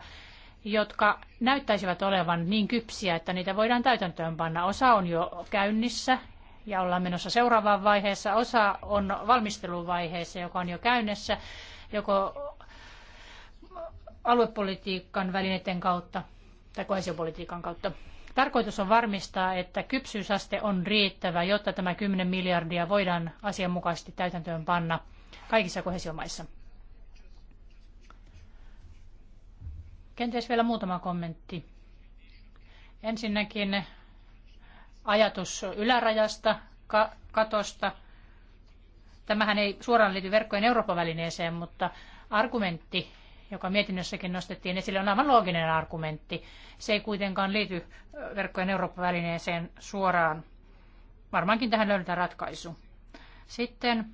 jotka näyttäisivät olevan niin kypsiä, että niitä voidaan täytäntöönpanna. Osa on jo käynnissä ja ollaan menossa seuraavaan vaiheessa. Osa on valmisteluvaiheessa, joka on jo käynnissä, joko aluepolitiikan välineiden kautta tai kohesiopolitiikan kautta. Tarkoitus on varmistaa, että kypsyysaste on riittävä, jotta tämä 10 miljardia voidaan asianmukaisesti täytäntöön panna kaikissa kohesiomaissa. Kenties vielä muutama kommentti. Ensinnäkin ajatus ylärajasta, katosta. Tämähän ei suoraan liity verkkojen Euroopan välineeseen, mutta argumentti joka mietinnössäkin nostettiin esille, on aivan looginen argumentti. Se ei kuitenkaan liity verkkojen Eurooppa-välineeseen suoraan. Varmaankin tähän löydetään ratkaisu. Sitten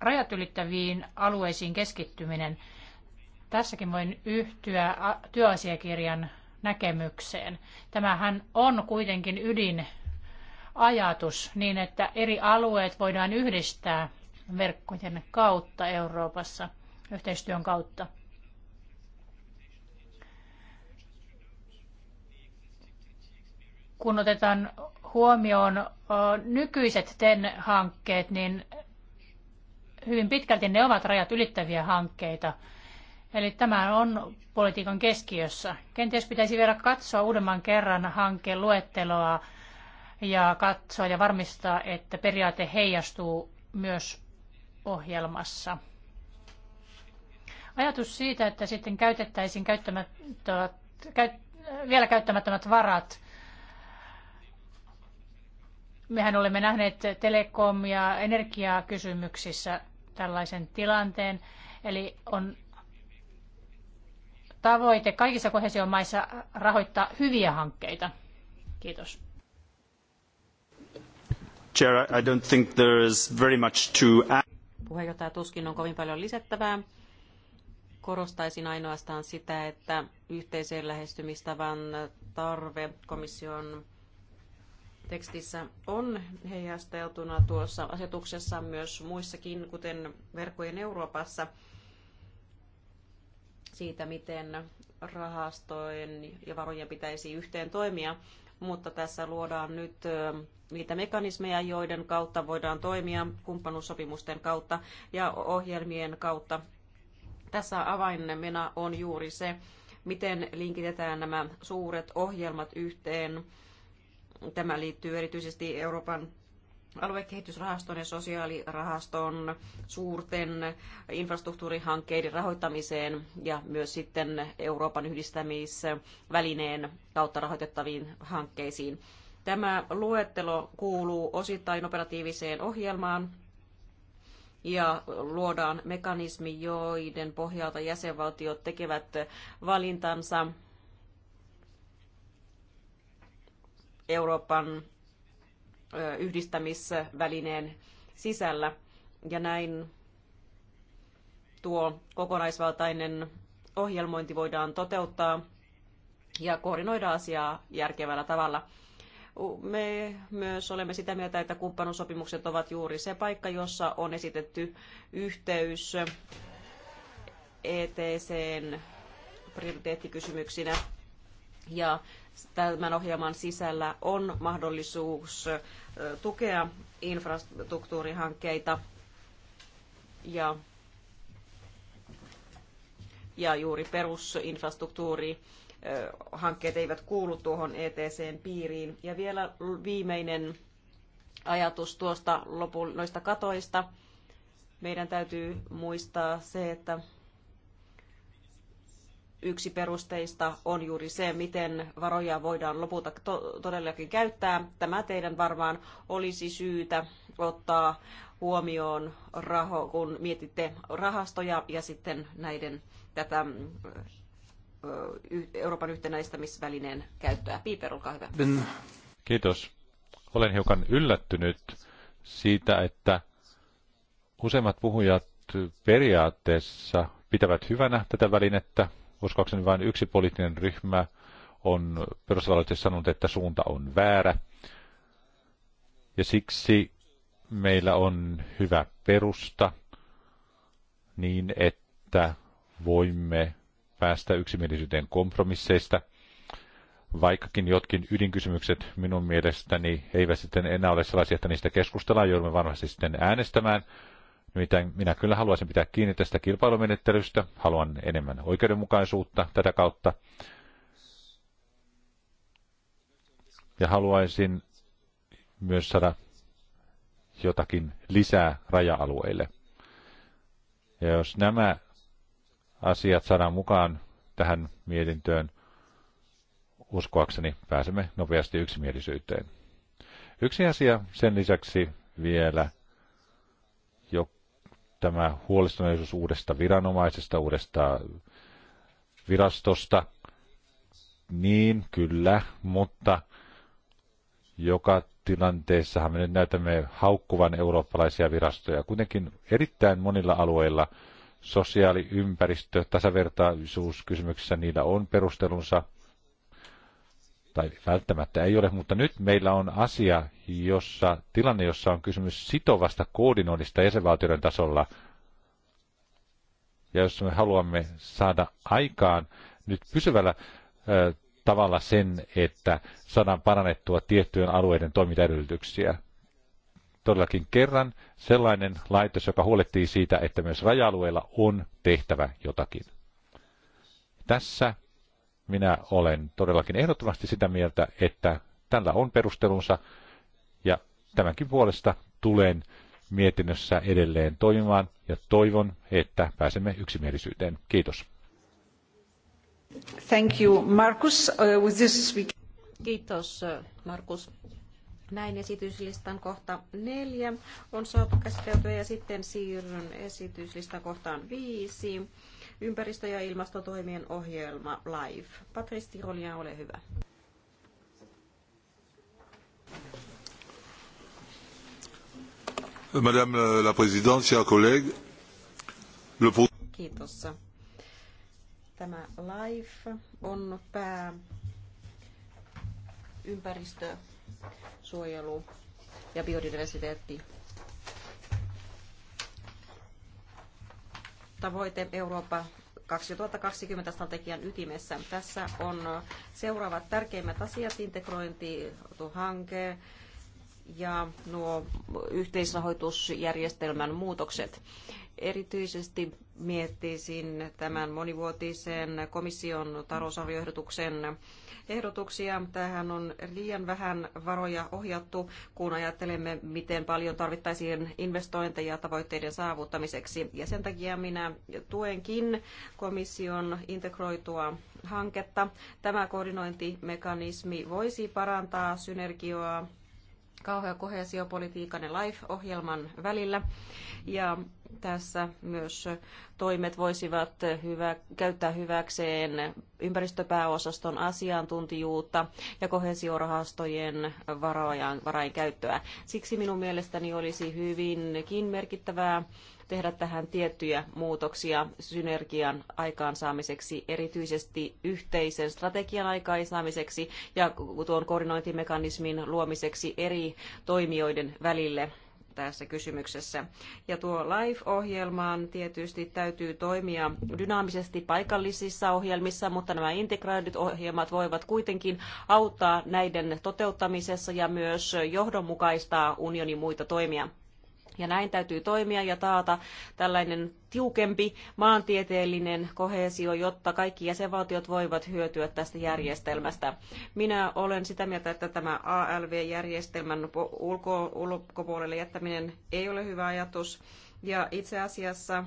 rajat ylittäviin alueisiin keskittyminen. Tässäkin voin yhtyä työasiakirjan näkemykseen. Tämähän on kuitenkin ydin ajatus niin, että eri alueet voidaan yhdistää verkkojen kautta Euroopassa yhteistyön kautta. Kun otetaan huomioon nykyiset TEN-hankkeet, niin hyvin pitkälti ne ovat rajat ylittäviä hankkeita. Eli tämä on politiikan keskiössä. Kenties pitäisi vielä katsoa uudemman kerran hankkeen luetteloa ja katsoa ja varmistaa, että periaate heijastuu myös ohjelmassa. Ajatus siitä, että sitten käytettäisiin käyt, vielä käyttämättömät varat. Mehän olemme nähneet telekom- ja energiakysymyksissä tällaisen tilanteen. Eli on tavoite kaikissa kohesiomaissa rahoittaa hyviä hankkeita. Kiitos. Chair, I don't think there is very much to add. Puheenjohtaja tuskin on kovin paljon lisättävää korostaisin ainoastaan sitä, että yhteiseen lähestymistavan tarve komission tekstissä on heijasteltuna tuossa asetuksessa myös muissakin, kuten verkkojen Euroopassa, siitä, miten rahastojen ja varojen pitäisi yhteen toimia, mutta tässä luodaan nyt niitä mekanismeja, joiden kautta voidaan toimia kumppanuussopimusten kautta ja ohjelmien kautta tässä avainmena on juuri se, miten linkitetään nämä suuret ohjelmat yhteen. Tämä liittyy erityisesti Euroopan aluekehitysrahaston ja sosiaalirahaston suurten infrastruktuurihankkeiden rahoittamiseen ja myös sitten Euroopan yhdistämisvälineen kautta rahoitettaviin hankkeisiin. Tämä luettelo kuuluu osittain operatiiviseen ohjelmaan, ja luodaan mekanismi, joiden pohjalta jäsenvaltiot tekevät valintansa Euroopan yhdistämisvälineen sisällä. Ja näin tuo kokonaisvaltainen ohjelmointi voidaan toteuttaa ja koordinoida asiaa järkevällä tavalla. Me myös olemme sitä mieltä, että kumppanuussopimukset ovat juuri se paikka, jossa on esitetty yhteys ETCn prioriteettikysymyksinä. Ja tämän ohjelman sisällä on mahdollisuus tukea infrastruktuurihankkeita ja, ja juuri perusinfrastruktuuri hankkeet eivät kuulu tuohon etc piiriin. Ja vielä viimeinen ajatus tuosta lopu, noista katoista. Meidän täytyy muistaa se, että yksi perusteista on juuri se, miten varoja voidaan lopulta to- todellakin käyttää. Tämä teidän varmaan olisi syytä ottaa huomioon, raho, kun mietitte rahastoja ja sitten näiden tätä Euroopan yhtenäistämisvälineen käyttöä. Piiper, olkaa hyvä. Kiitos. Olen hiukan yllättynyt siitä, että useimmat puhujat periaatteessa pitävät hyvänä tätä välinettä. Uskoakseni vain yksi poliittinen ryhmä on perustavallisesti sanonut, että suunta on väärä. Ja siksi meillä on hyvä perusta niin, että voimme päästä yksimielisyyteen kompromisseista, vaikkakin jotkin ydinkysymykset minun mielestäni eivät sitten enää ole sellaisia, että niistä keskustellaan, joudumme varmasti sitten äänestämään. Nimittäin minä kyllä haluaisin pitää kiinni tästä kilpailumenettelystä, haluan enemmän oikeudenmukaisuutta tätä kautta. Ja haluaisin myös saada jotakin lisää raja-alueille. Ja jos nämä asiat saadaan mukaan tähän mietintöön, uskoakseni pääsemme nopeasti yksimielisyyteen. Yksi asia sen lisäksi vielä, jo tämä huolestuneisuus uudesta viranomaisesta, uudesta virastosta. Niin, kyllä, mutta joka tilanteessahan me nyt näytämme haukkuvan eurooppalaisia virastoja. Kuitenkin erittäin monilla alueilla – sosiaali-, ympäristö-, tasavertaisuuskysymyksissä niillä on perustelunsa, tai välttämättä ei ole, mutta nyt meillä on asia, jossa tilanne, jossa on kysymys sitovasta koordinoinnista jäsenvaltioiden tasolla, ja jos me haluamme saada aikaan nyt pysyvällä ö, tavalla sen, että saadaan parannettua tiettyjen alueiden toimintaedellytyksiä todellakin kerran sellainen laitos, joka huolehtii siitä, että myös raja-alueella on tehtävä jotakin. Tässä minä olen todellakin ehdottomasti sitä mieltä, että tällä on perustelunsa ja tämänkin puolesta tulen mietinnössä edelleen toimimaan ja toivon, että pääsemme yksimielisyyteen. Kiitos. Thank you, Markus. Uh, with this we... Kiitos, uh, Markus. Näin esityslistan kohta neljä on saatu käsiteltyä ja sitten siirryn esityslistan kohtaan viisi. Ympäristö- ja ilmastotoimien ohjelma live. Patrice Tirolia, ole hyvä. Madame la Présidente, chers collègues, le... Kiitos. Tämä live on pää ympäristö- suojelu ja biodiversiteetti. Tavoite Eurooppa 2020 strategian ytimessä. Tässä on seuraavat tärkeimmät asiat, integrointi, hanke ja nuo yhteisrahoitusjärjestelmän muutokset. Erityisesti miettisin tämän monivuotisen komission talousarvioehdotuksen ehdotuksia. Tähän on liian vähän varoja ohjattu, kun ajattelemme, miten paljon tarvittaisiin investointeja tavoitteiden saavuttamiseksi. Ja sen takia minä tuenkin komission integroitua hanketta. Tämä koordinointimekanismi voisi parantaa synergioa kauhea kohesiopolitiikan ja LIFE-ohjelman välillä. Ja tässä myös toimet voisivat hyvä, käyttää hyväkseen ympäristöpääosaston asiantuntijuutta ja kohesiorahastojen varojen, varain käyttöä. Siksi minun mielestäni olisi hyvinkin merkittävää tehdä tähän tiettyjä muutoksia synergian aikaansaamiseksi, erityisesti yhteisen strategian aikaansaamiseksi ja tuon koordinointimekanismin luomiseksi eri toimijoiden välille tässä kysymyksessä. Ja tuo live-ohjelmaan tietysti täytyy toimia dynaamisesti paikallisissa ohjelmissa, mutta nämä integroidut ohjelmat voivat kuitenkin auttaa näiden toteuttamisessa ja myös johdonmukaistaa unionin muita toimia. Ja näin täytyy toimia ja taata tällainen tiukempi maantieteellinen kohesio, jotta kaikki jäsenvaltiot voivat hyötyä tästä järjestelmästä. Minä olen sitä mieltä, että tämä ALV-järjestelmän ulko- ulkopuolelle jättäminen ei ole hyvä ajatus. Ja itse asiassa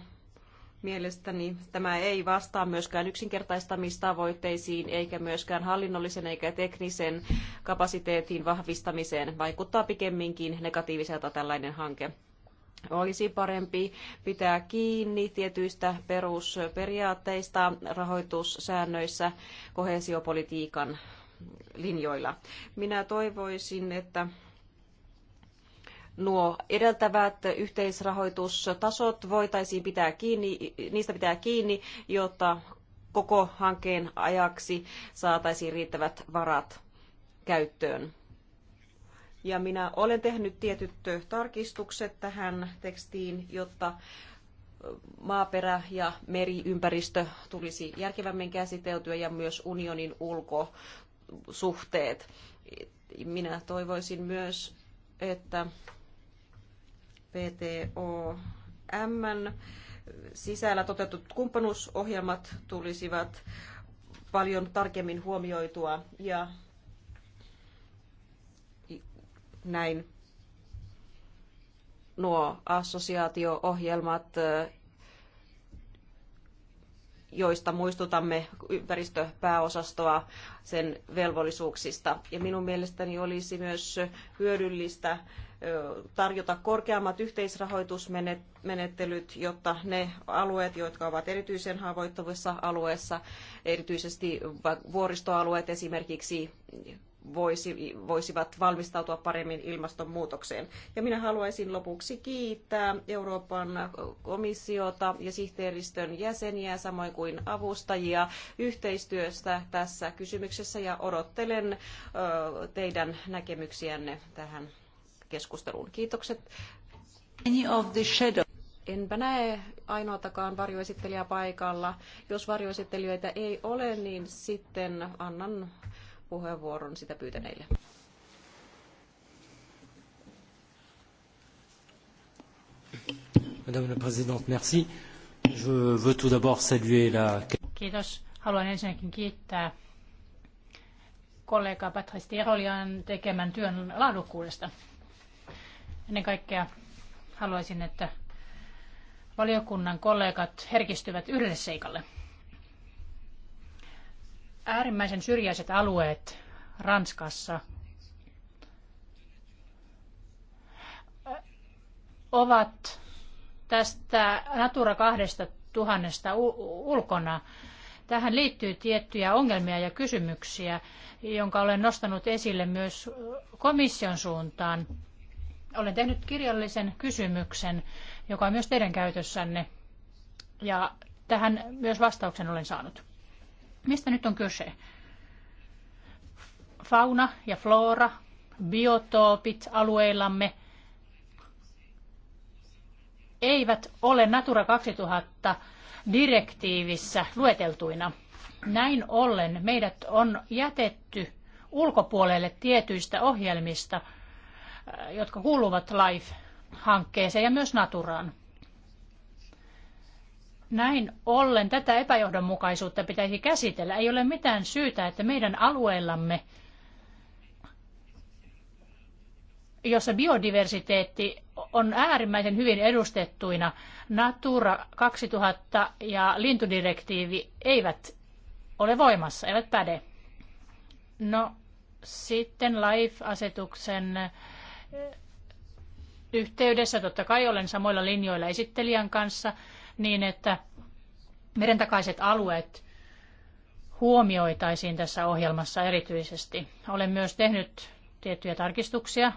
mielestäni tämä ei vastaa myöskään yksinkertaistamistavoitteisiin eikä myöskään hallinnollisen eikä teknisen kapasiteetin vahvistamiseen. Vaikuttaa pikemminkin negatiiviselta tällainen hanke olisi parempi pitää kiinni tietyistä perusperiaatteista rahoitussäännöissä kohesiopolitiikan linjoilla. Minä toivoisin, että nuo edeltävät yhteisrahoitustasot voitaisiin pitää kiinni, niistä pitää kiinni, jotta koko hankkeen ajaksi saataisiin riittävät varat käyttöön. Ja minä olen tehnyt tietyt tarkistukset tähän tekstiin, jotta maaperä- ja meriympäristö tulisi järkevämmin käsiteltyä ja myös unionin ulkosuhteet. Minä toivoisin myös, että PTOM sisällä toteutetut kumppanuusohjelmat tulisivat paljon tarkemmin huomioitua ja näin nuo assosiaatio-ohjelmat, joista muistutamme ympäristöpääosastoa sen velvollisuuksista. Ja minun mielestäni olisi myös hyödyllistä tarjota korkeammat yhteisrahoitusmenettelyt, jotta ne alueet, jotka ovat erityisen haavoittuvissa alueessa, erityisesti vuoristoalueet esimerkiksi, voisi, voisivat valmistautua paremmin ilmastonmuutokseen. Ja minä haluaisin lopuksi kiittää Euroopan komissiota ja sihteeristön jäseniä, samoin kuin avustajia yhteistyöstä tässä kysymyksessä ja odottelen ö, teidän näkemyksiänne tähän keskusteluun. Kiitokset. Any of the shadow. Enpä näe ainoatakaan varjoesittelijää paikalla. Jos varjoesittelijöitä ei ole, niin sitten annan puheenvuoron sitä pyytäneille. Madame la Présidente, merci. Je veux tout d'abord saluer la... Kiitos. Haluan ensinnäkin kiittää kollega Patrice Tirolian tekemän työn laadukkuudesta. Ennen kaikkea haluaisin, että valiokunnan kollegat herkistyvät yhdelle seikalle – äärimmäisen syrjäiset alueet Ranskassa ovat tästä Natura 2000 ulkona. Tähän liittyy tiettyjä ongelmia ja kysymyksiä, jonka olen nostanut esille myös komission suuntaan. Olen tehnyt kirjallisen kysymyksen, joka on myös teidän käytössänne, ja tähän myös vastauksen olen saanut. Mistä nyt on kyse? Fauna ja flora, biotoopit alueillamme eivät ole Natura 2000 direktiivissä lueteltuina. Näin ollen meidät on jätetty ulkopuolelle tietyistä ohjelmista, jotka kuuluvat LIFE-hankkeeseen ja myös Naturaan. Näin ollen tätä epäjohdonmukaisuutta pitäisi käsitellä. Ei ole mitään syytä, että meidän alueellamme, jossa biodiversiteetti on äärimmäisen hyvin edustettuina, Natura 2000 ja lintudirektiivi eivät ole voimassa, eivät päde. No sitten LIFE-asetuksen eh, yhteydessä totta kai olen samoilla linjoilla esittelijän kanssa – niin, että merentakaiset alueet huomioitaisiin tässä ohjelmassa erityisesti. Olen myös tehnyt tiettyjä tarkistuksia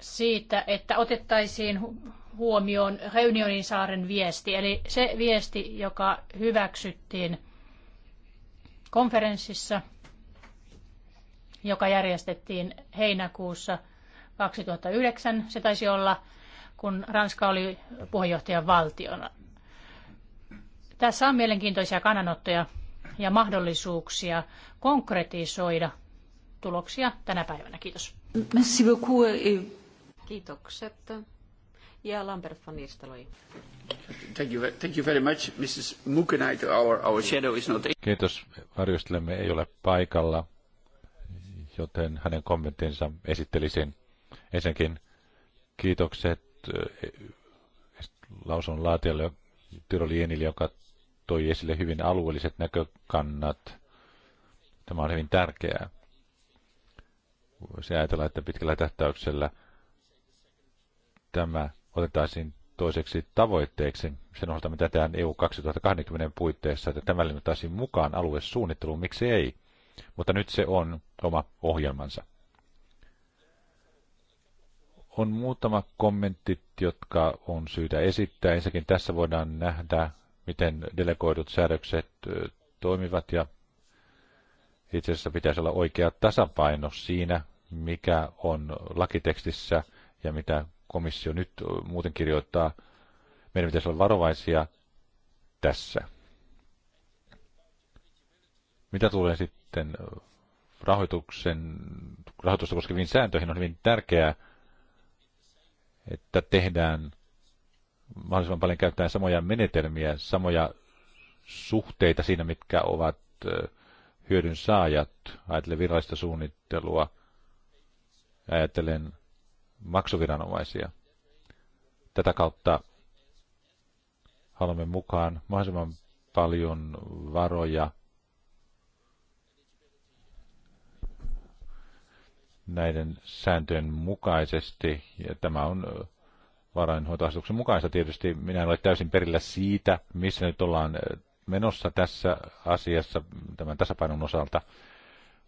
siitä, että otettaisiin huomioon Reunionin saaren viesti, eli se viesti, joka hyväksyttiin konferenssissa, joka järjestettiin heinäkuussa – 2009 se taisi olla, kun Ranska oli puheenjohtajan valtiona. Tässä on mielenkiintoisia kannanottoja ja mahdollisuuksia konkretisoida tuloksia tänä päivänä. Kiitos. Merci beaucoup. Kiitokset. Ja Lambert van Nistelrooy. Thank you, thank you very much, Mrs. Mukenaito. Our, our shadow is not... Kiitos. Varjostelemme ei ole paikalla, joten hänen kommenttinsa esittelisin. Ensinnäkin kiitokset äh, lausun laatijalle Tyrolienille, joka toi esille hyvin alueelliset näkökannat. Tämä on hyvin tärkeää. Voisi ajatella, että pitkällä tähtäyksellä tämä otettaisiin toiseksi tavoitteeksi sen osalta, mitä tehdään EU 2020 puitteissa, että tämä linnoittaisiin mukaan aluesuunnitteluun, miksi ei. Mutta nyt se on oma ohjelmansa. On muutama kommentti, jotka on syytä esittää. Ensinnäkin tässä voidaan nähdä, miten delegoidut säädökset toimivat ja itse asiassa pitäisi olla oikea tasapaino siinä, mikä on lakitekstissä ja mitä komissio nyt muuten kirjoittaa. Meidän pitäisi olla varovaisia tässä. Mitä tulee sitten rahoituksen, rahoitusta koskeviin sääntöihin, on hyvin tärkeää, että tehdään mahdollisimman paljon käyttäen samoja menetelmiä, samoja suhteita siinä, mitkä ovat hyödyn saajat. ajatellen virallista suunnittelua, ajatellen maksuviranomaisia. Tätä kautta haluamme mukaan mahdollisimman paljon varoja näiden sääntöjen mukaisesti. Ja tämä on varainhoitoasetuksen mukaista tietysti. Minä en ole täysin perillä siitä, missä nyt ollaan menossa tässä asiassa tämän tasapainon osalta.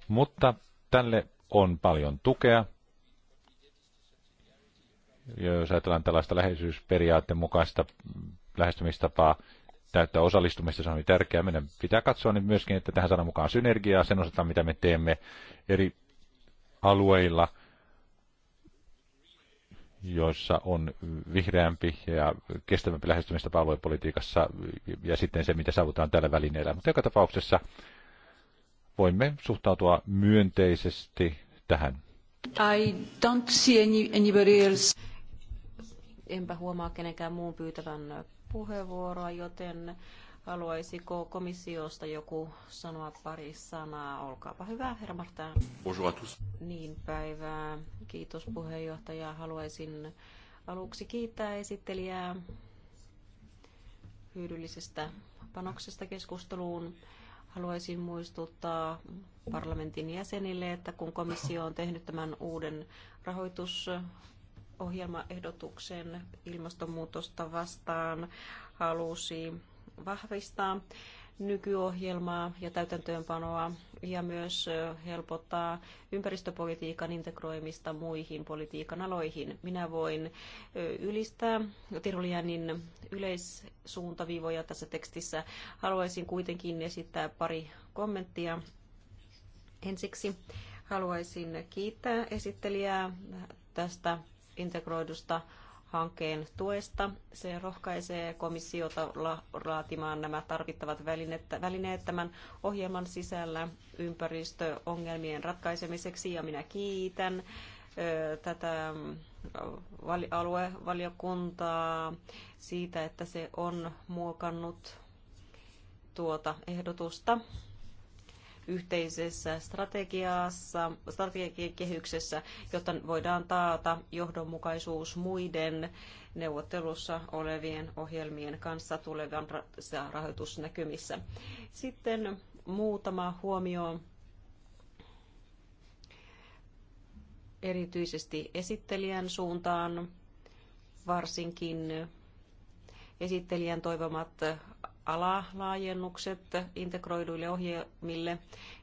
Mutta tälle on paljon tukea. Ja jos ajatellaan tällaista läheisyysperiaatteen mukaista lähestymistapaa, täyttää osallistumista, se on hyvin tärkeää. Meidän pitää katsoa nyt myöskin, että tähän saadaan mukaan synergiaa sen osalta, mitä me teemme eri alueilla, joissa on vihreämpi ja kestävämpi lähestymistapa aluepolitiikassa ja sitten se, mitä saavutaan tällä välineellä. Mutta joka tapauksessa voimme suhtautua myönteisesti tähän. I don't see any, anybody else. Enpä huomaa kenenkään muun pyytävän puheenvuoroa, joten Haluaisiko komissiosta joku sanoa pari sanaa? Olkaapa hyvä, herra Martin. Bonjour à tous. Niin päivää. Kiitos puheenjohtaja. Haluaisin aluksi kiittää esittelijää hyödyllisestä panoksesta keskusteluun. Haluaisin muistuttaa parlamentin jäsenille, että kun komissio on tehnyt tämän uuden rahoitusohjelmaehdotuksen ilmastonmuutosta vastaan, halusi vahvistaa nykyohjelmaa ja täytäntöönpanoa ja myös helpottaa ympäristöpolitiikan integroimista muihin politiikan aloihin. Minä voin ylistää Tirulianin yleissuuntaviivoja tässä tekstissä. Haluaisin kuitenkin esittää pari kommenttia. Ensiksi haluaisin kiittää esittelijää tästä integroidusta hankkeen tuesta. Se rohkaisee komissiota laatimaan nämä tarvittavat välineet tämän ohjelman sisällä ympäristöongelmien ratkaisemiseksi ja minä kiitän tätä aluevaliokuntaa siitä, että se on muokannut tuota ehdotusta yhteisessä strategiassa, strategiakehyksessä, jotta voidaan taata johdonmukaisuus muiden neuvottelussa olevien ohjelmien kanssa tulevan rahoitusnäkymissä. Sitten muutama huomio erityisesti esittelijän suuntaan, varsinkin esittelijän toivomat alalaajennukset integroiduille ohjelmille,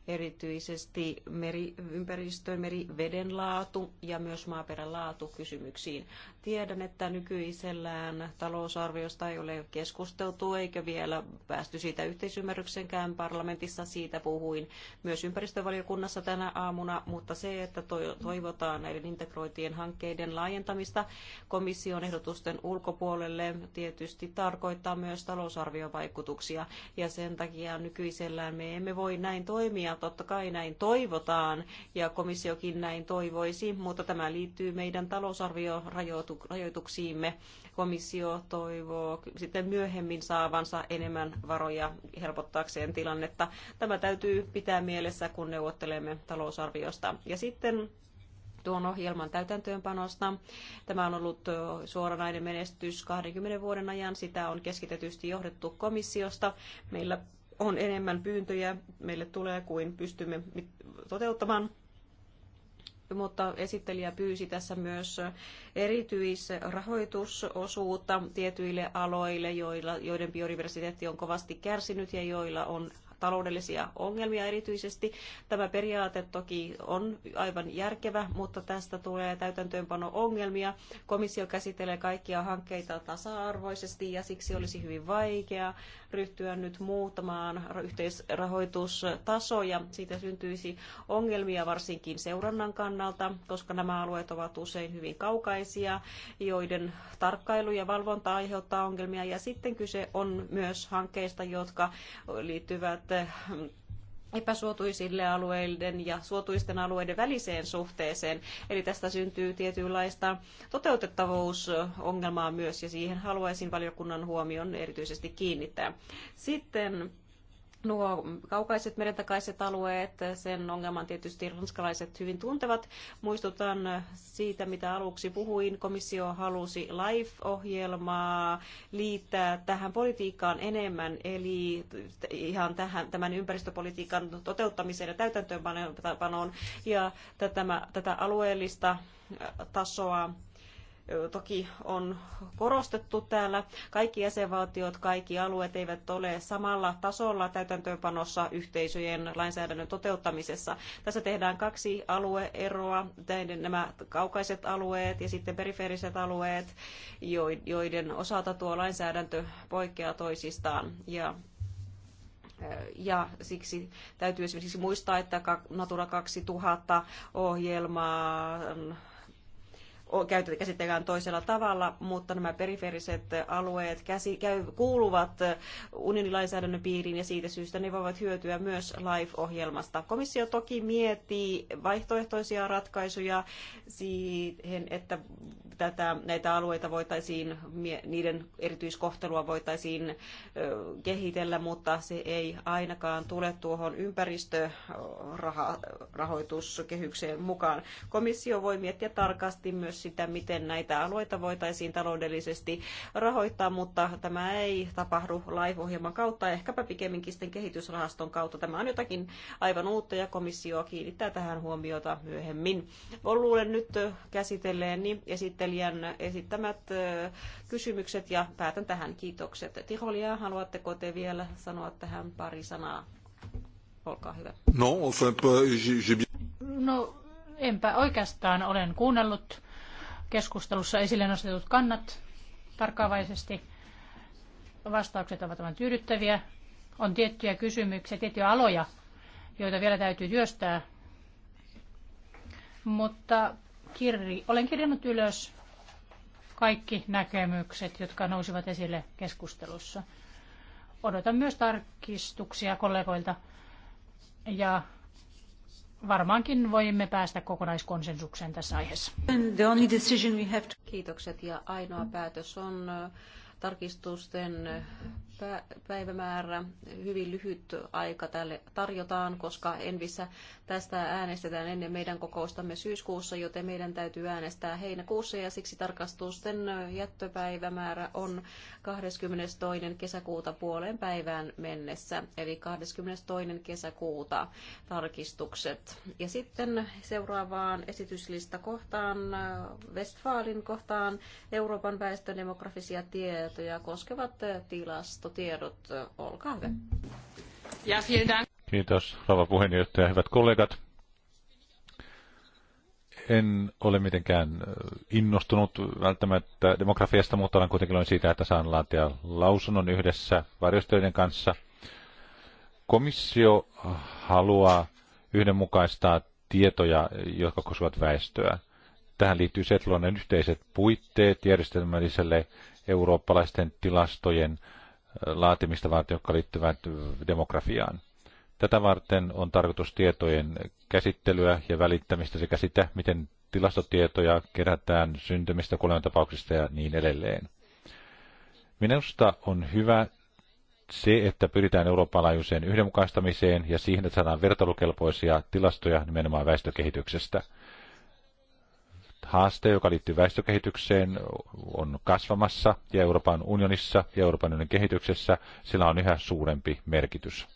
erityisesti meriympäristön, meriveden laatu ja myös maaperän laatu kysymyksiin. Tiedän, että nykyisellään talousarviosta ei ole keskusteltu eikä vielä päästy siitä yhteisymmärryksenkään parlamentissa. Siitä puhuin myös ympäristövaliokunnassa tänä aamuna, mutta se, että toivotaan näiden integroitien hankkeiden laajentamista komission ehdotusten ulkopuolelle tietysti tarkoittaa myös talousarviovaikutuksia ja sen takia nykyisellään me emme voi näin toimia. Totta kai näin toivotaan ja komissiokin näin toivoisi, mutta tämä liittyy meidän talousarviorajoituksiin rajoituksiimme. Komissio toivoo sitten myöhemmin saavansa enemmän varoja helpottaakseen tilannetta. Tämä täytyy pitää mielessä, kun neuvottelemme talousarviosta. Ja sitten tuon ohjelman täytäntöönpanosta. Tämä on ollut suoranainen menestys 20 vuoden ajan. Sitä on keskitetysti johdettu komissiosta. Meillä on enemmän pyyntöjä meille tulee kuin pystymme toteuttamaan mutta esittelijä pyysi tässä myös erityisrahoitusosuutta tietyille aloille, joilla, joiden biodiversiteetti on kovasti kärsinyt ja joilla on taloudellisia ongelmia erityisesti. Tämä periaate toki on aivan järkevä, mutta tästä tulee täytäntöönpano-ongelmia. Komissio käsittelee kaikkia hankkeita tasa-arvoisesti ja siksi olisi hyvin vaikea ryhtyä nyt muuttamaan yhteisrahoitustasoja. Siitä syntyisi ongelmia varsinkin seurannan kannalta, koska nämä alueet ovat usein hyvin kaukaisia, joiden tarkkailu ja valvonta aiheuttaa ongelmia. Ja sitten kyse on myös hankkeista, jotka liittyvät epäsuotuisille alueiden ja suotuisten alueiden väliseen suhteeseen. Eli tästä syntyy tietynlaista toteutettavuusongelmaa myös, ja siihen haluaisin valiokunnan huomion erityisesti kiinnittää. Sitten nuo kaukaiset merentakaiset alueet, sen ongelman tietysti ranskalaiset hyvin tuntevat. Muistutan siitä, mitä aluksi puhuin. Komissio halusi LIFE-ohjelmaa liittää tähän politiikkaan enemmän, eli ihan tähän, tämän ympäristöpolitiikan toteuttamiseen ja täytäntöönpanoon. Ja tätä, tätä alueellista tasoa toki on korostettu täällä. Kaikki jäsenvaltiot, kaikki alueet eivät ole samalla tasolla täytäntöönpanossa yhteisöjen lainsäädännön toteuttamisessa. Tässä tehdään kaksi alueeroa, nämä kaukaiset alueet ja sitten perifeeriset alueet, joiden osalta tuo lainsäädäntö poikkeaa toisistaan. Ja äh, ja siksi täytyy esimerkiksi muistaa, että Natura 2000 ohjelmaan Käytetään käsitellään toisella tavalla, mutta nämä periferiset alueet käsi, käy, kuuluvat unionilainsäädännön piiriin ja siitä syystä ne voivat hyötyä myös LIFE-ohjelmasta. Komissio toki miettii vaihtoehtoisia ratkaisuja siihen, että tätä, näitä alueita voitaisiin, niiden erityiskohtelua voitaisiin kehitellä, mutta se ei ainakaan tule tuohon ympäristörahoituskehykseen mukaan. Komissio voi miettiä tarkasti myös sitä, miten näitä alueita voitaisiin taloudellisesti rahoittaa, mutta tämä ei tapahdu laivohjelman kautta, ehkäpä pikemminkin sitten kehitysrahaston kautta. Tämä on jotakin aivan uutta ja komissio kiinnittää tähän huomiota myöhemmin. Luulen nyt käsitelleen niin, ja sitten esittelijän esittämät kysymykset ja päätän tähän kiitokset. Tiholia, haluatteko te vielä sanoa tähän pari sanaa? Olkaa hyvä. No, äh, no enpä oikeastaan. Olen kuunnellut keskustelussa esille nostetut kannat tarkkaavaisesti. Vastaukset ovat aivan tyydyttäviä. On tiettyjä kysymyksiä, tiettyjä aloja, joita vielä täytyy työstää. Mutta kirri, olen kirjannut ylös kaikki näkemykset, jotka nousivat esille keskustelussa. Odotan myös tarkistuksia kollegoilta ja varmaankin voimme päästä kokonaiskonsensukseen tässä aiheessa. Kiitokset ja ainoa päätös on tarkistusten päivämäärä, hyvin lyhyt aika tälle tarjotaan, koska Envissä tästä äänestetään ennen meidän kokoustamme syyskuussa, joten meidän täytyy äänestää heinäkuussa ja siksi tarkastusten jättöpäivämäärä on 22. kesäkuuta puoleen päivään mennessä, eli 22. kesäkuuta tarkistukset. Ja sitten seuraavaan esityslista kohtaan, Westfalin kohtaan, Euroopan väestön demografisia tietoja tietoja koskevat tilastotiedot. Olkaa hyvä. Ja, Kiitos, rouva puheenjohtaja. Hyvät kollegat. En ole mitenkään innostunut välttämättä demografiasta, mutta olen kuitenkin olen siitä, että saan laatia lausunnon yhdessä varjostöiden kanssa. Komissio haluaa yhdenmukaistaa tietoja, jotka koskevat väestöä. Tähän liittyy se, että yhteiset puitteet järjestelmälliselle eurooppalaisten tilastojen laatimista varten, jotka liittyvät demografiaan. Tätä varten on tarkoitus tietojen käsittelyä ja välittämistä sekä sitä, miten tilastotietoja kerätään syntymistä, kuolemantapauksista ja niin edelleen. Minusta on hyvä se, että pyritään Euroopan laajuiseen yhdenmukaistamiseen ja siihen, että saadaan vertailukelpoisia tilastoja nimenomaan väestökehityksestä – haaste, joka liittyy väestökehitykseen, on kasvamassa ja Euroopan unionissa ja Euroopan unionin kehityksessä sillä on yhä suurempi merkitys.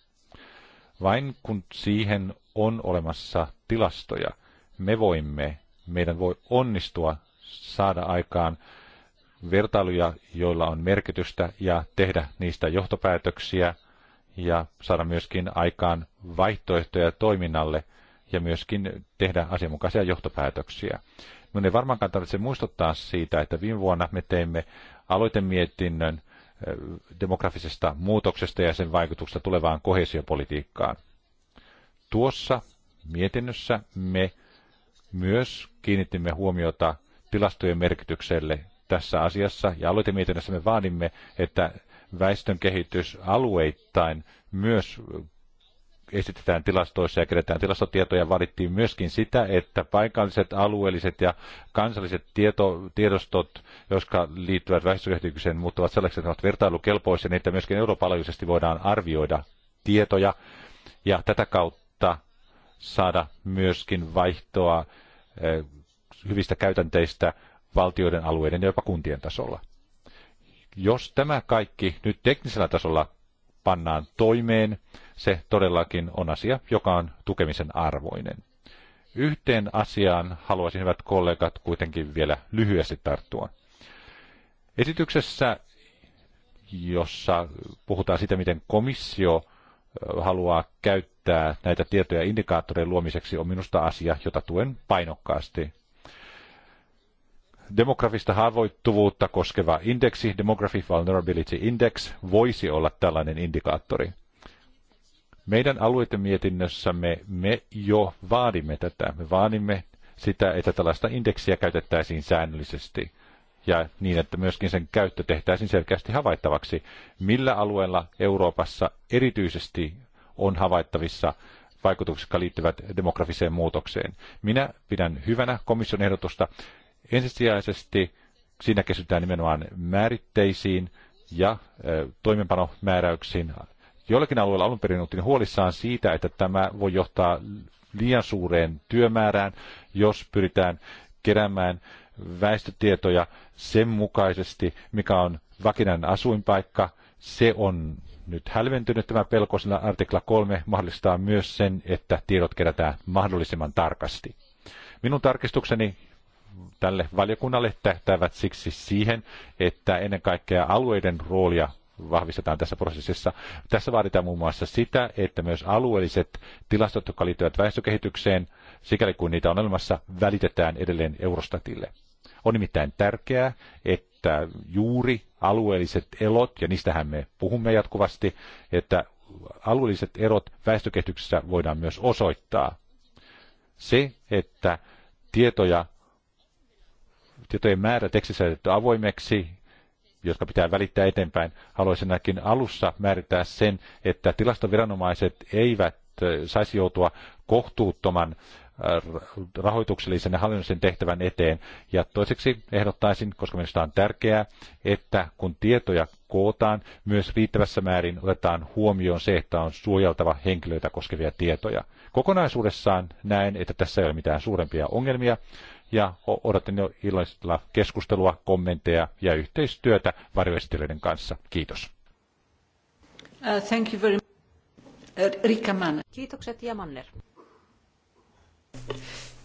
Vain kun siihen on olemassa tilastoja, me voimme, meidän voi onnistua saada aikaan vertailuja, joilla on merkitystä ja tehdä niistä johtopäätöksiä ja saada myöskin aikaan vaihtoehtoja toiminnalle ja myöskin tehdä asianmukaisia johtopäätöksiä. Minun ei varmaankaan tarvitse muistuttaa siitä, että viime vuonna me teimme aloitemietinnön demografisesta muutoksesta ja sen vaikutuksesta tulevaan kohesiopolitiikkaan. Tuossa mietinnössä me myös kiinnitimme huomiota tilastojen merkitykselle tässä asiassa ja aloitemietinnössä me vaadimme, että väestön kehitys alueittain myös esitetään tilastoissa ja kerätään tilastotietoja, valittiin myöskin sitä, että paikalliset, alueelliset ja kansalliset tieto, tiedostot, jotka liittyvät väestökehitykseen, muuttuvat sellaiset, että ne ovat vertailukelpoisia, niin että myöskin eurooppalaisesti voidaan arvioida tietoja ja tätä kautta saada myöskin vaihtoa eh, hyvistä käytänteistä valtioiden, alueiden ja jopa kuntien tasolla. Jos tämä kaikki nyt teknisellä tasolla pannaan toimeen, se todellakin on asia, joka on tukemisen arvoinen. Yhteen asiaan haluaisin, hyvät kollegat, kuitenkin vielä lyhyesti tarttua. Esityksessä, jossa puhutaan siitä, miten komissio haluaa käyttää näitä tietoja indikaattoreiden luomiseksi, on minusta asia, jota tuen painokkaasti. Demografista haavoittuvuutta koskeva indeksi, Demography Vulnerability Index, voisi olla tällainen indikaattori. Meidän alueitemietinnössämme me jo vaadimme tätä. Me vaadimme sitä, että tällaista indeksiä käytettäisiin säännöllisesti ja niin, että myöskin sen käyttö tehtäisiin selkeästi havaittavaksi, millä alueella Euroopassa erityisesti on havaittavissa vaikutukset, jotka liittyvät demografiseen muutokseen. Minä pidän hyvänä komission ehdotusta. Ensisijaisesti siinä keskitytään nimenomaan määritteisiin ja toimenpanomääräyksiin Joillakin alueilla alun perin oltiin huolissaan siitä, että tämä voi johtaa liian suureen työmäärään, jos pyritään keräämään väestötietoja sen mukaisesti, mikä on vakinainen asuinpaikka. Se on nyt hälventynyt tämä pelko, sillä artikla 3 mahdollistaa myös sen, että tiedot kerätään mahdollisimman tarkasti. Minun tarkistukseni tälle valiokunnalle tähtävät siksi siihen, että ennen kaikkea alueiden roolia vahvistetaan tässä prosessissa. Tässä vaaditaan muun muassa sitä, että myös alueelliset tilastot, jotka liittyvät väestökehitykseen, sikäli kuin niitä on olemassa, välitetään edelleen Eurostatille. On nimittäin tärkeää, että juuri alueelliset elot, ja niistähän me puhumme jatkuvasti, että alueelliset erot väestökehityksessä voidaan myös osoittaa. Se, että tietoja, tietojen määrä tekstissä avoimeksi jotka pitää välittää eteenpäin. Haluaisin ainakin alussa määrittää sen, että tilastoviranomaiset eivät saisi joutua kohtuuttoman rahoituksellisen ja hallinnollisen tehtävän eteen. Ja toiseksi ehdottaisin, koska minusta on tärkeää, että kun tietoja kootaan, myös riittävässä määrin otetaan huomioon se, että on suojeltava henkilöitä koskevia tietoja. Kokonaisuudessaan näen, että tässä ei ole mitään suurempia ongelmia ja odotan jo iloisella keskustelua, kommentteja ja yhteistyötä varjoesittelijöiden kanssa. Kiitos. Uh, thank you very much. Uh, Kiitokset ja Manner.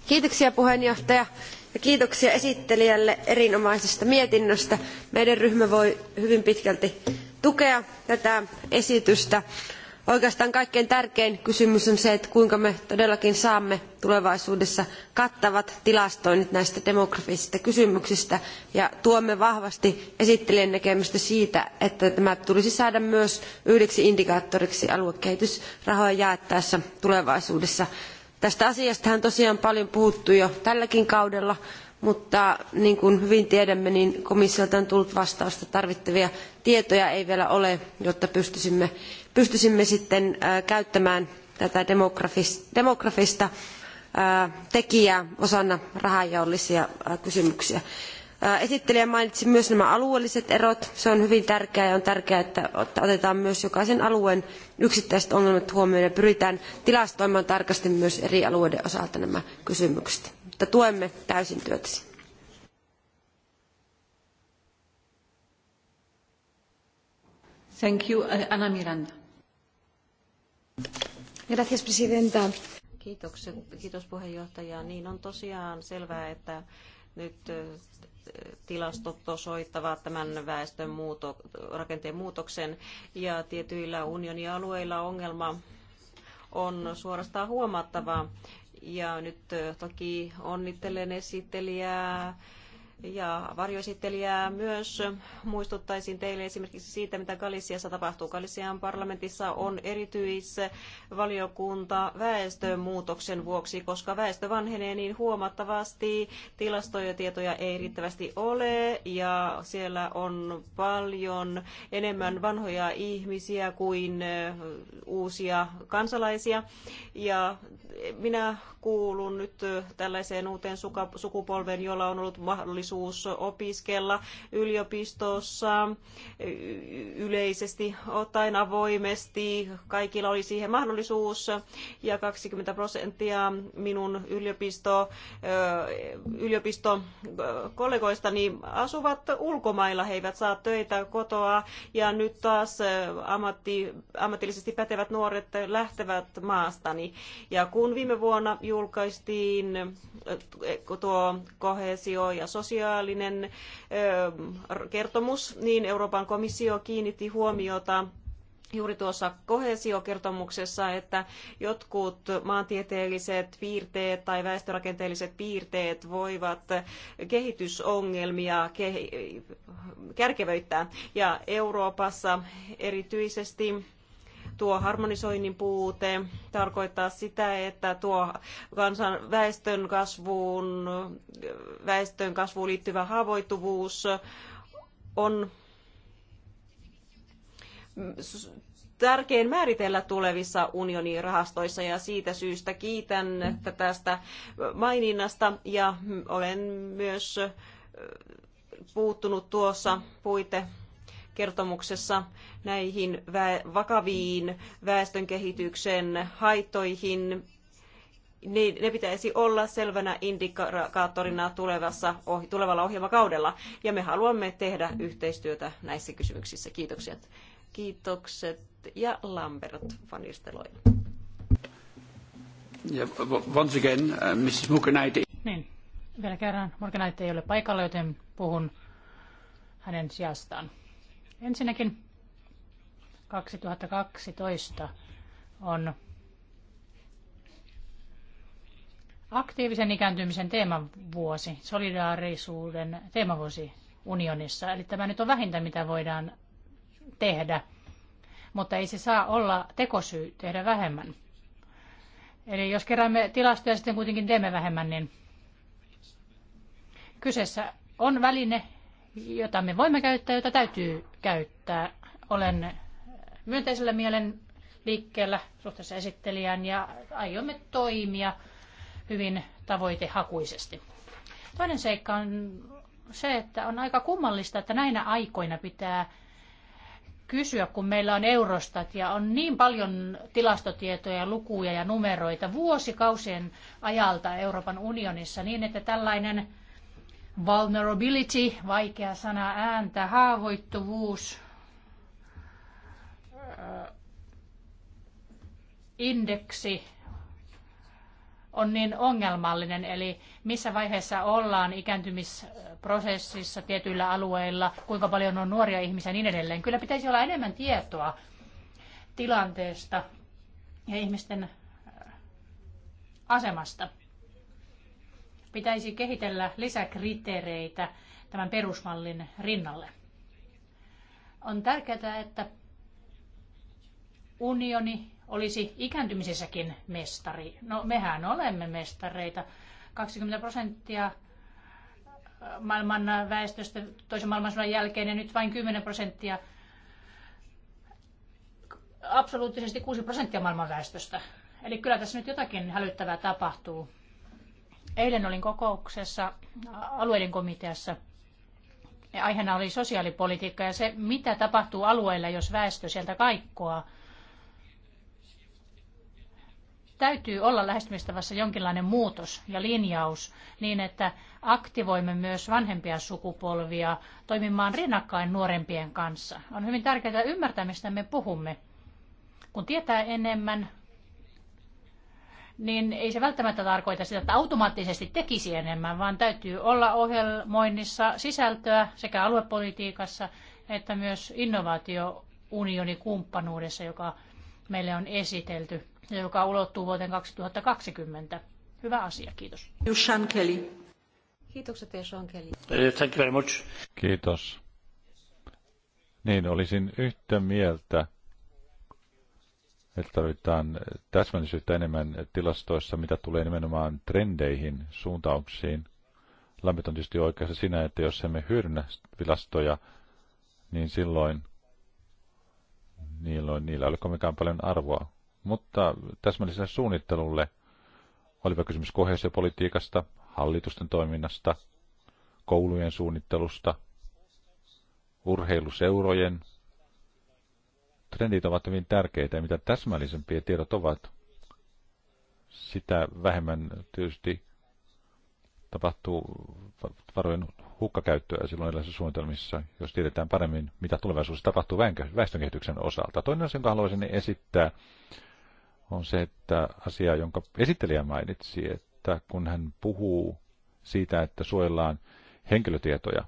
Kiitoksia puheenjohtaja ja kiitoksia esittelijälle erinomaisesta mietinnöstä. Meidän ryhmä voi hyvin pitkälti tukea tätä esitystä Oikeastaan kaikkein tärkein kysymys on se, että kuinka me todellakin saamme tulevaisuudessa kattavat tilastoinnit näistä demografisista kysymyksistä ja tuomme vahvasti esittelijän näkemystä siitä, että tämä tulisi saada myös yhdeksi indikaattoriksi aluekehitysrahoja jaettaessa tulevaisuudessa. Tästä asiastahan tosiaan paljon puhuttu jo tälläkin kaudella mutta niin kuin hyvin tiedämme, niin komissiolta on tullut vastausta tarvittavia tietoja ei vielä ole, jotta pystyisimme, pystyisimme sitten käyttämään tätä demografista, demografista tekijää osana rahanjaollisia kysymyksiä. Esittelijä mainitsi myös nämä alueelliset erot. Se on hyvin tärkeää ja on tärkeää, että otetaan myös jokaisen alueen yksittäiset ongelmat huomioon ja pyritään tilastoimaan tarkasti myös eri alueiden osalta nämä kysymykset mutta tuemme täysin työtäsi. Thank you. Uh, Ana Miranda. Gracias, presidenta. Kiitos, kiitos puheenjohtaja. Niin on tosiaan selvää, että nyt tilastot osoittavat tämän väestön muuto, rakenteen muutoksen ja tietyillä unionin alueilla ongelma on suorastaan huomattava ja nyt toki onnittelen esittelijää ja varjoesittelijää myös muistuttaisin teille esimerkiksi siitä, mitä Galisiassa tapahtuu. Galisian parlamentissa on erityisvaliokunta väestönmuutoksen vuoksi, koska väestö vanhenee niin huomattavasti, tilastoja tietoja ei riittävästi ole ja siellä on paljon enemmän vanhoja ihmisiä kuin uusia kansalaisia. Ja minä kuulun nyt tällaiseen uuteen sukupolveen, jolla on ollut mahdollisuus mahdollisuus opiskella yliopistossa yleisesti ottaen avoimesti. Kaikilla oli siihen mahdollisuus ja 20 prosenttia minun yliopisto, yliopistokollegoistani asuvat ulkomailla. He eivät saa töitä kotoa ja nyt taas ammatti, ammatillisesti pätevät nuoret lähtevät maastani. Ja kun viime vuonna julkaistiin tuo kohesio- ja sosiaali sosiaalinen kertomus, niin Euroopan komissio kiinnitti huomiota juuri tuossa kohesiokertomuksessa, että jotkut maantieteelliset piirteet tai väestörakenteelliset piirteet voivat kehitysongelmia kärkevöittää. Ja Euroopassa erityisesti Tuo harmonisoinnin puute tarkoittaa sitä, että tuo kansan väestön kasvuun, väestön kasvuun liittyvä haavoittuvuus on tärkein määritellä tulevissa unionin rahastoissa ja siitä syystä kiitän tästä maininnasta ja olen myös puuttunut tuossa puite kertomuksessa näihin vakaviin väestönkehityksen haittoihin niin ne pitäisi olla selvänä indikaattorina tulevassa, tulevalla ohjelmakaudella. Ja me haluamme tehdä yhteistyötä näissä kysymyksissä. Kiitokset. Kiitokset. Ja Lambert van Ja once again, äh, Mrs. Mukenaite. Niin, vielä kerran. Mukenaite ei ole paikalla, joten puhun hänen sijastaan. Ensinnäkin 2012 on aktiivisen ikääntymisen teemavuosi, solidaarisuuden teemavuosi unionissa. Eli tämä nyt on vähintä, mitä voidaan tehdä, mutta ei se saa olla tekosyy tehdä vähemmän. Eli jos keräämme tilastoja ja sitten kuitenkin teemme vähemmän, niin kyseessä on väline, jota me voimme käyttää, jota täytyy käyttää. Olen myönteisellä mielen liikkeellä suhteessa esittelijään ja aiomme toimia hyvin tavoitehakuisesti. Toinen seikka on se, että on aika kummallista, että näinä aikoina pitää kysyä, kun meillä on Eurostat ja on niin paljon tilastotietoja, lukuja ja numeroita vuosikausien ajalta Euroopan unionissa niin, että tällainen Vulnerability, vaikea sana ääntä, haavoittuvuus, indeksi on niin ongelmallinen, eli missä vaiheessa ollaan ikääntymisprosessissa tietyillä alueilla, kuinka paljon on nuoria ihmisiä ja niin edelleen. Kyllä pitäisi olla enemmän tietoa tilanteesta ja ihmisten asemasta pitäisi kehitellä lisäkriteereitä tämän perusmallin rinnalle. On tärkeää, että unioni olisi ikääntymisessäkin mestari. No mehän olemme mestareita. 20 prosenttia äh, maailman väestöstä toisen maailmansodan jälkeen ja nyt vain 10 prosenttia absoluuttisesti 6 prosenttia maailman väestöstä. Eli kyllä tässä nyt jotakin hälyttävää tapahtuu. Eilen olin kokouksessa alueiden komiteassa. Aiheena oli sosiaalipolitiikka ja se, mitä tapahtuu alueella, jos väestö sieltä kaikkoa. Täytyy olla lähestymistavassa jonkinlainen muutos ja linjaus niin, että aktivoimme myös vanhempia sukupolvia toimimaan rinnakkain nuorempien kanssa. On hyvin tärkeää ymmärtää, mistä me puhumme. Kun tietää enemmän, niin ei se välttämättä tarkoita sitä, että automaattisesti tekisi enemmän, vaan täytyy olla ohjelmoinnissa sisältöä sekä aluepolitiikassa että myös innovaatiounionin kumppanuudessa, joka meille on esitelty ja joka ulottuu vuoteen 2020. Hyvä asia, kiitos. Kelly. Kiitokset ja Kelly. Eh, thank you very much. Kiitos. Niin, olisin yhtä mieltä että tarvitaan täsmällisyyttä enemmän tilastoissa, mitä tulee nimenomaan trendeihin, suuntauksiin. Lämpöt on tietysti oikeassa siinä, että jos emme hyödynnä tilastoja, niin silloin niillä, niillä ei ole kovinkaan paljon arvoa. Mutta täsmälliselle suunnittelulle, olipa kysymys kohesiopolitiikasta, hallitusten toiminnasta, koulujen suunnittelusta, urheiluseurojen trendit ovat hyvin tärkeitä ja mitä täsmällisempiä tiedot ovat, sitä vähemmän tietysti tapahtuu varojen hukkakäyttöä ja silloin erilaisissa suunnitelmissa, jos tiedetään paremmin, mitä tulevaisuudessa tapahtuu väestönkehityksen osalta. Toinen asia, jonka haluaisin esittää, on se, että asia, jonka esittelijä mainitsi, että kun hän puhuu siitä, että suojellaan henkilötietoja,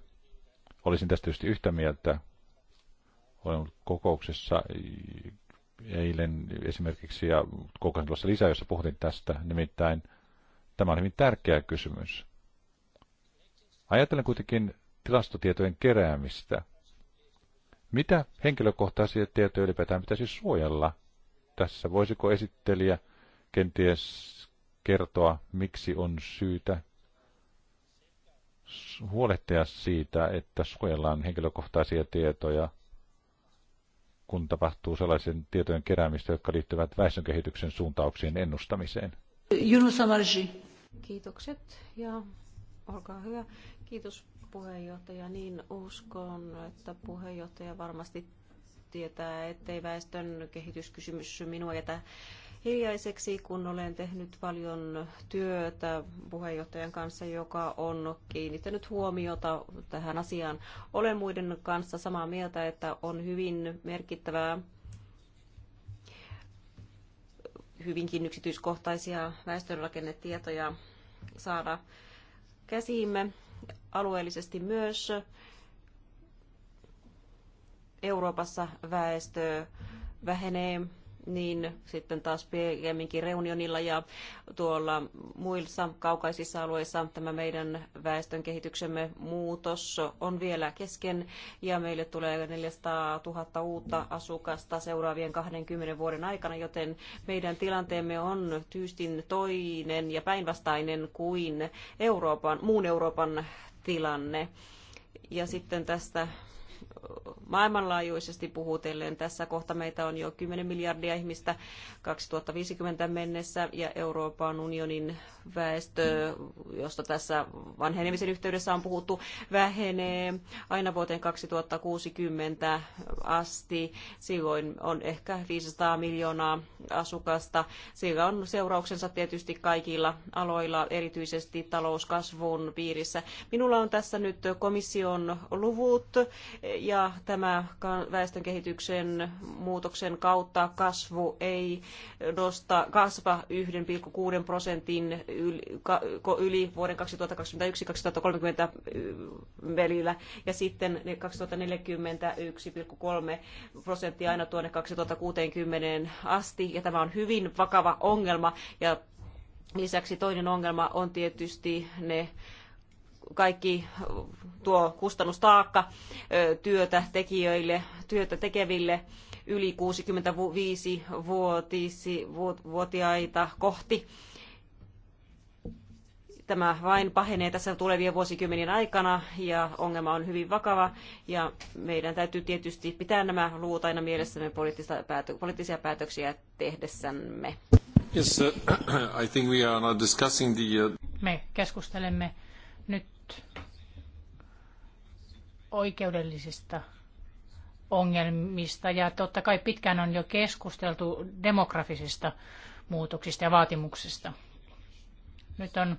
olisin tästä tietysti yhtä mieltä, olen ollut kokouksessa eilen esimerkiksi ja tulossa lisää, jossa puhutin tästä. Nimittäin tämä on hyvin tärkeä kysymys. Ajattelen kuitenkin tilastotietojen keräämistä. Mitä henkilökohtaisia tietoja ylipäätään pitäisi suojella tässä? Voisiko esittelijä kenties kertoa, miksi on syytä huolehtia siitä, että suojellaan henkilökohtaisia tietoja – kun tapahtuu sellaisen tietojen keräämistä, jotka liittyvät väestönkehityksen suuntauksien ennustamiseen. Kiitokset ja olkaa hyvä. Kiitos puheenjohtaja. Niin uskon, että puheenjohtaja varmasti tietää, ettei väestön kehityskysymys minua jätä hiljaiseksi, kun olen tehnyt paljon työtä puheenjohtajan kanssa, joka on kiinnittänyt huomiota tähän asiaan. Olen muiden kanssa samaa mieltä, että on hyvin merkittävää hyvinkin yksityiskohtaisia väestönrakennetietoja saada käsiimme alueellisesti myös. Euroopassa väestö vähenee niin sitten taas pikemminkin reunionilla ja tuolla muilla kaukaisissa alueissa tämä meidän väestön kehityksemme muutos on vielä kesken ja meille tulee 400 000 uutta asukasta seuraavien 20 vuoden aikana, joten meidän tilanteemme on tyystin toinen ja päinvastainen kuin Euroopan, muun Euroopan tilanne. Ja sitten tästä maailmanlaajuisesti puhutellen. Tässä kohta meitä on jo 10 miljardia ihmistä 2050 mennessä ja Euroopan unionin väestö, josta tässä vanhenemisen yhteydessä on puhuttu, vähenee aina vuoteen 2060 asti. Silloin on ehkä 500 miljoonaa asukasta. Sillä on seurauksensa tietysti kaikilla aloilla, erityisesti talouskasvun piirissä. Minulla on tässä nyt komission luvut ja tämä väestön kehityksen muutoksen kautta kasvu ei nosta, kasva 1,6 prosentin yli vuoden 2021-2030 välillä ja sitten 2041,3 prosenttia aina tuonne 2060 asti ja tämä on hyvin vakava ongelma ja Lisäksi toinen ongelma on tietysti ne kaikki tuo kustannustaakka työtä tekijöille, työtä tekeville yli 65-vuotiaita kohti. Tämä vain pahenee tässä tulevien vuosikymmenien aikana ja ongelma on hyvin vakava ja meidän täytyy tietysti pitää nämä luut aina mielessämme poliittisia päätöksiä tehdessämme. Yes, uh, I think we are not discussing the... Uh, Me keskustelemme nyt nyt oikeudellisista ongelmista ja totta kai pitkään on jo keskusteltu demografisista muutoksista ja vaatimuksista. Nyt on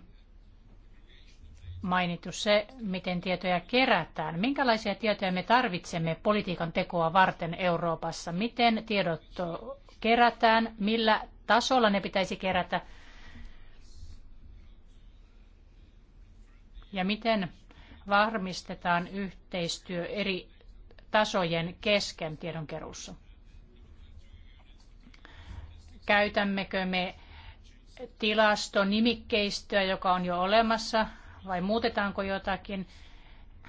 mainittu se, miten tietoja kerätään. Minkälaisia tietoja me tarvitsemme politiikan tekoa varten Euroopassa? Miten tiedot kerätään? Millä tasolla ne pitäisi kerätä? ja miten varmistetaan yhteistyö eri tasojen kesken tiedonkeruussa? Käytämmekö me tilastonimikkeistöä, joka on jo olemassa, vai muutetaanko jotakin?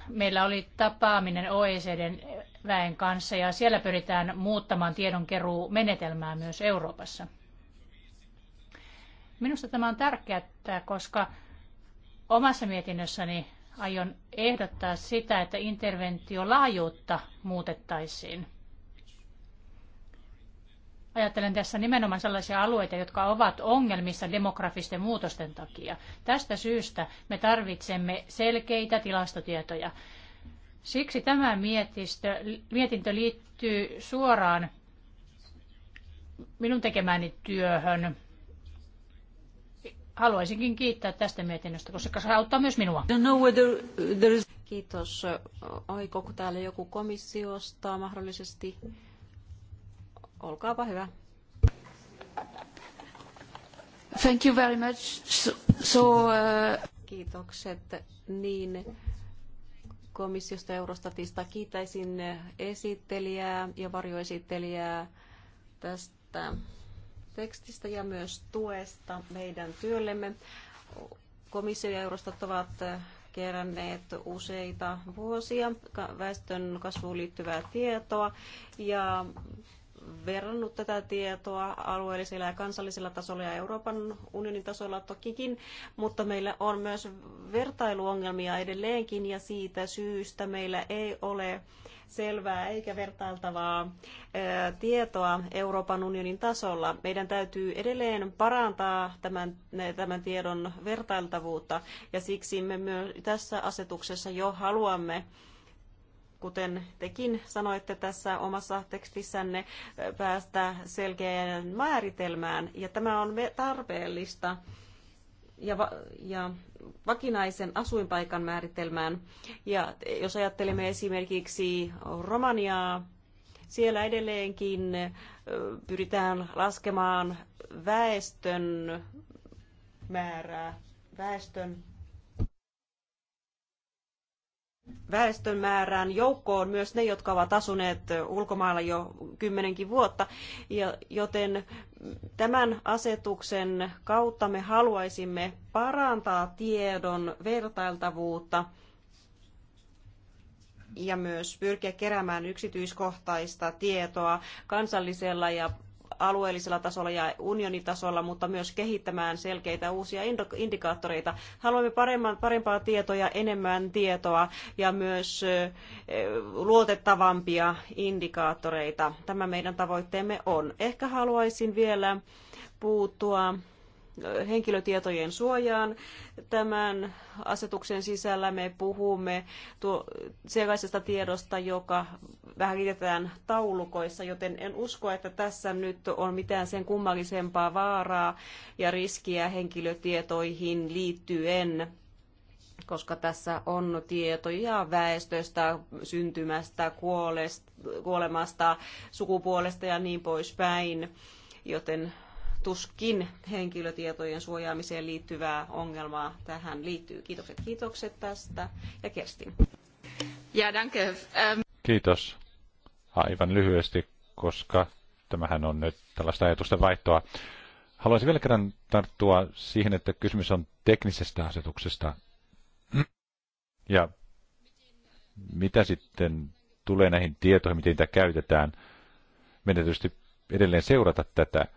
Meillä oli tapaaminen OECDn väen kanssa ja siellä pyritään muuttamaan tiedonkeruumenetelmää myös Euroopassa. Minusta tämä on tärkeää, koska Omassa mietinnössäni aion ehdottaa sitä, että interventiolaajuutta muutettaisiin. Ajattelen tässä nimenomaan sellaisia alueita, jotka ovat ongelmissa demografisten muutosten takia. Tästä syystä me tarvitsemme selkeitä tilastotietoja. Siksi tämä mietistö, mietintö liittyy suoraan minun tekemäni työhön haluaisinkin kiittää tästä mietinnöstä, koska se auttaa myös minua. Kiitos. Aikooko täällä joku komissiosta mahdollisesti? Olkaapa hyvä. Thank you very much. So, so, uh... Kiitokset. Niin, komissiosta Eurostatista kiitäisin esittelijää ja varjoesittelijää tästä tekstistä ja myös tuesta meidän työllemme. Komissio ja Eurostat ovat eh, keränneet useita vuosia väestön kasvuun liittyvää tietoa ja verrannut tätä tietoa alueellisella ja kansallisella tasolla ja Euroopan unionin tasolla tokikin, mutta meillä on myös vertailuongelmia edelleenkin ja siitä syystä meillä ei ole selvää eikä vertailtavaa tietoa Euroopan unionin tasolla. Meidän täytyy edelleen parantaa tämän, tämän tiedon vertailtavuutta ja siksi me myös tässä asetuksessa jo haluamme kuten tekin sanoitte tässä omassa tekstissänne, päästä selkeään määritelmään. Ja tämä on tarpeellista ja, va- ja vakinaisen asuinpaikan määritelmään. Ja jos ajattelemme esimerkiksi Romaniaa, siellä edelleenkin pyritään laskemaan väestön määrää, väestön väestön määrään joukkoon myös ne, jotka ovat asuneet ulkomailla jo kymmenenkin vuotta. Ja, joten tämän asetuksen kautta me haluaisimme parantaa tiedon vertailtavuutta ja myös pyrkiä keräämään yksityiskohtaista tietoa kansallisella ja alueellisella tasolla ja unionitasolla, mutta myös kehittämään selkeitä uusia indikaattoreita. Haluamme paremman, parempaa tietoa ja enemmän tietoa ja myös luotettavampia indikaattoreita. Tämä meidän tavoitteemme on. Ehkä haluaisin vielä puuttua henkilötietojen suojaan. Tämän asetuksen sisällä me puhumme tuo sellaisesta tiedosta, joka välitetään taulukoissa, joten en usko, että tässä nyt on mitään sen kummallisempaa vaaraa ja riskiä henkilötietoihin liittyen koska tässä on tietoja väestöstä, syntymästä, kuolesta, kuolemasta, sukupuolesta ja niin poispäin. Joten tuskin henkilötietojen suojaamiseen liittyvää ongelmaa tähän liittyy. Kiitokset, kiitokset tästä. Ja Kerstin. Ja danke. Ähm, Kiitos. Aivan lyhyesti, koska tämähän on nyt tällaista ajatusten vaihtoa. Haluaisin vielä kerran tarttua siihen, että kysymys on teknisestä asetuksesta. Ja mitä sitten tulee näihin tietoihin, miten niitä käytetään, meidän tietysti edelleen seurata tätä –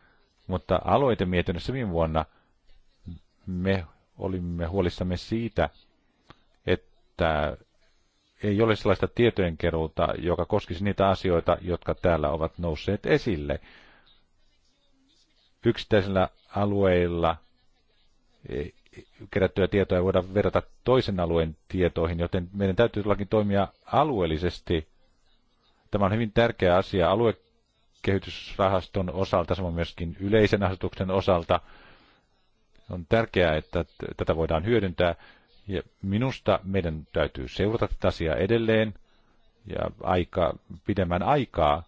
mutta aloitemietinnössä viime vuonna me olimme huolissamme siitä, että ei ole sellaista tietojenkeruuta, joka koskisi niitä asioita, jotka täällä ovat nousseet esille. Yksittäisillä alueilla e, kerättyä tietoa ei voida verrata toisen alueen tietoihin, joten meidän täytyy todellakin toimia alueellisesti. Tämä on hyvin tärkeä asia. Alue kehitysrahaston osalta, samoin myöskin yleisen asetuksen osalta. On tärkeää, että tätä voidaan hyödyntää. Ja minusta meidän täytyy seurata tätä asiaa edelleen ja aika, pidemmän aikaa,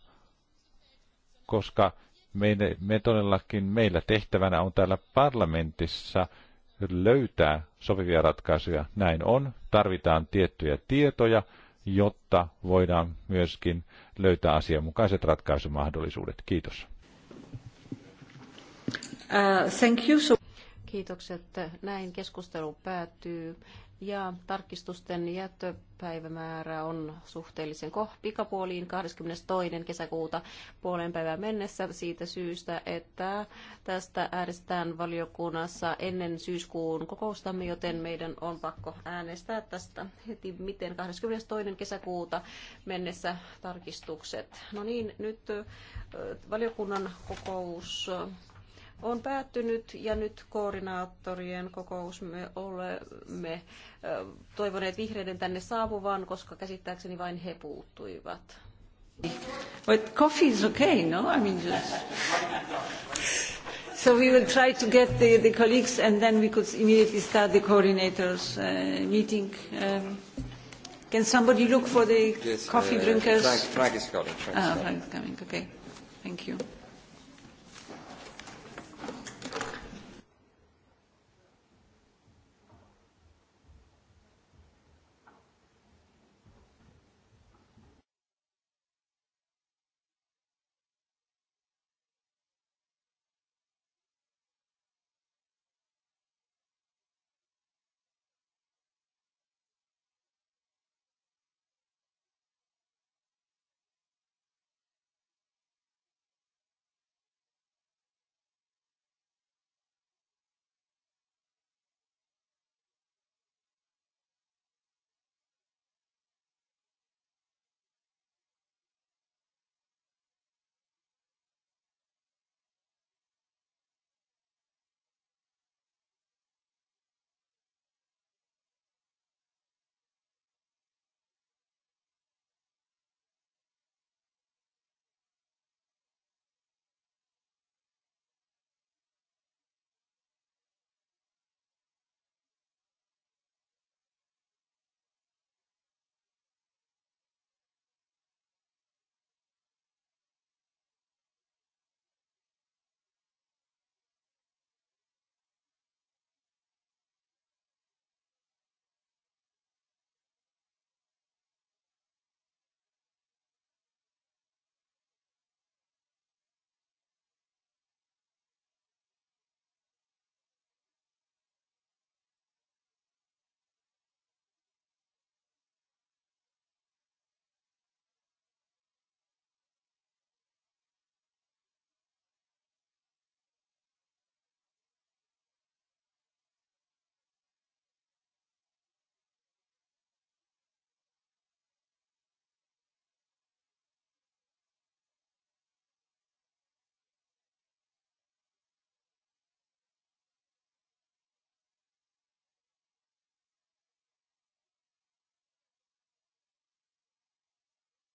koska me, me todellakin meillä tehtävänä on täällä parlamentissa löytää sopivia ratkaisuja. Näin on, tarvitaan tiettyjä tietoja, jotta voidaan myöskin löytää asianmukaiset ratkaisumahdollisuudet. Kiitos. Uh, thank you. So- Kiitokset. Näin keskustelu päättyy ja tarkistusten jättöpäivämäärä on suhteellisen koht pikapuoliin 22. kesäkuuta puolen päivän mennessä siitä syystä, että tästä äänestetään valiokunnassa ennen syyskuun kokoustamme, joten meidän on pakko äänestää tästä heti miten 22. kesäkuuta mennessä tarkistukset. No niin, nyt valiokunnan kokous on päättynyt ja nyt koordinaattorien kokous me olemme toivoneet vihreiden tänne saapuvan, koska käsittääkseni vain he puuttuivat. But coffee is okay, no? I mean just... So we will try to get the, the colleagues and then we could immediately start the coordinators uh, meeting. Um, can somebody look for the yes, coffee uh, drinkers? Frank, Frank is coming. Frank is coming. Ah, Frank is coming, okay. Thank you.